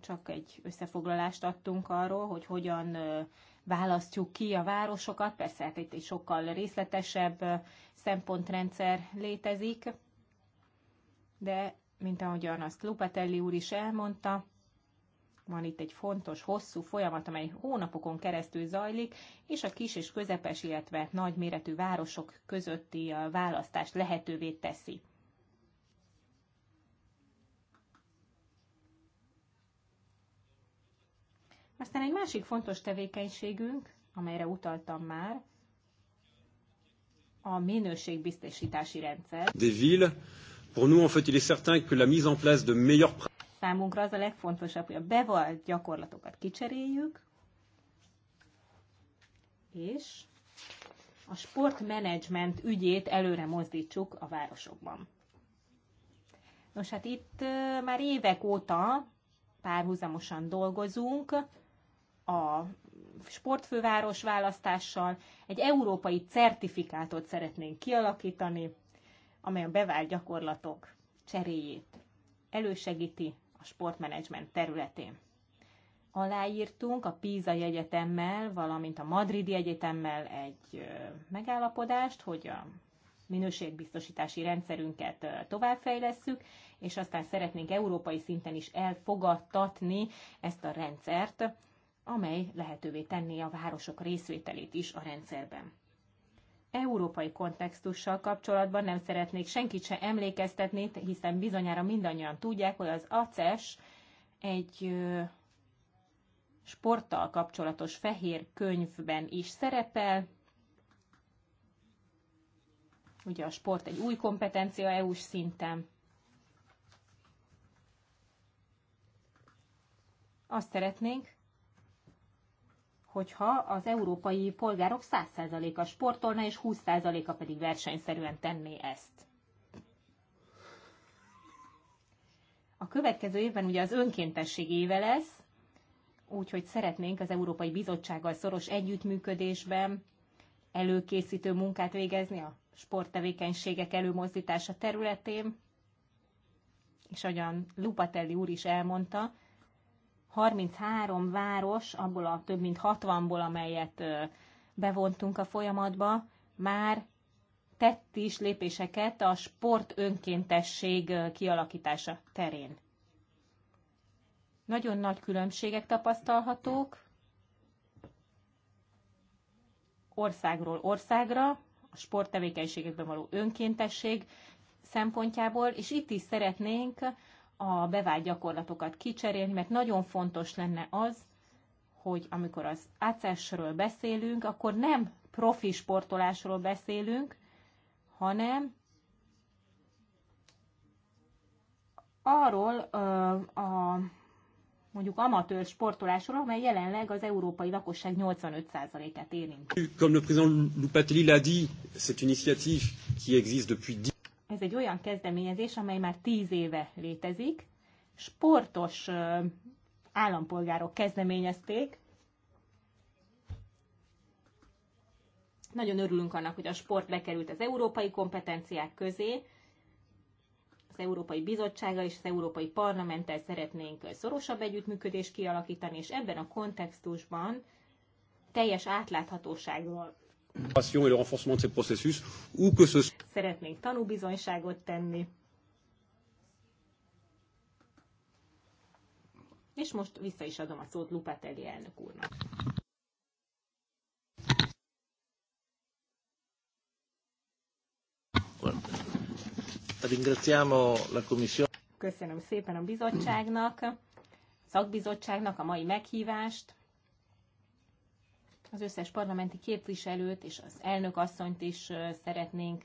Speaker 4: csak egy összefoglalást adtunk arról, hogy hogyan választjuk ki a városokat. Persze, hát itt egy sokkal részletesebb szempontrendszer létezik, de mint ahogyan azt Lupatelli úr is elmondta, van itt egy fontos, hosszú folyamat, amely hónapokon keresztül zajlik, és a kis és közepes, illetve nagy méretű városok közötti választást lehetővé teszi. Aztán egy másik fontos tevékenységünk, amelyre utaltam már, a minőségbiztosítási rendszer.
Speaker 7: Des villes, pour nous en fait il est certain que la mise en place de meilleurs
Speaker 4: számunkra az a legfontosabb, hogy a bevált gyakorlatokat kicseréljük, és a sportmenedzsment ügyét előre mozdítsuk a városokban. Nos, hát itt már évek óta párhuzamosan dolgozunk a sportfőváros választással. Egy európai certifikátot szeretnénk kialakítani, amely a bevált gyakorlatok cseréjét elősegíti, a sportmenedzsment területén. Aláírtunk a Pízai Egyetemmel, valamint a Madridi Egyetemmel egy megállapodást, hogy a minőségbiztosítási rendszerünket továbbfejlesszük, és aztán szeretnénk európai szinten is elfogadtatni ezt a rendszert, amely lehetővé tenné a városok részvételét is a rendszerben európai kontextussal kapcsolatban nem szeretnék senkit se emlékeztetni, hiszen bizonyára mindannyian tudják, hogy az ACES egy sporttal kapcsolatos fehér könyvben is szerepel. Ugye a sport egy új kompetencia EU-s szinten. Azt szeretnénk, hogyha az európai polgárok 100%-a sportolna, és 20%-a pedig versenyszerűen tenné ezt. A következő évben ugye az önkéntesség éve lesz, úgyhogy szeretnénk az Európai Bizottsággal szoros együttműködésben előkészítő munkát végezni a sporttevékenységek előmozdítása területén, és ahogyan Lupatelli úr is elmondta, 33 város, abból a több mint 60-ból, amelyet bevontunk a folyamatba, már tett is lépéseket a sport önkéntesség kialakítása terén. Nagyon nagy különbségek tapasztalhatók országról országra, a sporttevékenységekben való önkéntesség szempontjából, és itt is szeretnénk a bevált gyakorlatokat kicserélni, mert nagyon fontos lenne az, hogy amikor az átszásról beszélünk, akkor nem profi sportolásról beszélünk, hanem arról a mondjuk amatőr sportolásról, amely jelenleg az európai lakosság 85%-át érint.
Speaker 7: Comme le président Lupatelli l'a dit, c'est une initiative qui existe depuis 10
Speaker 4: ez egy olyan kezdeményezés, amely már tíz éve létezik. Sportos állampolgárok kezdeményezték. Nagyon örülünk annak, hogy a sport bekerült az európai kompetenciák közé. Az Európai Bizottsággal és az Európai Parlamenttel szeretnénk szorosabb együttműködést kialakítani, és ebben a kontextusban teljes átláthatóságról Szeretnénk tanúbizonyságot tenni. És most vissza is adom a szót Lupateli elnök úrnak. Köszönöm szépen a bizottságnak, szakbizottságnak a mai meghívást az összes parlamenti képviselőt és az elnök asszonyt is szeretnénk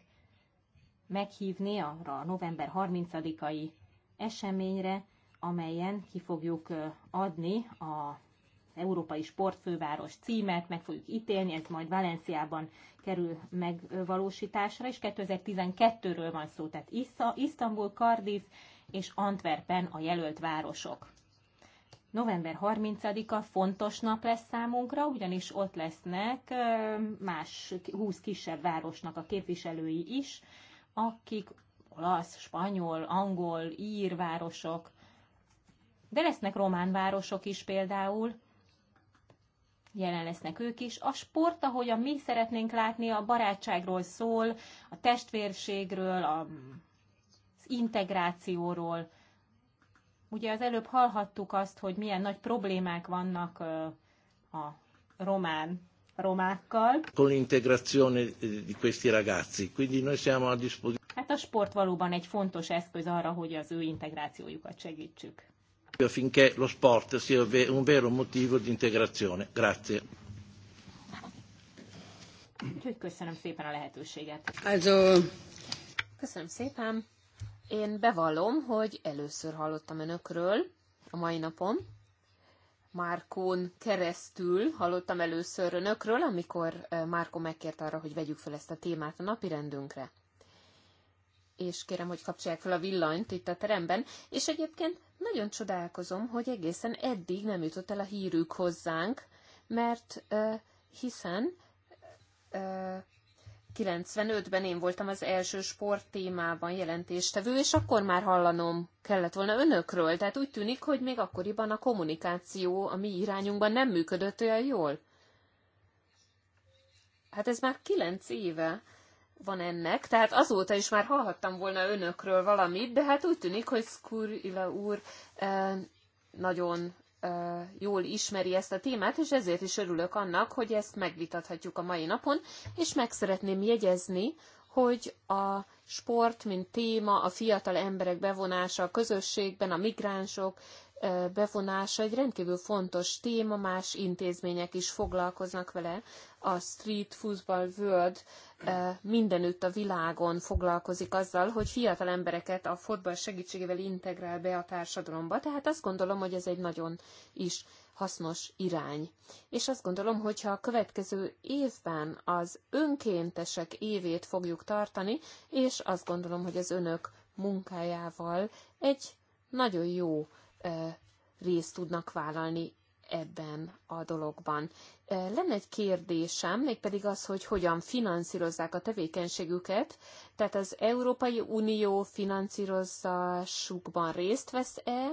Speaker 4: meghívni arra a november 30-ai eseményre, amelyen ki fogjuk adni a Európai Sportfőváros címet, meg fogjuk ítélni, ez majd Valenciában kerül megvalósításra, és 2012-ről van szó, tehát Isztambul, Cardiff és Antwerpen a jelölt városok. November 30-a fontos nap lesz számunkra, ugyanis ott lesznek más 20 kisebb városnak a képviselői is, akik olasz, spanyol, angol, ír városok, de lesznek román városok is például, jelen lesznek ők is. A sport, ahogyan mi szeretnénk látni, a barátságról szól, a testvérségről, a, az integrációról, Ugye az előbb hallhattuk azt, hogy milyen nagy problémák vannak a román romákkal.
Speaker 5: Con l'integrazione eh, di questi ragazzi, quindi noi siamo a disposizione.
Speaker 4: Hát a sport valóban egy fontos eszköz arra, hogy az ő integrációjukat segítsük.
Speaker 5: finché lo sport sia un vero motivo di integrazione. Grazie.
Speaker 18: Úgyhogy köszönöm szépen a lehetőséget. Also... Köszönöm szépen. Én bevallom, hogy először hallottam önökről a mai napon. Márkón keresztül hallottam először önökről, amikor Márkó megkért arra, hogy vegyük fel ezt a témát a rendünkre. És kérem, hogy kapcsolják fel a villanyt itt a teremben. És egyébként nagyon csodálkozom, hogy egészen eddig nem jutott el a hírük hozzánk, mert uh, hiszen uh, 95-ben én voltam az első sport témában jelentéstevő, és akkor már hallanom kellett volna önökről. Tehát úgy tűnik, hogy még akkoriban a kommunikáció a mi irányunkban nem működött olyan jól. Hát ez már 9 éve van ennek, tehát azóta is már hallhattam volna önökről valamit, de hát úgy tűnik, hogy Skurila úr eh, nagyon jól ismeri ezt a témát, és ezért is örülök annak, hogy ezt megvitathatjuk a mai napon, és meg szeretném jegyezni, hogy a sport, mint téma, a fiatal emberek bevonása a közösségben, a migránsok bevonása egy rendkívül fontos téma, más intézmények is foglalkoznak vele. A Street Football World mindenütt a világon foglalkozik azzal, hogy fiatal embereket a fotball segítségével integrál be a társadalomba. Tehát azt gondolom, hogy ez egy nagyon is hasznos irány. És azt gondolom, hogy ha a következő évben az önkéntesek évét fogjuk tartani, és azt gondolom, hogy az önök munkájával egy nagyon jó részt tudnak vállalni ebben a dologban. Lenne egy kérdésem, mégpedig az, hogy hogyan finanszírozzák a tevékenységüket. Tehát az Európai Unió finanszírozásukban részt vesz-e,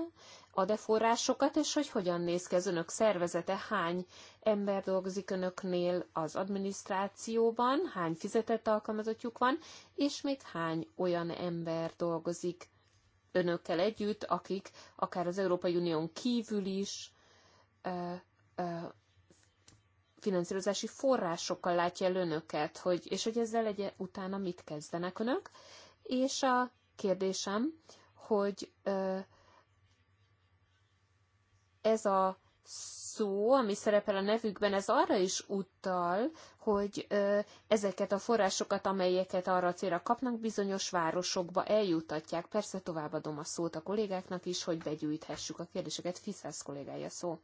Speaker 18: ad-e forrásokat, és hogy hogyan néz ki az önök szervezete, hány ember dolgozik önöknél az adminisztrációban, hány fizetett alkalmazottjuk van, és még hány olyan ember dolgozik önökkel együtt, akik akár az Európai Unión kívül is finanszírozási forrásokkal látja el önöket, hogy, és hogy ezzel legyen utána mit kezdenek önök. És a kérdésem, hogy ez a szó, ami szerepel a nevükben, ez arra is utal, hogy ö, ezeket a forrásokat, amelyeket arra célra kapnak, bizonyos városokba eljutatják. Persze továbbadom a szót a kollégáknak is, hogy begyűjthessük a kérdéseket. Fiszász kollégája szó.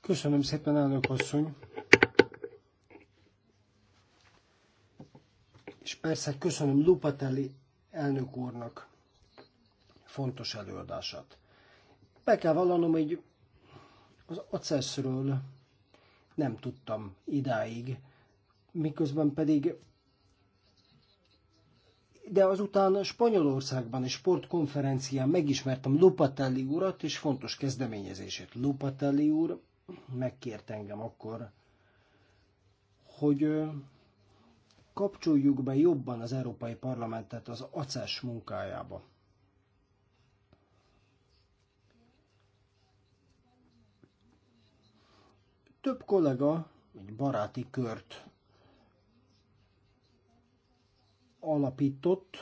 Speaker 5: Köszönöm szépen, elnök asszony.
Speaker 17: És persze köszönöm Lupateli elnök úrnak fontos előadását. Be kell vallanom, hogy az aceszről nem tudtam idáig, miközben pedig de azután Spanyolországban egy sportkonferencián megismertem Lopatelli urat és fontos kezdeményezését. Lopatelli úr megkért engem akkor, hogy kapcsoljuk be jobban az Európai Parlamentet az ACES munkájába. Több kollega egy baráti kört alapított,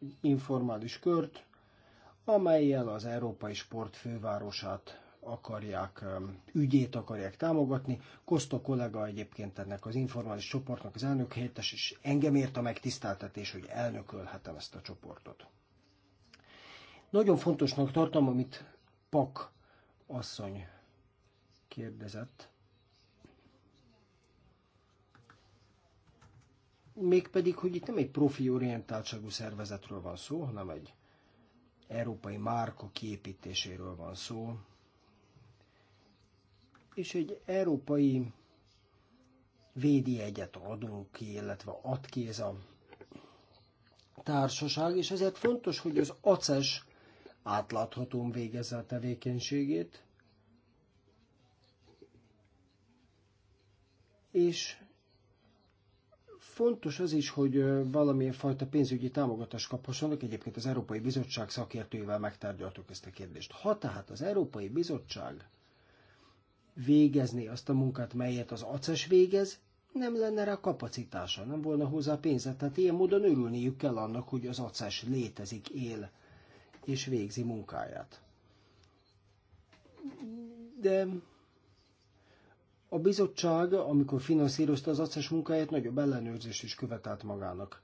Speaker 17: egy informális kört, amelyel az Európai Sport fővárosát akarják, ügyét akarják támogatni. Kosztó kollega egyébként ennek az informális csoportnak az elnök helyettes, és engem ért a megtiszteltetés, hogy elnökölhetem ezt a csoportot. Nagyon fontosnak tartom, amit Pak asszony kérdezett. mégpedig, hogy itt nem egy profi orientáltságú szervezetről van szó, hanem egy európai márka kiépítéséről van szó, és egy európai védi egyet adunk ki, illetve ad ki ez a társaság, és ezért fontos, hogy az ACES átláthatóan végezze a tevékenységét, és Fontos az is, hogy valamilyen fajta pénzügyi támogatást kaphassanak. Egyébként az Európai Bizottság szakértőivel megtárgyaltuk ezt a kérdést. Ha tehát az Európai Bizottság végezné azt a munkát, melyet az ACES végez, nem lenne rá kapacitása, nem volna hozzá pénze. Tehát ilyen módon örülniük kell annak, hogy az ACES létezik, él és végzi munkáját. De a bizottság, amikor finanszírozta az acces munkáját, nagyobb ellenőrzést is követelt magának.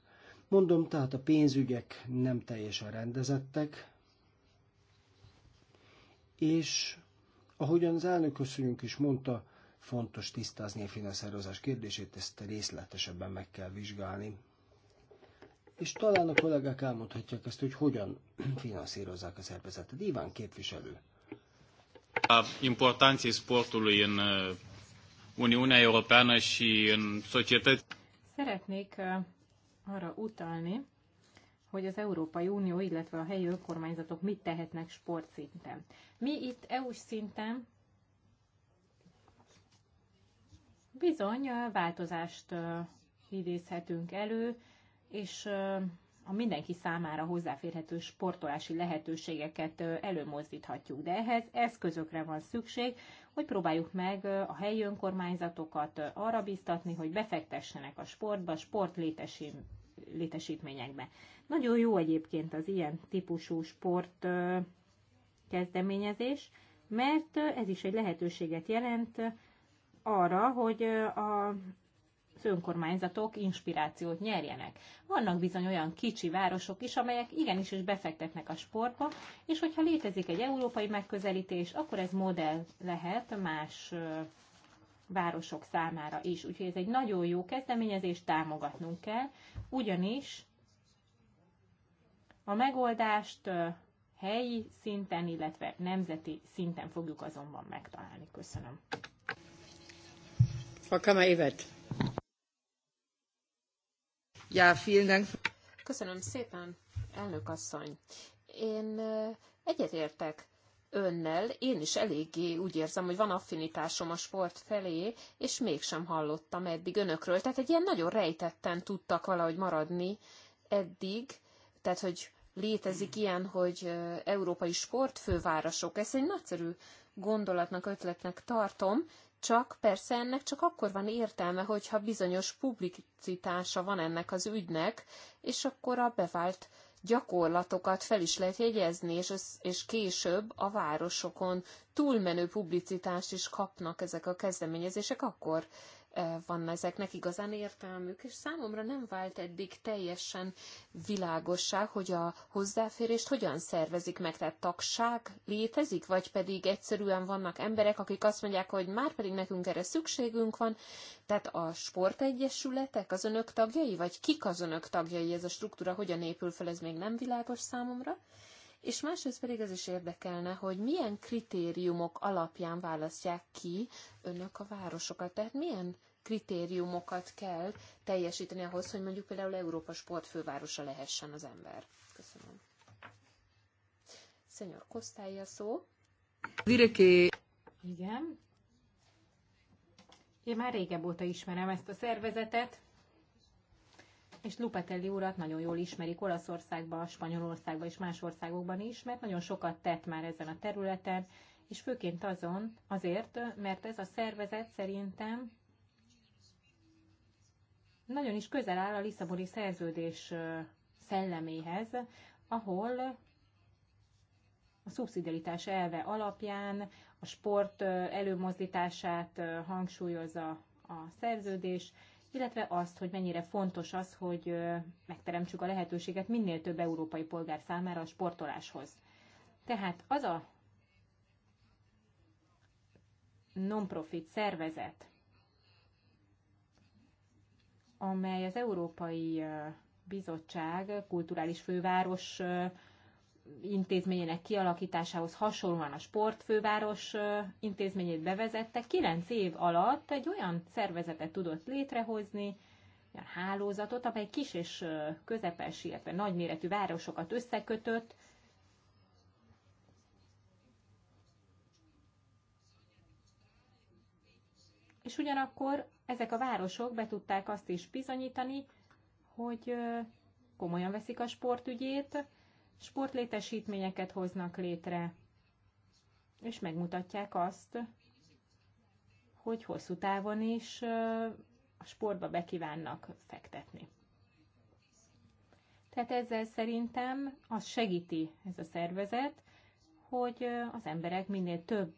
Speaker 17: Mondom, tehát a pénzügyek nem teljesen rendezettek, és ahogyan az köszönjünk is mondta, fontos tisztázni a finanszírozás kérdését, ezt részletesebben meg kell vizsgálni. És talán a kollégák elmondhatják ezt, hogy hogyan finanszírozzák a szervezetet. Iván képviselő.
Speaker 1: A importanciai sportului în Uniunea Europeană și în societăți.
Speaker 4: Szeretnék arra utalni, hogy az Európai Unió, illetve a helyi önkormányzatok mit tehetnek sportszinten. Mi itt EU-s szinten bizony változást idézhetünk elő, és a mindenki számára hozzáférhető sportolási lehetőségeket előmozdíthatjuk, de ehhez eszközökre van szükség, hogy próbáljuk meg a helyi önkormányzatokat arra biztatni, hogy befektessenek a sportba, sport létesítményekbe. Nagyon jó egyébként az ilyen típusú sport kezdeményezés, mert ez is egy lehetőséget jelent arra, hogy a önkormányzatok inspirációt nyerjenek. Vannak bizony olyan kicsi városok is, amelyek igenis is befektetnek a sportba, és hogyha létezik egy európai megközelítés, akkor ez modell lehet más városok számára is. Úgyhogy ez egy nagyon jó kezdeményezés, támogatnunk kell, ugyanis a megoldást helyi szinten, illetve nemzeti szinten fogjuk azonban megtalálni. Köszönöm.
Speaker 15: Frau kammer
Speaker 9: Ja, vielen Dank.
Speaker 18: Köszönöm szépen, elnök asszony. Én egyetértek önnel, én is eléggé úgy érzem, hogy van affinitásom a sport felé, és mégsem hallottam eddig önökről. Tehát egy ilyen nagyon rejtetten tudtak valahogy maradni eddig, tehát hogy létezik ilyen, hogy európai sportfővárosok. Ez egy nagyszerű gondolatnak, ötletnek tartom, csak persze ennek csak akkor van értelme, hogyha bizonyos publicitása van ennek az ügynek, és akkor a bevált gyakorlatokat fel is lehet jegyezni, és, és később a városokon túlmenő publicitást is kapnak ezek a kezdeményezések, akkor van ezeknek igazán értelmük, és számomra nem vált eddig teljesen világossá, hogy a hozzáférést hogyan szervezik meg, tehát tagság létezik, vagy pedig egyszerűen vannak emberek, akik azt mondják, hogy már pedig nekünk erre szükségünk van, tehát a sportegyesületek az önök tagjai, vagy kik az önök tagjai, ez a struktúra hogyan épül fel, ez még nem világos számomra és másrészt pedig az is érdekelne, hogy milyen kritériumok alapján választják ki önök a városokat, tehát milyen kritériumokat kell teljesíteni ahhoz, hogy mondjuk például Európa sportfővárosa lehessen az ember. Köszönöm. Szenyor a szó.
Speaker 5: Direké.
Speaker 16: Igen.
Speaker 4: Én már régebb óta ismerem ezt a szervezetet és Lupetelli urat nagyon jól ismerik Olaszországban, Spanyolországban és más országokban is, mert nagyon sokat tett már ezen a területen, és főként azon, azért, mert ez a szervezet szerintem nagyon is közel áll a Lisszaboni szerződés szelleméhez, ahol a szubszidialitás elve alapján a sport előmozdítását hangsúlyozza a szerződés, illetve azt, hogy mennyire fontos az, hogy megteremtsük a lehetőséget minél több európai polgár számára a sportoláshoz. Tehát az a non-profit szervezet, amely az Európai Bizottság kulturális főváros intézményének kialakításához hasonlóan a sportfőváros intézményét bevezette, kilenc év alatt egy olyan szervezetet tudott létrehozni, olyan hálózatot, amely kis és közepes, illetve nagyméretű városokat összekötött, És ugyanakkor ezek a városok be tudták azt is bizonyítani, hogy komolyan veszik a sportügyét, sportlétesítményeket hoznak létre, és megmutatják azt, hogy hosszú távon is a sportba bekívánnak fektetni. Tehát ezzel szerintem az segíti ez a szervezet, hogy az emberek minél több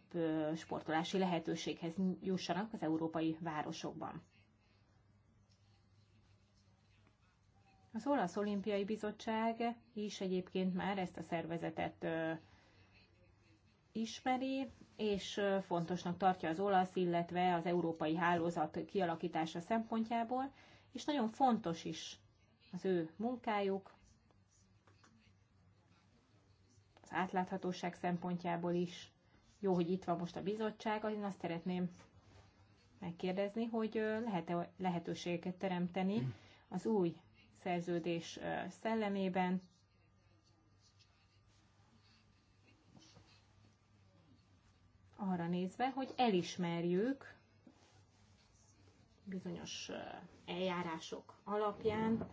Speaker 4: sportolási lehetőséghez jussanak az európai városokban. Az Olasz Olimpiai Bizottság is egyébként már ezt a szervezetet ismeri, és fontosnak tartja az olasz, illetve az európai hálózat kialakítása szempontjából, és nagyon fontos is az ő munkájuk, az átláthatóság szempontjából is. Jó, hogy itt van most a bizottság, én azt szeretném megkérdezni, hogy lehet -e lehetőséget teremteni az új szerződés szellemében. Arra nézve, hogy elismerjük bizonyos eljárások alapján,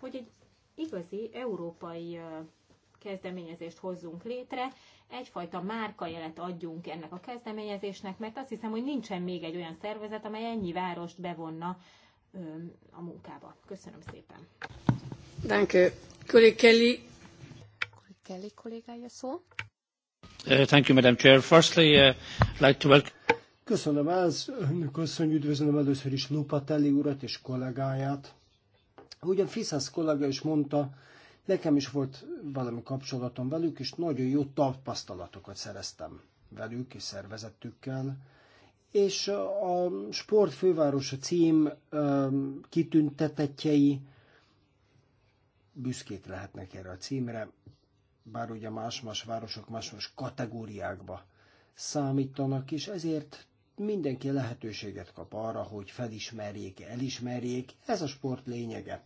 Speaker 4: hogy egy igazi európai kezdeményezést hozzunk létre, egyfajta márkajelet adjunk ennek a kezdeményezésnek, mert azt hiszem, hogy nincsen még egy olyan szervezet, amely ennyi várost bevonna a munkába. Köszönöm szépen.
Speaker 15: Danke. Kollég Kelly.
Speaker 18: Kelly kollégája szó.
Speaker 7: Uh, thank you, Madam Chair. Firstly, uh, like to welcome...
Speaker 17: Köszönöm ez, Köszönjük üdvözlöm először is Lupatelli urat és kollégáját. Ugyan Fiszász kollega is mondta, nekem is volt valami kapcsolatom velük, és nagyon jó tapasztalatokat szereztem velük és szervezettükkel és a Sport Fővárosa cím kitüntetetjei büszkék lehetnek erre a címre, bár ugye más-más városok más-más kategóriákba számítanak, és ezért mindenki lehetőséget kap arra, hogy felismerjék, elismerjék, ez a sport lényege.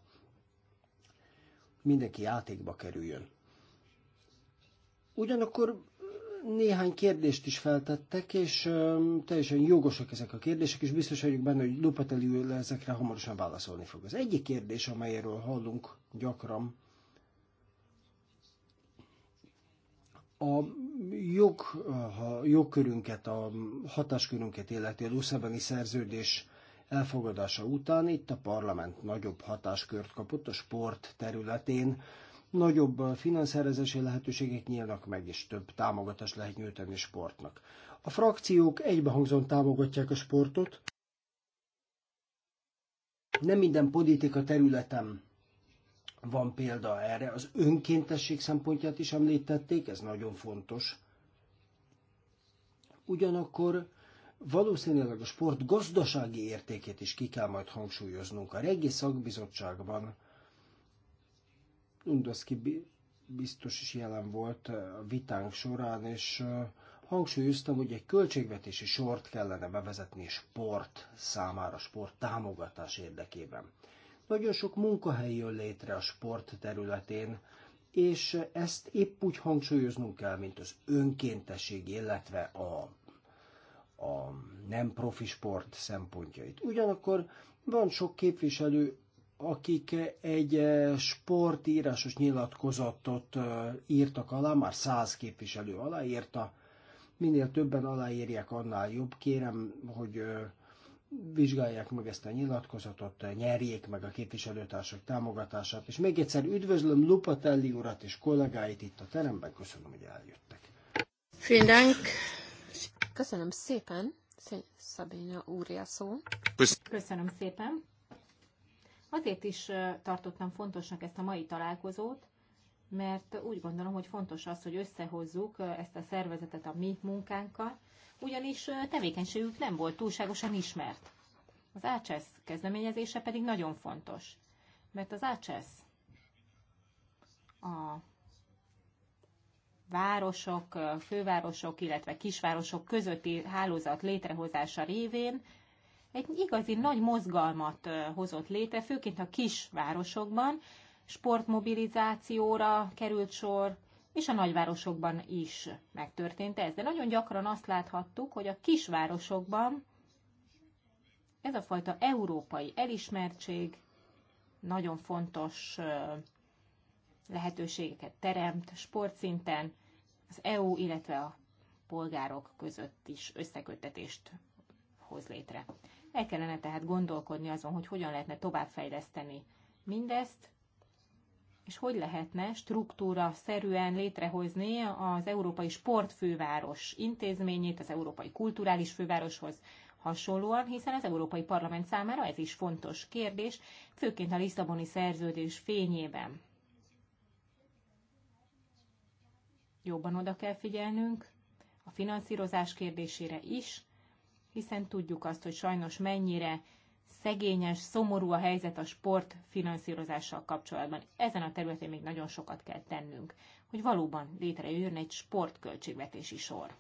Speaker 17: Mindenki játékba kerüljön. Ugyanakkor néhány kérdést is feltettek, és teljesen jogosak ezek a kérdések, és biztos vagyok benne, hogy Lopeteli ezekre hamarosan válaszolni fog. Az egyik kérdés, amelyről hallunk gyakran, a jog, a jogkörünket, a hatáskörünket illeti a Lusszabani szerződés elfogadása után itt a parlament nagyobb hatáskört kapott a sport területén, nagyobb finanszírozási lehetőségek nyílnak meg, és több támogatást lehet nyújtani a sportnak. A frakciók egybehangzóan támogatják a sportot. Nem minden politika területen van példa erre. Az önkéntesség szempontját is említették, ez nagyon fontos. Ugyanakkor valószínűleg a sport gazdasági értékét is ki kell majd hangsúlyoznunk. A Regi Szakbizottságban Undoszki biztos is jelen volt a vitánk során, és hangsúlyoztam, hogy egy költségvetési sort kellene bevezetni sport számára, sport támogatás érdekében. Nagyon sok munkahely jön létre a sport területén, és ezt épp úgy hangsúlyoznunk kell, mint az önkéntesség, illetve a, a nem profi sport szempontjait. Ugyanakkor van sok képviselő, akik egy eh, sportírásos nyilatkozatot eh, írtak alá, már száz képviselő aláírta, minél többen aláírják, annál jobb. Kérem, hogy eh, vizsgálják meg ezt a nyilatkozatot, nyerjék meg a képviselőtársak támogatását. És még egyszer üdvözlöm Lupatelli urat és kollégáit itt a teremben. Köszönöm, hogy eljöttek.
Speaker 18: Fényleg. Köszönöm szépen. Szabina úr szó. Köszönöm szépen.
Speaker 4: Azért is tartottam fontosnak ezt a mai találkozót, mert úgy gondolom, hogy fontos az, hogy összehozzuk ezt a szervezetet a mi munkánkkal, ugyanis tevékenységük nem volt túlságosan ismert. Az ACSZ e kezdeményezése pedig nagyon fontos, mert az ACSZ e a városok, fővárosok, illetve kisvárosok közötti hálózat létrehozása révén egy igazi nagy mozgalmat hozott létre, főként a kis városokban, sportmobilizációra került sor, és a nagyvárosokban is megtörtént ez. De nagyon gyakran azt láthattuk, hogy a kisvárosokban ez a fajta európai elismertség nagyon fontos lehetőségeket teremt sportszinten, az EU, illetve a polgárok között is összeköttetést hoz létre. El kellene tehát gondolkodni azon, hogy hogyan lehetne továbbfejleszteni mindezt, és hogy lehetne struktúra szerűen létrehozni az Európai Sportfőváros intézményét, az Európai Kulturális Fővároshoz hasonlóan, hiszen az Európai Parlament számára ez is fontos kérdés, főként a Lisszaboni szerződés fényében. Jobban oda kell figyelnünk a finanszírozás kérdésére is, hiszen tudjuk azt, hogy sajnos mennyire szegényes, szomorú a helyzet a sport finanszírozással kapcsolatban. Ezen a területen még nagyon sokat kell tennünk,
Speaker 18: hogy valóban létrejön egy sportköltségvetési sor.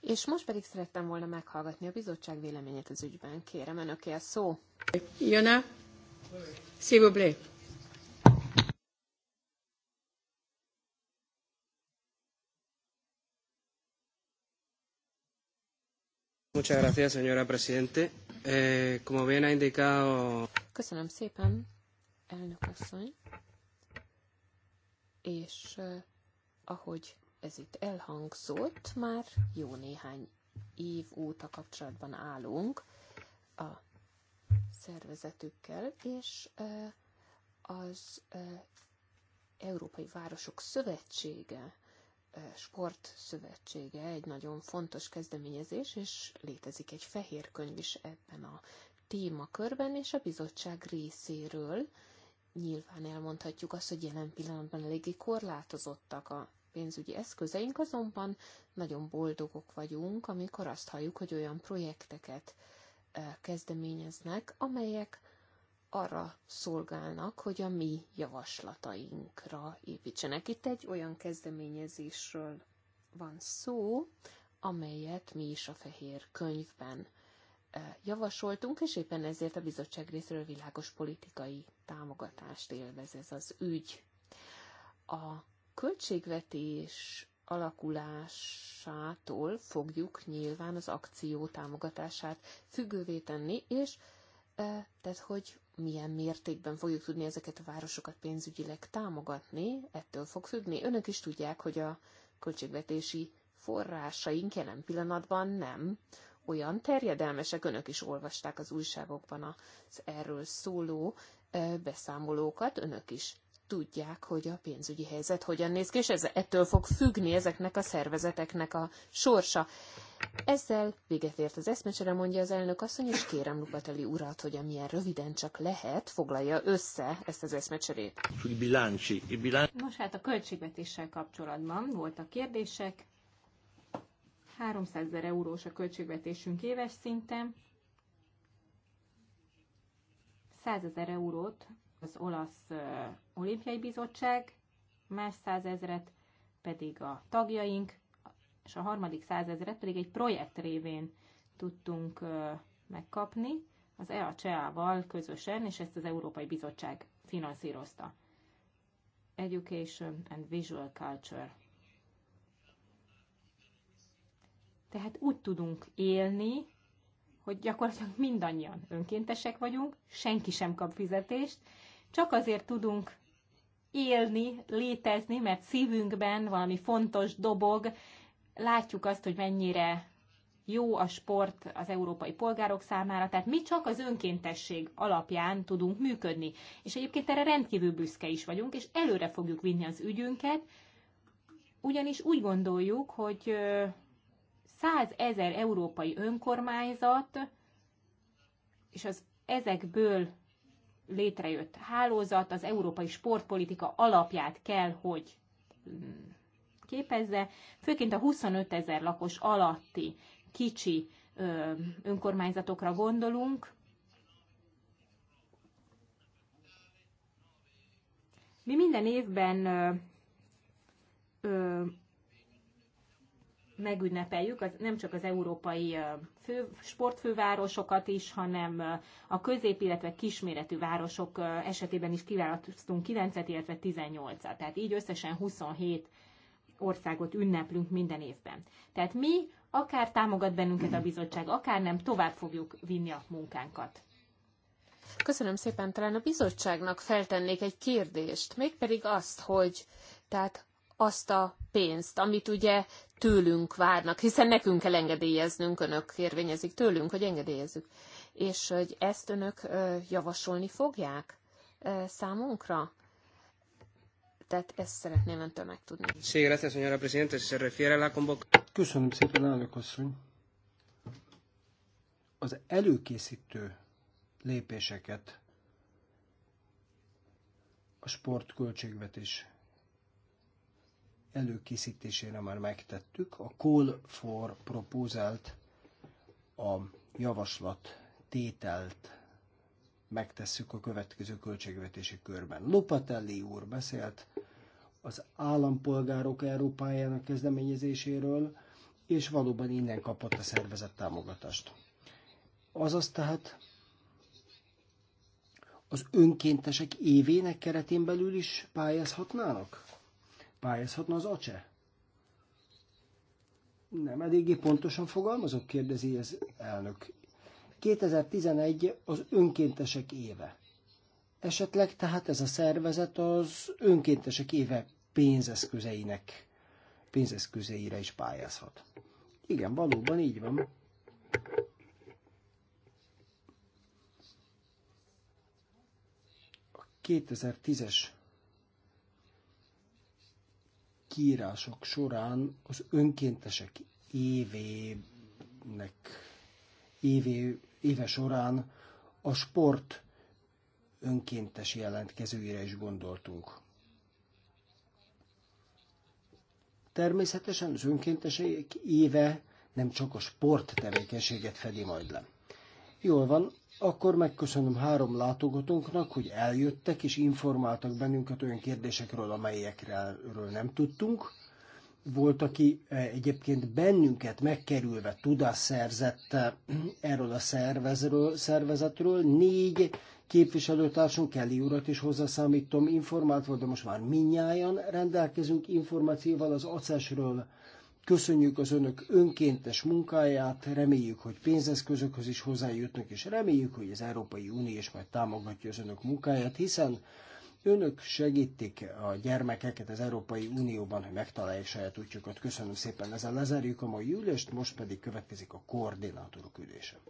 Speaker 18: És most pedig szerettem volna meghallgatni a bizottság véleményét az ügyben. Kérem, önöké a szó.
Speaker 15: Jön-e? S'il vous plaît.
Speaker 11: Muchas gracias, señora presidente. Eh, como bien ha indicado...
Speaker 18: Köszönöm szépen, elnök asszony. És eh, ahogy ez itt elhangzott, már jó néhány év óta kapcsolatban állunk a szervezetükkel, és eh, az eh, Európai Városok Szövetsége sportszövetsége egy nagyon fontos kezdeményezés, és létezik egy fehér könyv is ebben a témakörben, és a bizottság részéről nyilván elmondhatjuk azt, hogy jelen pillanatban eléggé korlátozottak a pénzügyi eszközeink, azonban nagyon boldogok vagyunk, amikor azt halljuk, hogy olyan projekteket eh, kezdeményeznek, amelyek arra szolgálnak, hogy a mi javaslatainkra építsenek. Itt egy olyan kezdeményezésről van szó, amelyet mi is a fehér könyvben e, javasoltunk, és éppen ezért a bizottság részről világos politikai támogatást élvez ez az ügy. A költségvetés alakulásától fogjuk nyilván az akció támogatását függővé tenni, és e, tehát, hogy milyen mértékben fogjuk tudni ezeket a városokat pénzügyileg támogatni, ettől fog függni. Önök is tudják, hogy a költségvetési forrásaink jelen pillanatban nem olyan terjedelmesek. Önök is olvasták az újságokban az erről szóló beszámolókat, önök is tudják, hogy a pénzügyi helyzet hogyan néz ki, és ez, ettől fog függni ezeknek a szervezeteknek a sorsa. Ezzel véget ért az eszmecsere, mondja az elnök asszony, és kérem Lupateli urat, hogy amilyen röviden csak lehet, foglalja össze ezt az eszmecserét. Nos, hát a
Speaker 4: költségvetéssel kapcsolatban voltak kérdések. 300 ezer eurós a költségvetésünk éves szinten. 100 ezer eurót az olasz olimpiai bizottság, más százezret pedig a tagjaink, és a harmadik százezret pedig egy projekt révén tudtunk megkapni az EACEA-val közösen, és ezt az Európai Bizottság finanszírozta. Education and Visual Culture. Tehát úgy tudunk élni, hogy gyakorlatilag mindannyian önkéntesek vagyunk, senki sem kap fizetést, csak azért tudunk élni, létezni, mert szívünkben valami fontos dobog, látjuk azt, hogy mennyire jó a sport az európai polgárok számára, tehát mi csak az önkéntesség alapján tudunk működni. És egyébként erre rendkívül büszke is vagyunk, és előre fogjuk vinni az ügyünket, ugyanis úgy gondoljuk, hogy 100 európai önkormányzat, és az ezekből létrejött hálózat az európai sportpolitika alapját kell, hogy mm, képezze, főként a 25 ezer lakos alatti kicsi önkormányzatokra gondolunk. Mi minden évben megünnepeljük az, nem csak az európai fő, sportfővárosokat is, hanem a közép, illetve kisméretű városok esetében is kiválasztunk 9-et, illetve 18-at. Tehát így összesen 27 országot ünneplünk minden évben. Tehát mi, akár támogat bennünket a bizottság, akár nem, tovább fogjuk vinni a munkánkat.
Speaker 18: Köszönöm szépen, talán a bizottságnak feltennék egy kérdést, mégpedig azt, hogy tehát azt a pénzt, amit ugye tőlünk várnak, hiszen nekünk kell engedélyeznünk, önök érvényezik tőlünk, hogy engedélyezzük. És hogy ezt önök javasolni fogják számunkra? Tehát ezt szeretném öntől megtudni.
Speaker 17: Köszönöm szépen, elnök asszony. Az előkészítő lépéseket a sportköltségvetés előkészítésére már megtettük. A Call for proposal a javaslat tételt megtesszük a következő költségvetési körben. Lopatelli úr beszélt az állampolgárok Európájának kezdeményezéséről, és valóban innen kapott a szervezet támogatást. Azaz tehát az önkéntesek évének keretén belül is pályázhatnának? Pályázhatna az acse? Nem eléggé pontosan fogalmazok, kérdezi az elnök. 2011 az önkéntesek éve. Esetleg tehát ez a szervezet az önkéntesek éve pénzeszközeinek, pénzeszközeire is pályázhat. Igen, valóban így van. A 2010-es kiírások során az önkéntesek évének évé, éve során a sport önkéntes jelentkezőire is gondoltunk. Természetesen az önkéntesek éve nem csak a sport tevékenységet fedi majd le. Jól van, akkor megköszönöm három látogatónknak, hogy eljöttek és informáltak bennünket olyan kérdésekről, amelyekről nem tudtunk. Volt, aki e, egyébként bennünket megkerülve tudás szerzett e, erről a szervezről, szervezetről. Négy képviselőtársunk, Kelly urat is hozzászámítom, informált volt, de most már minnyáján rendelkezünk információval az acesről, Köszönjük az önök önkéntes munkáját, reméljük, hogy pénzeszközökhöz is hozzájutnak, és reméljük, hogy az Európai Unió is majd támogatja az önök munkáját, hiszen önök segítik a gyermekeket az Európai Unióban, hogy megtalálják saját útjukat. Köszönöm szépen, ezzel lezárjuk a mai ülést, most pedig következik a koordinátorok ülése.